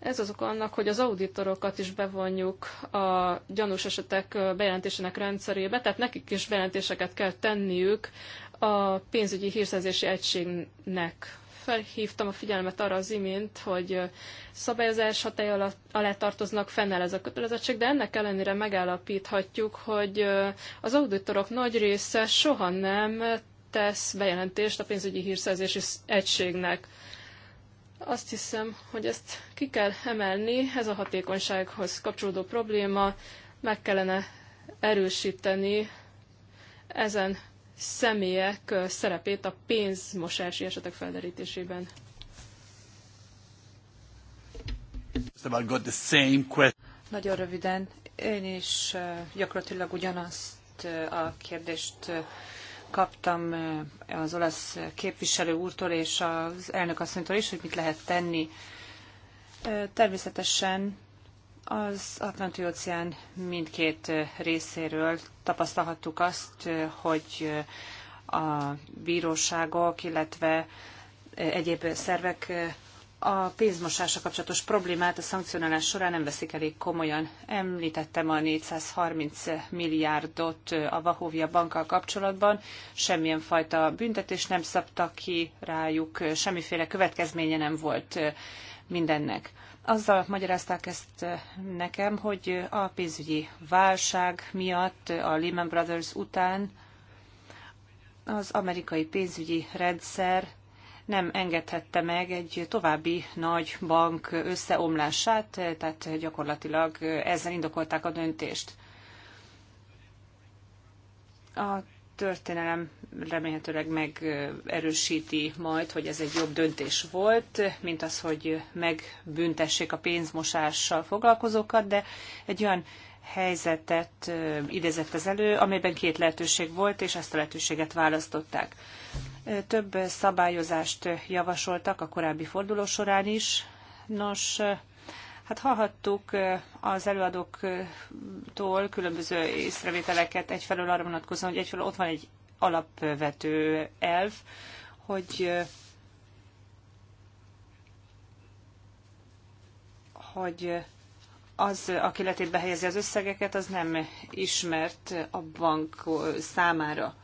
Ez azok annak, hogy az auditorokat is bevonjuk a gyanús esetek bejelentésének rendszerébe, tehát nekik is bejelentéseket kell tenniük a pénzügyi hírszerzési egységnek felhívtam a figyelmet arra az imént, hogy szabályozás hatály alatt, alá tartoznak, fennel ez a kötelezettség, de ennek ellenére megállapíthatjuk, hogy az auditorok nagy része soha nem tesz bejelentést a pénzügyi hírszerzési egységnek. Azt hiszem, hogy ezt ki kell emelni, ez a hatékonysághoz kapcsolódó probléma, meg kellene erősíteni ezen személyek szerepét a pénzmosási esetek felderítésében. Nagyon röviden, én is gyakorlatilag ugyanazt a kérdést kaptam az olasz képviselő úrtól és az elnök asszonytól is, hogy mit lehet tenni. Természetesen az Atlanti-óceán mindkét részéről tapasztalhattuk azt, hogy a bíróságok, illetve egyéb szervek a pénzmosással kapcsolatos problémát a szankcionálás során nem veszik elég komolyan. Említettem a 430 milliárdot a Vahovia bankkal kapcsolatban, semmilyen fajta büntetés nem szabtak ki rájuk, semmiféle következménye nem volt mindennek. Azzal magyarázták ezt nekem, hogy a pénzügyi válság miatt a Lehman Brothers után az amerikai pénzügyi rendszer nem engedhette meg egy további nagy bank összeomlását, tehát gyakorlatilag ezzel indokolták a döntést. A történelem remélhetőleg megerősíti majd, hogy ez egy jobb döntés volt, mint az, hogy megbüntessék a pénzmosással foglalkozókat, de egy olyan helyzetet idezett az elő, amelyben két lehetőség volt, és ezt a lehetőséget választották. Több szabályozást javasoltak a korábbi forduló során is. Nos, Hát hallhattuk az előadóktól különböző észrevételeket egyfelől arra vonatkozóan, hogy egyfelől ott van egy alapvető elv, hogy hogy az, aki letétbe helyezi az összegeket, az nem ismert a bank számára.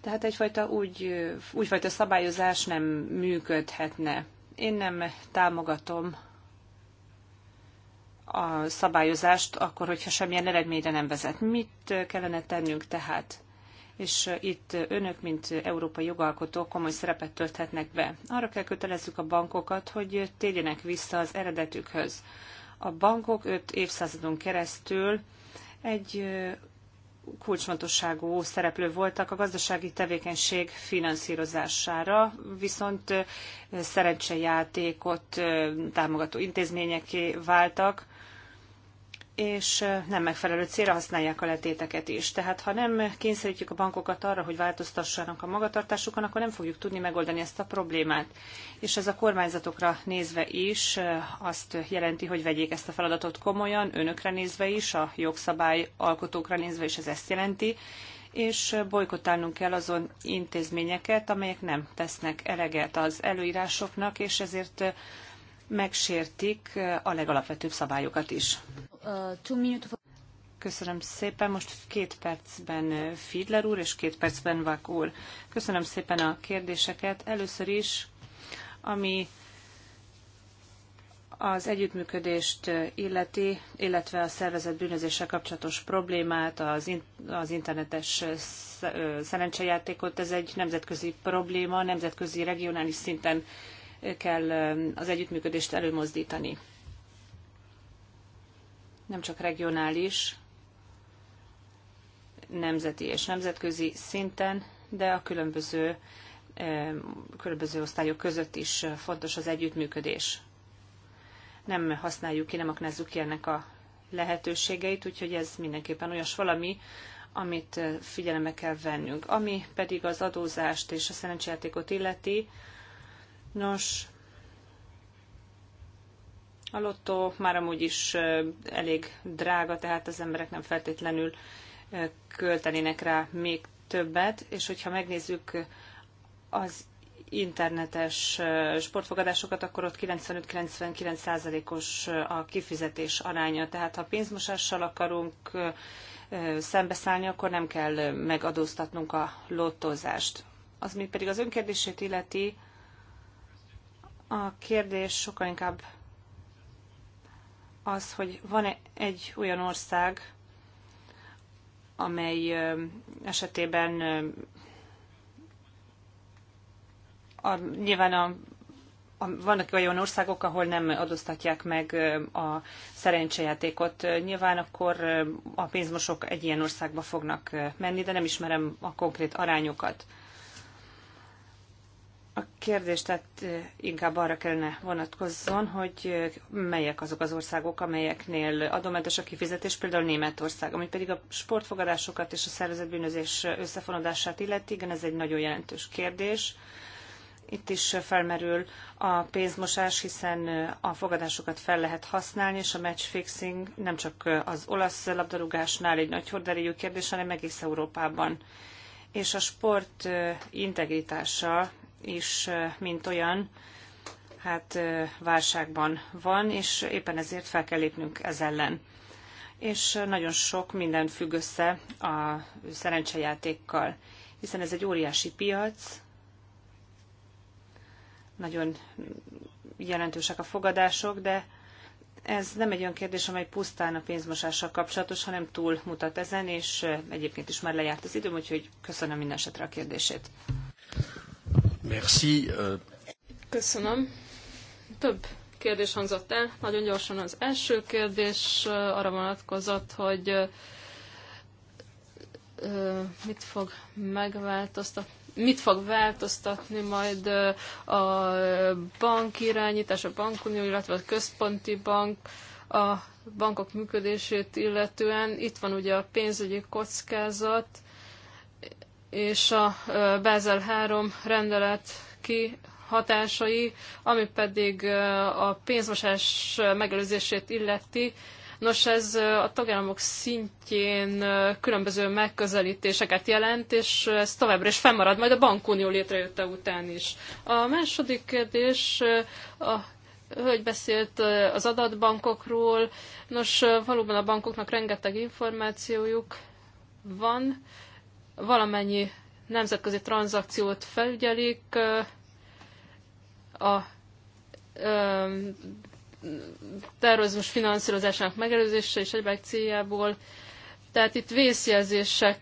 Tehát egyfajta úgy, úgyfajta szabályozás nem működhetne. Én nem támogatom a szabályozást akkor, hogyha semmilyen eredményre nem vezet. Mit kellene tennünk tehát? És itt önök, mint európai jogalkotók komoly szerepet tölthetnek be. Arra kell kötelezzük a bankokat, hogy térjenek vissza az eredetükhöz. A bankok öt évszázadon keresztül egy kulcsfontosságú szereplő voltak a gazdasági tevékenység finanszírozására, viszont szerencsejátékot támogató intézményeké váltak, és nem megfelelő célra használják a letéteket is. Tehát ha nem kényszerítjük a bankokat arra, hogy változtassanak a magatartásukon, akkor nem fogjuk tudni megoldani ezt a problémát. És ez a kormányzatokra nézve is azt jelenti, hogy vegyék ezt a feladatot komolyan, önökre nézve is, a jogszabály alkotókra nézve is ez ezt jelenti, és bolykotálnunk kell azon intézményeket, amelyek nem tesznek eleget az előírásoknak, és ezért megsértik eh, a legalapvetőbb szabályokat is. Köszönöm szépen. Most két percben eh, Fiedler úr, és két percben Vak úr. Köszönöm szépen a kérdéseket. Először is, ami az együttműködést eh, illeti, illetve a szervezet bűnözéssel kapcsolatos problémát, az, in, az internetes szerencsejátékot, ez egy nemzetközi probléma, nemzetközi regionális szinten kell az együttműködést előmozdítani. Nem csak regionális, nemzeti és nemzetközi szinten, de a különböző, különböző osztályok között is fontos az együttműködés. Nem használjuk ki, nem aknázzuk ki ennek a lehetőségeit, úgyhogy ez mindenképpen olyas valami, amit figyelembe kell vennünk. Ami pedig az adózást és a szerencsejátékot illeti, Nos, a lottó már amúgy is elég drága, tehát az emberek nem feltétlenül költenének rá még többet, és hogyha megnézzük az internetes sportfogadásokat, akkor ott 95-99%-os a kifizetés aránya. Tehát ha pénzmosással akarunk szembeszállni, akkor nem kell megadóztatnunk a lottozást. Az mi pedig az önkérdését illeti, a kérdés sokkal inkább az, hogy van-e egy olyan ország, amely esetében a, nyilván a, a, vannak olyan országok, ahol nem adóztatják meg a szerencsejátékot. Nyilván akkor a pénzmosok egy ilyen országba fognak menni, de nem ismerem a konkrét arányokat kérdés tehát eh, inkább arra kellene vonatkozzon, hogy eh, melyek azok az országok, amelyeknél adómentes a kifizetés, például Németország, ami pedig a sportfogadásokat és a bűnözés összefonódását illeti, igen, ez egy nagyon jelentős kérdés. Itt is felmerül a pénzmosás, hiszen eh, a fogadásokat fel lehet használni, és a matchfixing nem csak az olasz labdarúgásnál egy nagy horderejű kérdés, hanem egész Európában és a sport integritása is, mint olyan, hát válságban van, és éppen ezért fel kell lépnünk ez ellen. És nagyon sok minden függ össze a szerencsejátékkal, hiszen ez egy óriási piac, nagyon jelentősek a fogadások, de ez nem egy olyan kérdés, amely pusztán a pénzmosással kapcsolatos, hanem túl mutat ezen, és egyébként is már lejárt az időm, úgyhogy köszönöm minden esetre a kérdését. Merci. Euh. Köszönöm. Több kérdés hangzott el. Nagyon gyorsan az első kérdés uh, arra vonatkozott, hogy uh, uh, mit fog megváltoztatni mit fog változtatni majd a bankirányítás, a bankunió, illetve a központi bank a bankok működését illetően. Itt van ugye a pénzügyi kockázat, és a Basel III rendelet ki hatásai, ami pedig a pénzmosás megelőzését illeti. Nos, ez a tagállamok szintjén különböző megközelítéseket jelent, és ez továbbra is fennmarad, majd a bankunió létrejötte után is. A második kérdés a hölgy beszélt az adatbankokról. Nos, valóban a bankoknak rengeteg információjuk van, valamennyi nemzetközi tranzakciót felügyelik, a terrorizmus finanszírozásának megelőzése és egyebek céljából. Tehát itt vészjelzések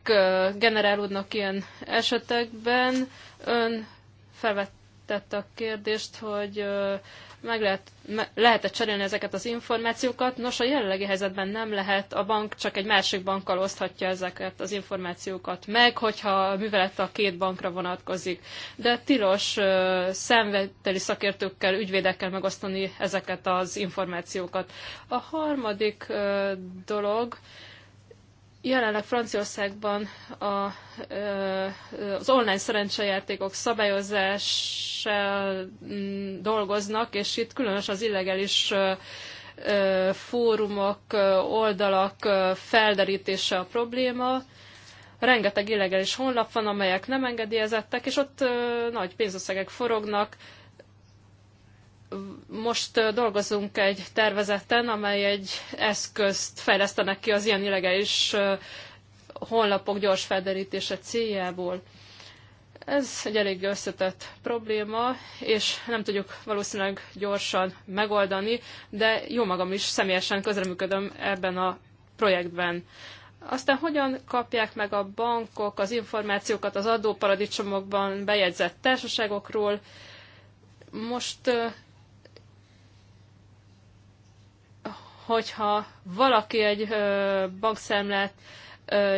generálódnak ilyen esetekben. Ön felvetette a kérdést, hogy meg lehet, me, lehet -e cserélni ezeket az információkat. Nos, a jelenlegi helyzetben nem lehet, a bank csak egy másik bankkal oszthatja ezeket az információkat meg, hogyha a művelet a két bankra vonatkozik. De tilos uh, szemveteli szakértőkkel, ügyvédekkel megosztani ezeket az információkat. A harmadik uh, dolog, uh, Jelenleg Franciaországban a, az online szerencsejátékok szabályozással mm, dolgoznak, és itt különös az illegális fórumok, oldalak felderítése a probléma. Rengeteg illegális honlap van, amelyek nem engedélyezettek, és ott nagy pénzösszegek forognak, most dolgozunk egy tervezeten, amely egy eszközt fejlesztenek ki az ilyen illegális honlapok gyors felderítése céljából. Ez egy elég összetett probléma, és nem tudjuk valószínűleg gyorsan megoldani, de jó magam is személyesen közreműködöm ebben a projektben. Aztán hogyan kapják meg a bankok az információkat az adóparadicsomokban bejegyzett társaságokról? Most hogyha valaki egy bankszemlet bankszámlát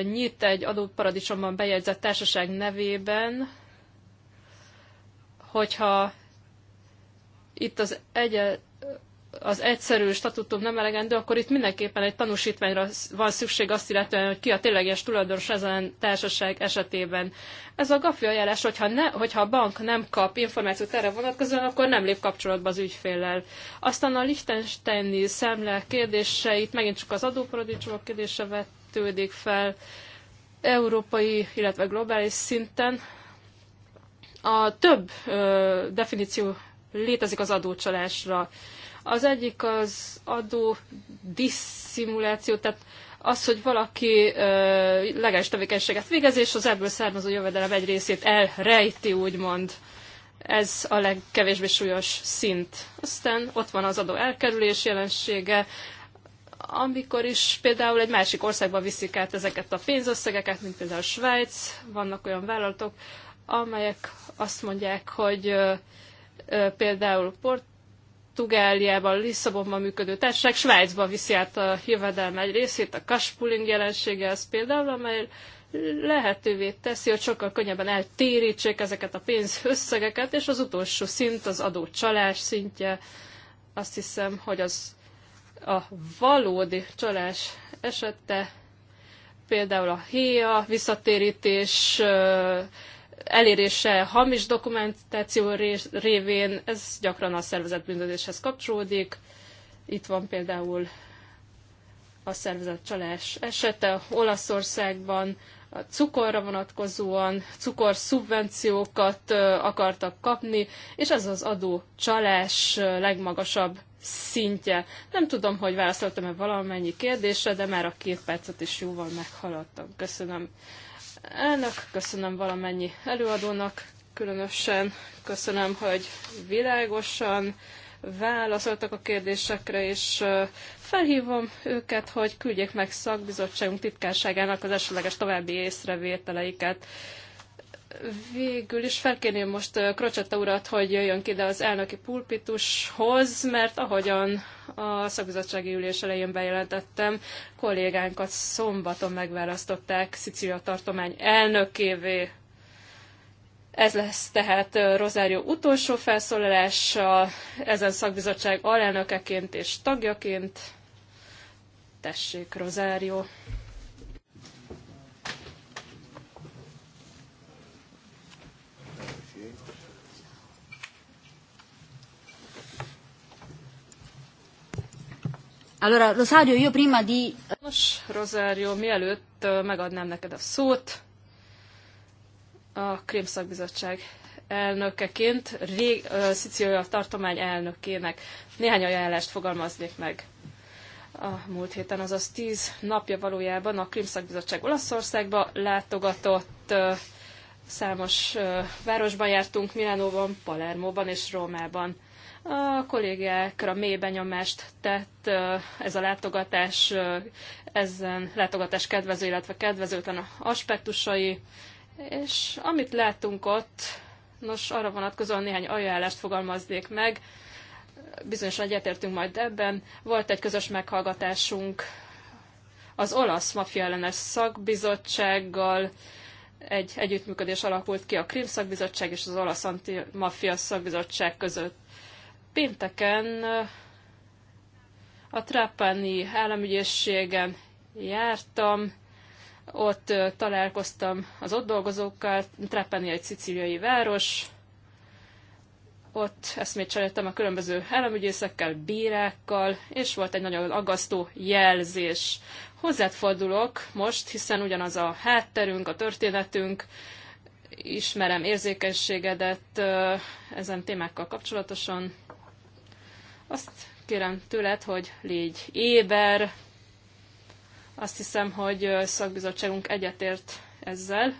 nyit egy adóparadicsomban bejegyzett társaság nevében, hogyha itt az egy az egyszerű statutum nem elegendő, akkor itt mindenképpen egy tanúsítványra van szükség azt illetően, hogy ki a tényleges tulajdonos ezen társaság esetében. Ez a GAFI ajánlás, hogyha, ne, hogyha a bank nem kap információt erre vonatkozóan, akkor nem lép kapcsolatba az ügyféllel. Aztán a Liechtensteini kérdése, kérdéseit megint csak az adóparadicsomok kérdése vetődik fel európai, illetve globális szinten. A több ö, definíció létezik az adócsalásra. Ö, az egyik az adó disszimuláció, tehát az, hogy valaki ö, legális tevékenységet végez, és az ebből származó jövedelem egy részét elrejti, úgymond. Ez a legkevésbé súlyos szint. Aztán ott van az adó elkerülés jelensége, amikor is például egy másik országba viszik át ezeket a pénzösszegeket, mint például Svájc, vannak olyan vállalatok, amelyek azt mondják, hogy ö, ö, például Port Portugáliában, Lisszabonban működő társaság Svájcba viszi át a jövedelme egy részét, a cashpooling jelensége ez például, amely lehetővé teszi, hogy sokkal könnyebben eltérítsék ezeket a pénzösszegeket, és az utolsó szint, az adócsalás szintje, azt hiszem, hogy az a valódi csalás esete, például a héja, visszatérítés, elérése hamis dokumentáció révén, ez gyakran a szervezetbűnözéshez kapcsolódik. Itt van például a szervezetcsalás esete Olaszországban, a cukorra vonatkozóan cukorszubvenciókat akartak kapni, és ez az adó csalás legmagasabb szintje. Nem tudom, hogy válaszoltam-e valamennyi kérdésre, de már a két percet is jóval meghaladtam. Köszönöm elnök, köszönöm valamennyi előadónak, különösen köszönöm, hogy világosan válaszoltak a kérdésekre, és felhívom őket, hogy küldjék meg szakbizottságunk titkárságának az esetleges további észrevételeiket végül is felkérném most Krocsetta urat, hogy jöjjön ki ide az elnöki pulpitushoz, mert ahogyan a szakbizottsági ülés elején bejelentettem, kollégánkat szombaton megválasztották Szicília tartomány elnökévé. Ez lesz tehát Rosario utolsó felszólalása, ezen szakbizottság alelnökeként és tagjaként. Tessék, Rosario. Allora, Rosario, io prima di... Nos, Rosario, mielőtt megadnám neked a szót, a Krémszakbizottság elnökeként, rég, uh, Szicília tartomány elnökének néhány ajánlást fogalmaznék meg. A múlt héten, azaz tíz napja valójában a Krimszakbizottság Olaszországba látogatott, uh, számos uh, városban jártunk, Milánóban, Palermóban és Rómában. A kollégiákra mély benyomást tett ez a látogatás, ezen látogatás kedvező, illetve kedvezőtlen aspektusai, és amit látunk ott, nos, arra vonatkozóan néhány ajánlást fogalmaznék meg, bizonyosan egyetértünk majd ebben. Volt egy közös meghallgatásunk az olasz mafia ellenes szakbizottsággal, egy együttműködés alakult ki a Krim szakbizottság és az olasz antimafia szakbizottság között Pénteken a Trapani államügyészségen jártam, ott találkoztam az ott dolgozókkal, Trapani egy szicíliai város, ott eszmét cseréltem a különböző államügyészekkel, bírákkal, és volt egy nagyon aggasztó jelzés. Hozzád fordulok most, hiszen ugyanaz a hátterünk, a történetünk, ismerem érzékenységedet ezen témákkal kapcsolatosan, azt kérem tőled, hogy légy éber. Azt hiszem, hogy szakbizottságunk egyetért ezzel.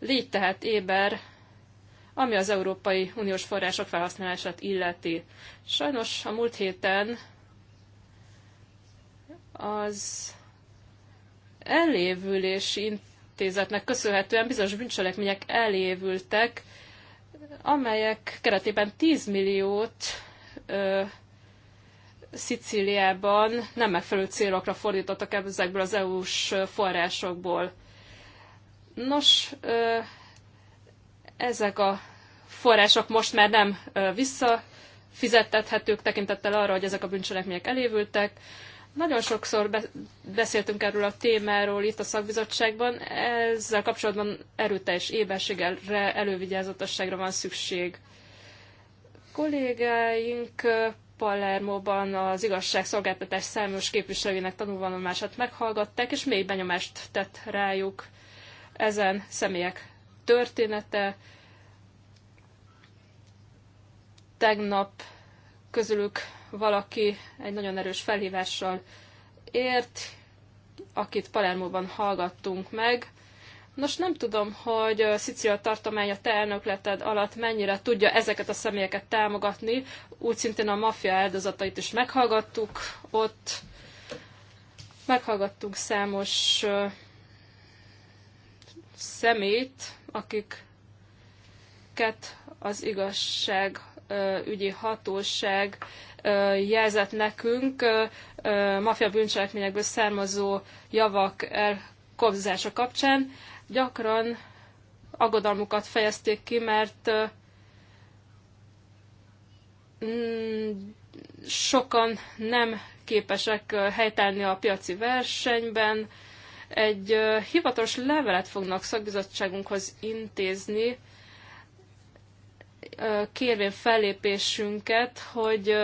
Légy tehát éber, ami az Európai Uniós források felhasználását illeti. Sajnos a múlt héten az elévülési intézetnek köszönhetően bizonyos bűncselekmények elévültek, amelyek keretében 10 milliót Szicíliában nem megfelelő célokra fordítottak ezekből az EU-s forrásokból. Nos, ezek a források most már nem visszafizettethetők tekintettel arra, hogy ezek a bűncselekmények elévültek. Nagyon sokszor beszéltünk erről a témáról itt a szakbizottságban, ezzel kapcsolatban erőteljes éberséggel, elővigyázatosságra van szükség. Kollégáink Palermo-ban az igazságszolgáltatás számos képviselőjének tanulvallomását meghallgatták, és mély benyomást tett rájuk ezen személyek története. Tegnap közülük valaki egy nagyon erős felhívással ért, akit palermo-ban hallgattunk meg, Nos, nem tudom, hogy Szicília tartománya te elnökleted alatt mennyire tudja ezeket a személyeket támogatni. Úgy szintén a maffia áldozatait is meghallgattuk ott. Meghallgattunk számos szemét, akiket az igazság ügyi hatóság jelzett nekünk maffia bűncselekményekből származó javak elkobzása kapcsán gyakran aggodalmukat fejezték ki, mert mm, sokan nem képesek helytelni a piaci versenyben. Egy hivatalos levelet fognak szakbizottságunkhoz intézni, kérvén fellépésünket, hogy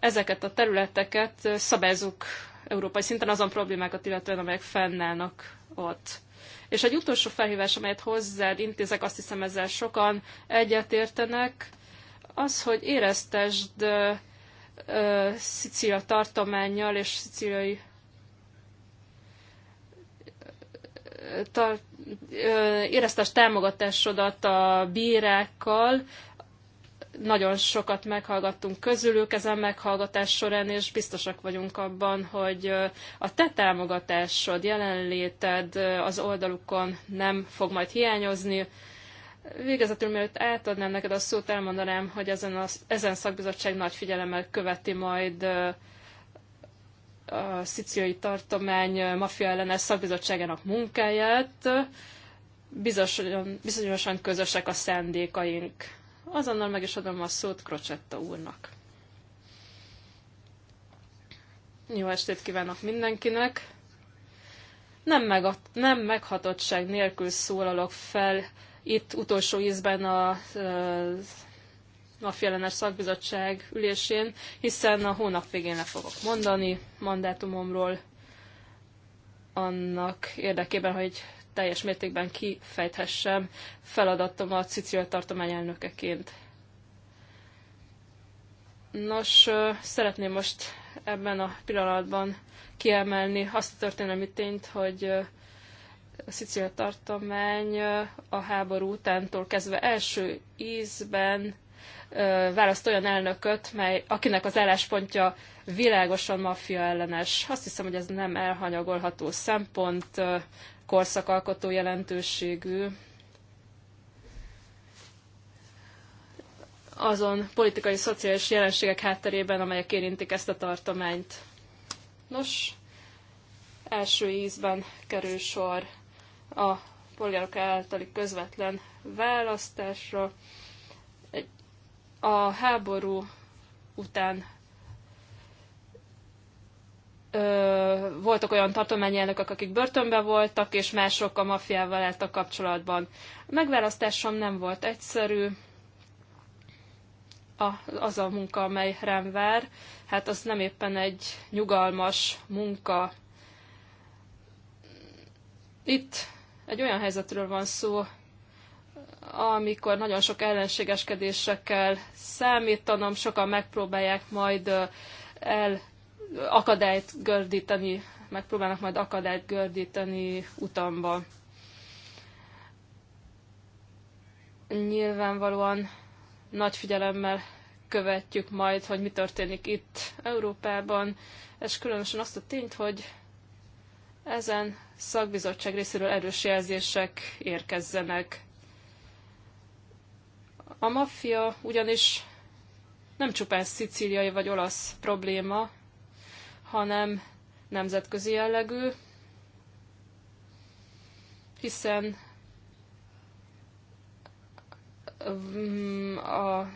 ezeket a területeket szabályozzuk európai szinten azon problémákat illetően, amelyek fennállnak ott. És egy utolsó felhívás, amelyet hozzád intézek, azt hiszem ezzel sokan egyetértenek, az, hogy éreztesd Szicília tartományjal és szicíliai tar- éreztes támogatásodat a bírákkal, nagyon sokat meghallgattunk közülük ezen meghallgatás során, és biztosak vagyunk abban, hogy a te támogatásod, jelenléted az oldalukon nem fog majd hiányozni. Végezetül, mielőtt átadnám neked a szót, elmondanám, hogy ezen, a, ezen szakbizottság nagy figyelemmel követi majd a sziciliai tartomány mafia ellenes szakbizottságának munkáját. Bizonyosan, bizonyosan közösek a szándékaink. Azonnal meg is adom a szót Krocsetta úrnak. Jó estét kívánok mindenkinek! Nem, megat, nem meghatottság nélkül szólalok fel itt utolsó ízben a napjelenes szakbizottság ülésén, hiszen a hónap végén le fogok mondani mandátumomról, annak érdekében, hogy teljes mértékben kifejthessem feladatomat a tartomány elnökeként. Nos, szeretném most ebben a pillanatban kiemelni azt a történelmi tényt, hogy a Szicilia tartomány a háború utántól kezdve első ízben választ olyan elnököt, mely, akinek az álláspontja világosan maffia ellenes. Azt hiszem, hogy ez nem elhanyagolható szempont, korszakalkotó jelentőségű azon politikai, szociális jelenségek hátterében, amelyek érintik ezt a tartományt. Nos, első ízben kerül sor a polgárok általi közvetlen választásra. A háború után ö, voltak olyan tartományi elnökök, akik börtönben voltak, és mások a maffiával álltak kapcsolatban. A megválasztásom nem volt egyszerű. A, az a munka, amely rám vár, hát az nem éppen egy nyugalmas munka. Itt egy olyan helyzetről van szó, amikor nagyon sok ellenségeskedésre kell számítanom, sokan megpróbálják majd el akadályt gördíteni, megpróbálnak majd akadályt gördíteni utamba. Nyilvánvalóan nagy figyelemmel követjük majd, hogy mi történik itt Európában, és különösen azt a tényt, hogy ezen szakbizottság részéről erős jelzések érkezzenek. A maffia ugyanis nem csupán szicíliai vagy olasz probléma, hanem nemzetközi jellegű, hiszen mm, a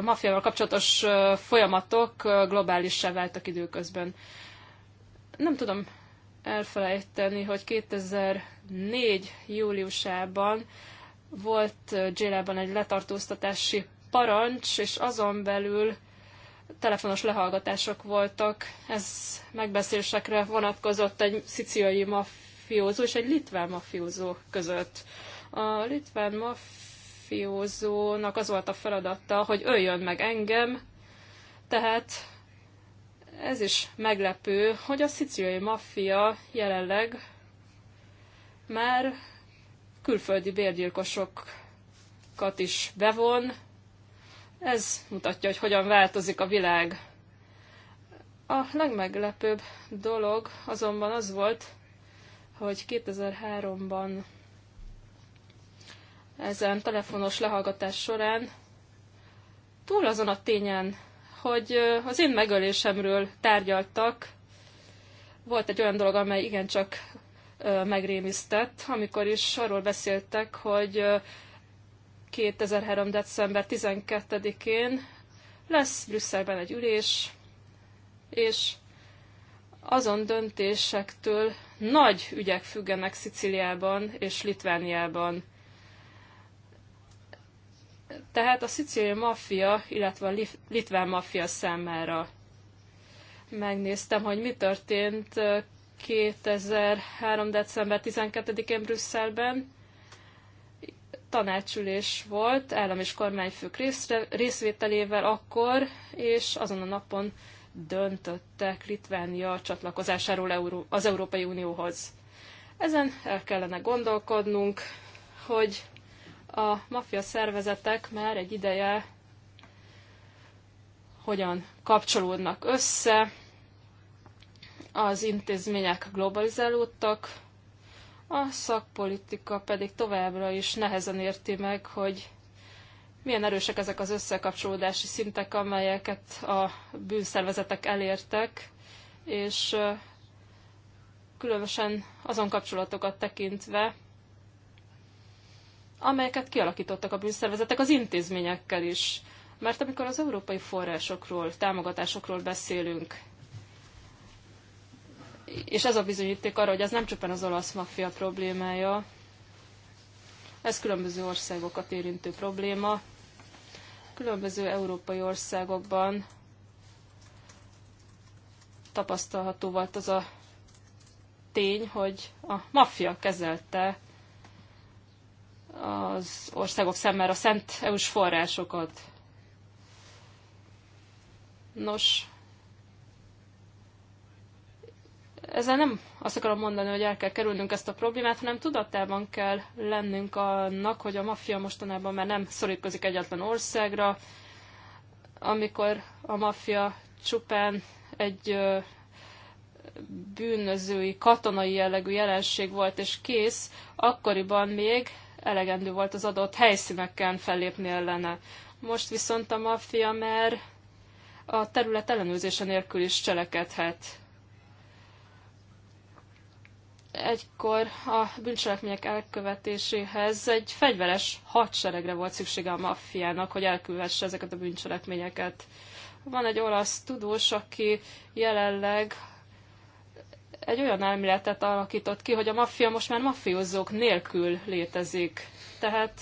maffiával kapcsolatos folyamatok globálissá váltak időközben. Nem tudom elfelejteni, hogy 2004. júliusában volt Jélában egy letartóztatási parancs, és azon belül telefonos lehallgatások voltak, ez megbeszélésekre vonatkozott egy szicíliai mafiózó és egy litván mafiózó között. A litván mafiózónak az volt a feladata, hogy öljön meg engem, tehát ez is meglepő, hogy a szicíliai maffia jelenleg már külföldi bérgyilkosokat is bevon, ez mutatja, hogy hogyan változik a világ. A legmeglepőbb dolog azonban az volt, hogy 2003-ban ezen telefonos lehallgatás során túl azon a tényen, hogy az én megölésemről tárgyaltak, volt egy olyan dolog, amely igencsak megrémisztett, amikor is arról beszéltek, hogy 2003. december 12-én lesz Brüsszelben egy ülés, és azon döntésektől nagy ügyek függenek Sziciliában és Litvániában. Tehát a szicíliai maffia, illetve a litván maffia számára megnéztem, hogy mi történt 2003. december 12-én Brüsszelben, tanácsülés volt állam és kormányfők részvételével akkor, és azon a napon döntöttek Litvánia csatlakozásáról az Európai Unióhoz. Ezen el kellene gondolkodnunk, hogy a maffia szervezetek már egy ideje hogyan kapcsolódnak össze, az intézmények globalizálódtak, a szakpolitika pedig továbbra is nehezen érti meg, hogy milyen erősek ezek az összekapcsolódási szintek, amelyeket a bűnszervezetek elértek, és különösen azon kapcsolatokat tekintve, amelyeket kialakítottak a bűnszervezetek az intézményekkel is. Mert amikor az európai forrásokról, támogatásokról beszélünk, és ez a bizonyíték arra, hogy ez nem csupán az olasz maffia problémája, ez különböző országokat érintő probléma. Különböző európai országokban tapasztalható volt az a tény, hogy a maffia kezelte az országok a szent EU-s forrásokat. Nos, Ezzel nem azt akarom mondani, hogy el kell kerülnünk ezt a problémát, hanem tudatában kell lennünk annak, hogy a maffia mostanában már nem szorítkozik egyetlen országra, amikor a maffia csupán egy bűnözői, katonai jellegű jelenség volt és kész, akkoriban még elegendő volt az adott helyszíneken fellépni ellene. Most viszont a maffia már a terület ellenőrzése nélkül is cselekedhet egykor a bűncselekmények elkövetéséhez egy fegyveres hadseregre volt szüksége a maffiának, hogy elkövesse ezeket a bűncselekményeket. Van egy olasz tudós, aki jelenleg egy olyan elméletet alakított ki, hogy a maffia most már maffiózók nélkül létezik. Tehát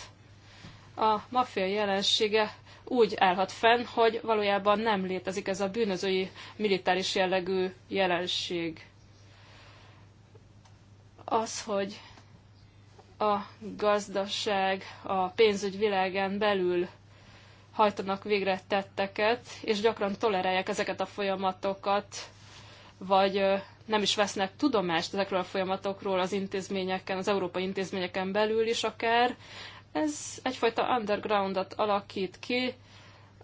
a maffia jelensége úgy állhat fenn, hogy valójában nem létezik ez a bűnözői militáris jellegű jelenség az, hogy a gazdaság a pénzügy világán belül hajtanak végre tetteket, és gyakran tolerálják ezeket a folyamatokat, vagy nem is vesznek tudomást ezekről a folyamatokról az intézményeken, az európai intézményeken belül is akár. Ez egyfajta undergroundot alakít ki,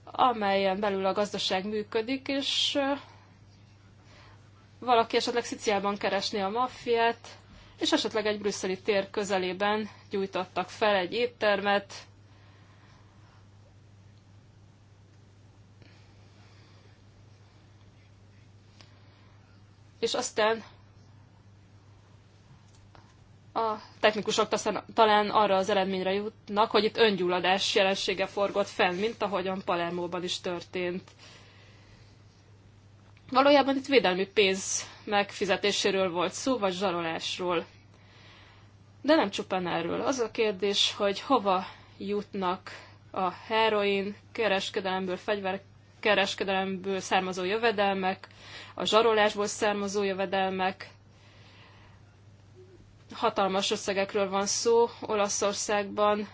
amelyen belül a gazdaság működik, és valaki esetleg Sziciában keresni a maffiát, és esetleg egy brüsszeli tér közelében gyújtottak fel egy éttermet, és aztán a technikusok talán arra az eredményre jutnak, hogy itt öngyulladás jelensége forgott fenn, mint ahogyan Palermóban is történt. Valójában itt védelmi pénz megfizetéséről volt szó, vagy zsarolásról. De nem csupán erről. Az a kérdés, hogy hova jutnak a heroin kereskedelemből, fegyverkereskedelemből származó jövedelmek, a zsarolásból származó jövedelmek, hatalmas összegekről van szó Olaszországban.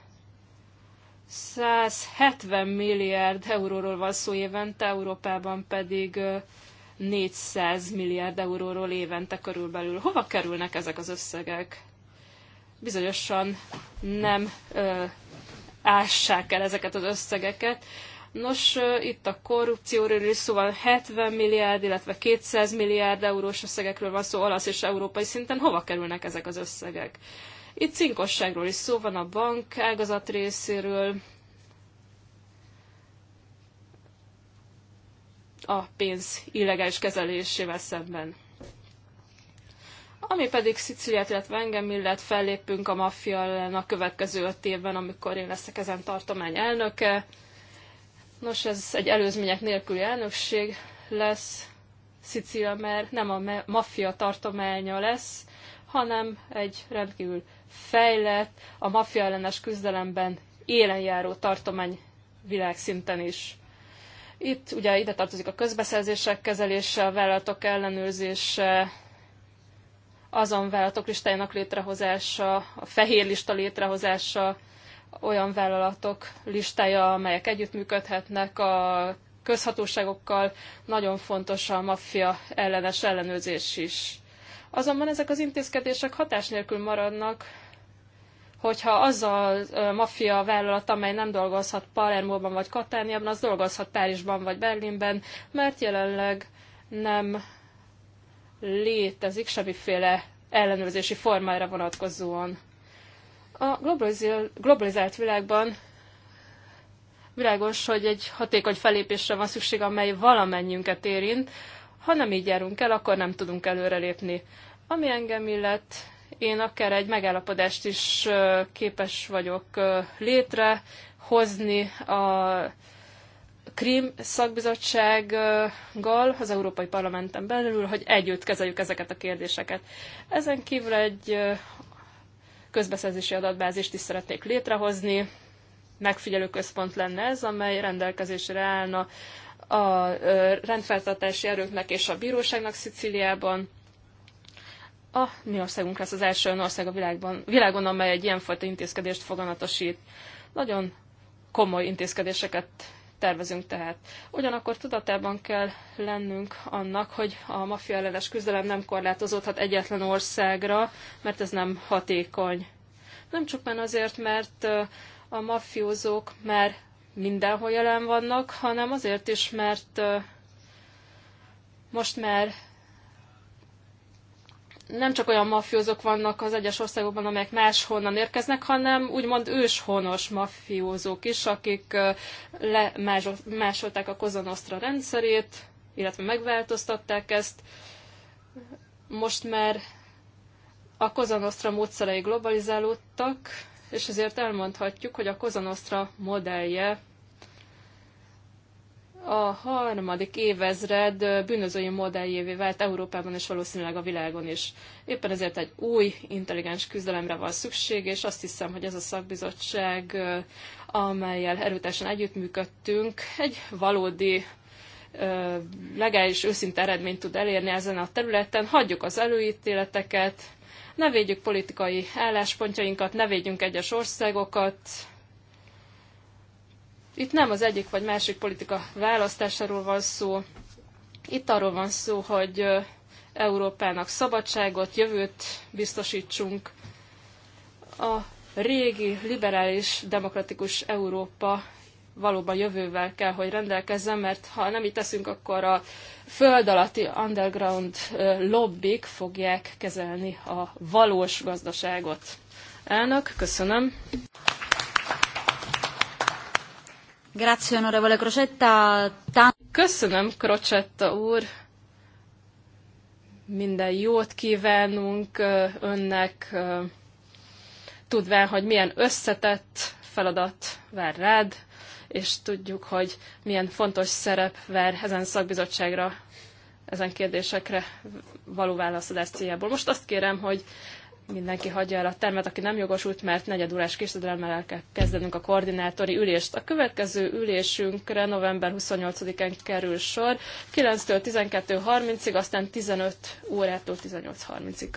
170 milliárd euróról van szó évente, Európában pedig 400 milliárd euróról évente körülbelül. Hova kerülnek ezek az összegek? Bizonyosan nem ö, ássák el ezeket az összegeket. Nos, itt a korrupcióról is szó van 70 milliárd, illetve 200 milliárd eurós összegekről van szó olasz és európai szinten. Hova kerülnek ezek az összegek? Itt cinkosságról is szó van a bank ágazat részéről, a pénz illegális kezelésével szemben. Ami pedig Sziciliát, illetve engem illet, fellépünk a maffia ellen a következő öt évben, amikor én leszek ezen tartomány elnöke. Nos, ez egy előzmények nélküli elnökség lesz. Szicília mert nem a maffia tartománya lesz, hanem egy rendkívül fejlett, a maffia ellenes küzdelemben élenjáró tartomány világszinten is. Itt ugye ide tartozik a közbeszerzések kezelése, a vállalatok ellenőrzése, azon vállalatok listájának létrehozása, a fehér lista létrehozása, olyan vállalatok listája, amelyek együttműködhetnek a közhatóságokkal, nagyon fontos a maffia ellenes ellenőrzés is. Azonban ezek az intézkedések hatás nélkül maradnak, hogyha az a maffia vállalat, amely nem dolgozhat Palermóban vagy Katániában, az dolgozhat Párizsban vagy Berlinben, mert jelenleg nem létezik semmiféle ellenőrzési formára vonatkozóan. A globalizált világban világos, hogy egy hatékony felépésre van szükség, amely valamennyünket érint. Ha nem így járunk el, akkor nem tudunk előrelépni. Ami engem illet, én akár egy megállapodást is képes vagyok létrehozni a Krím szakbizottsággal az Európai Parlamenten belül, hogy együtt kezeljük ezeket a kérdéseket. Ezen kívül egy közbeszerzési adatbázist is szeretnék létrehozni. Megfigyelő központ lenne ez, amely rendelkezésre állna a rendfeltartási erőknek és a bíróságnak Szicíliában a mi országunk lesz az első olyan ország a világban, világon, amely egy ilyenfajta intézkedést foganatosít. Nagyon komoly intézkedéseket tervezünk tehát. Ugyanakkor tudatában kell lennünk annak, hogy a maffia ellenes küzdelem nem korlátozódhat egyetlen országra, mert ez nem hatékony. Nem csupán azért, mert a maffiózók már mindenhol jelen vannak, hanem azért is, mert most már nem csak olyan mafiózók vannak az egyes országokban, amelyek máshonnan érkeznek, hanem úgymond őshonos mafiózók is, akik lemásolták a Kozanostra rendszerét, illetve megváltoztatták ezt. Most már a Kozanostra módszerei globalizálódtak, és ezért elmondhatjuk, hogy a Kozanostra modellje a harmadik évezred bűnözői modelljévé vált Európában és valószínűleg a világon is. Éppen ezért egy új, intelligens küzdelemre van szükség, és azt hiszem, hogy ez a szakbizottság, amelyel erőteljesen együttműködtünk, egy valódi legális, őszinte eredményt tud elérni ezen a területen. Hagyjuk az előítéleteket, ne védjük politikai álláspontjainkat, ne védjünk egyes országokat, itt nem az egyik vagy másik politika választásáról van szó. Itt arról van szó, hogy Európának szabadságot, jövőt biztosítsunk. A régi liberális demokratikus Európa valóban jövővel kell, hogy rendelkezzen, mert ha nem így teszünk, akkor a föld alatti underground lobbik fogják kezelni a valós gazdaságot. Elnök, köszönöm. Grazie, onorevole Crocetta. Köszönöm, Crocetta úr. Minden jót kívánunk önnek, tudván, hogy milyen összetett feladat vár rád, és tudjuk, hogy milyen fontos szerep vár ezen szakbizottságra, ezen kérdésekre való válaszadás céljából. Most azt kérem, hogy mindenki hagyja el a termet, aki nem jogosult, mert negyedórás késedelemmel el kell kezdenünk a koordinátori ülést. A következő ülésünkre november 28-án kerül sor, 9-től 12.30-ig, aztán 15 órától 18.30-ig.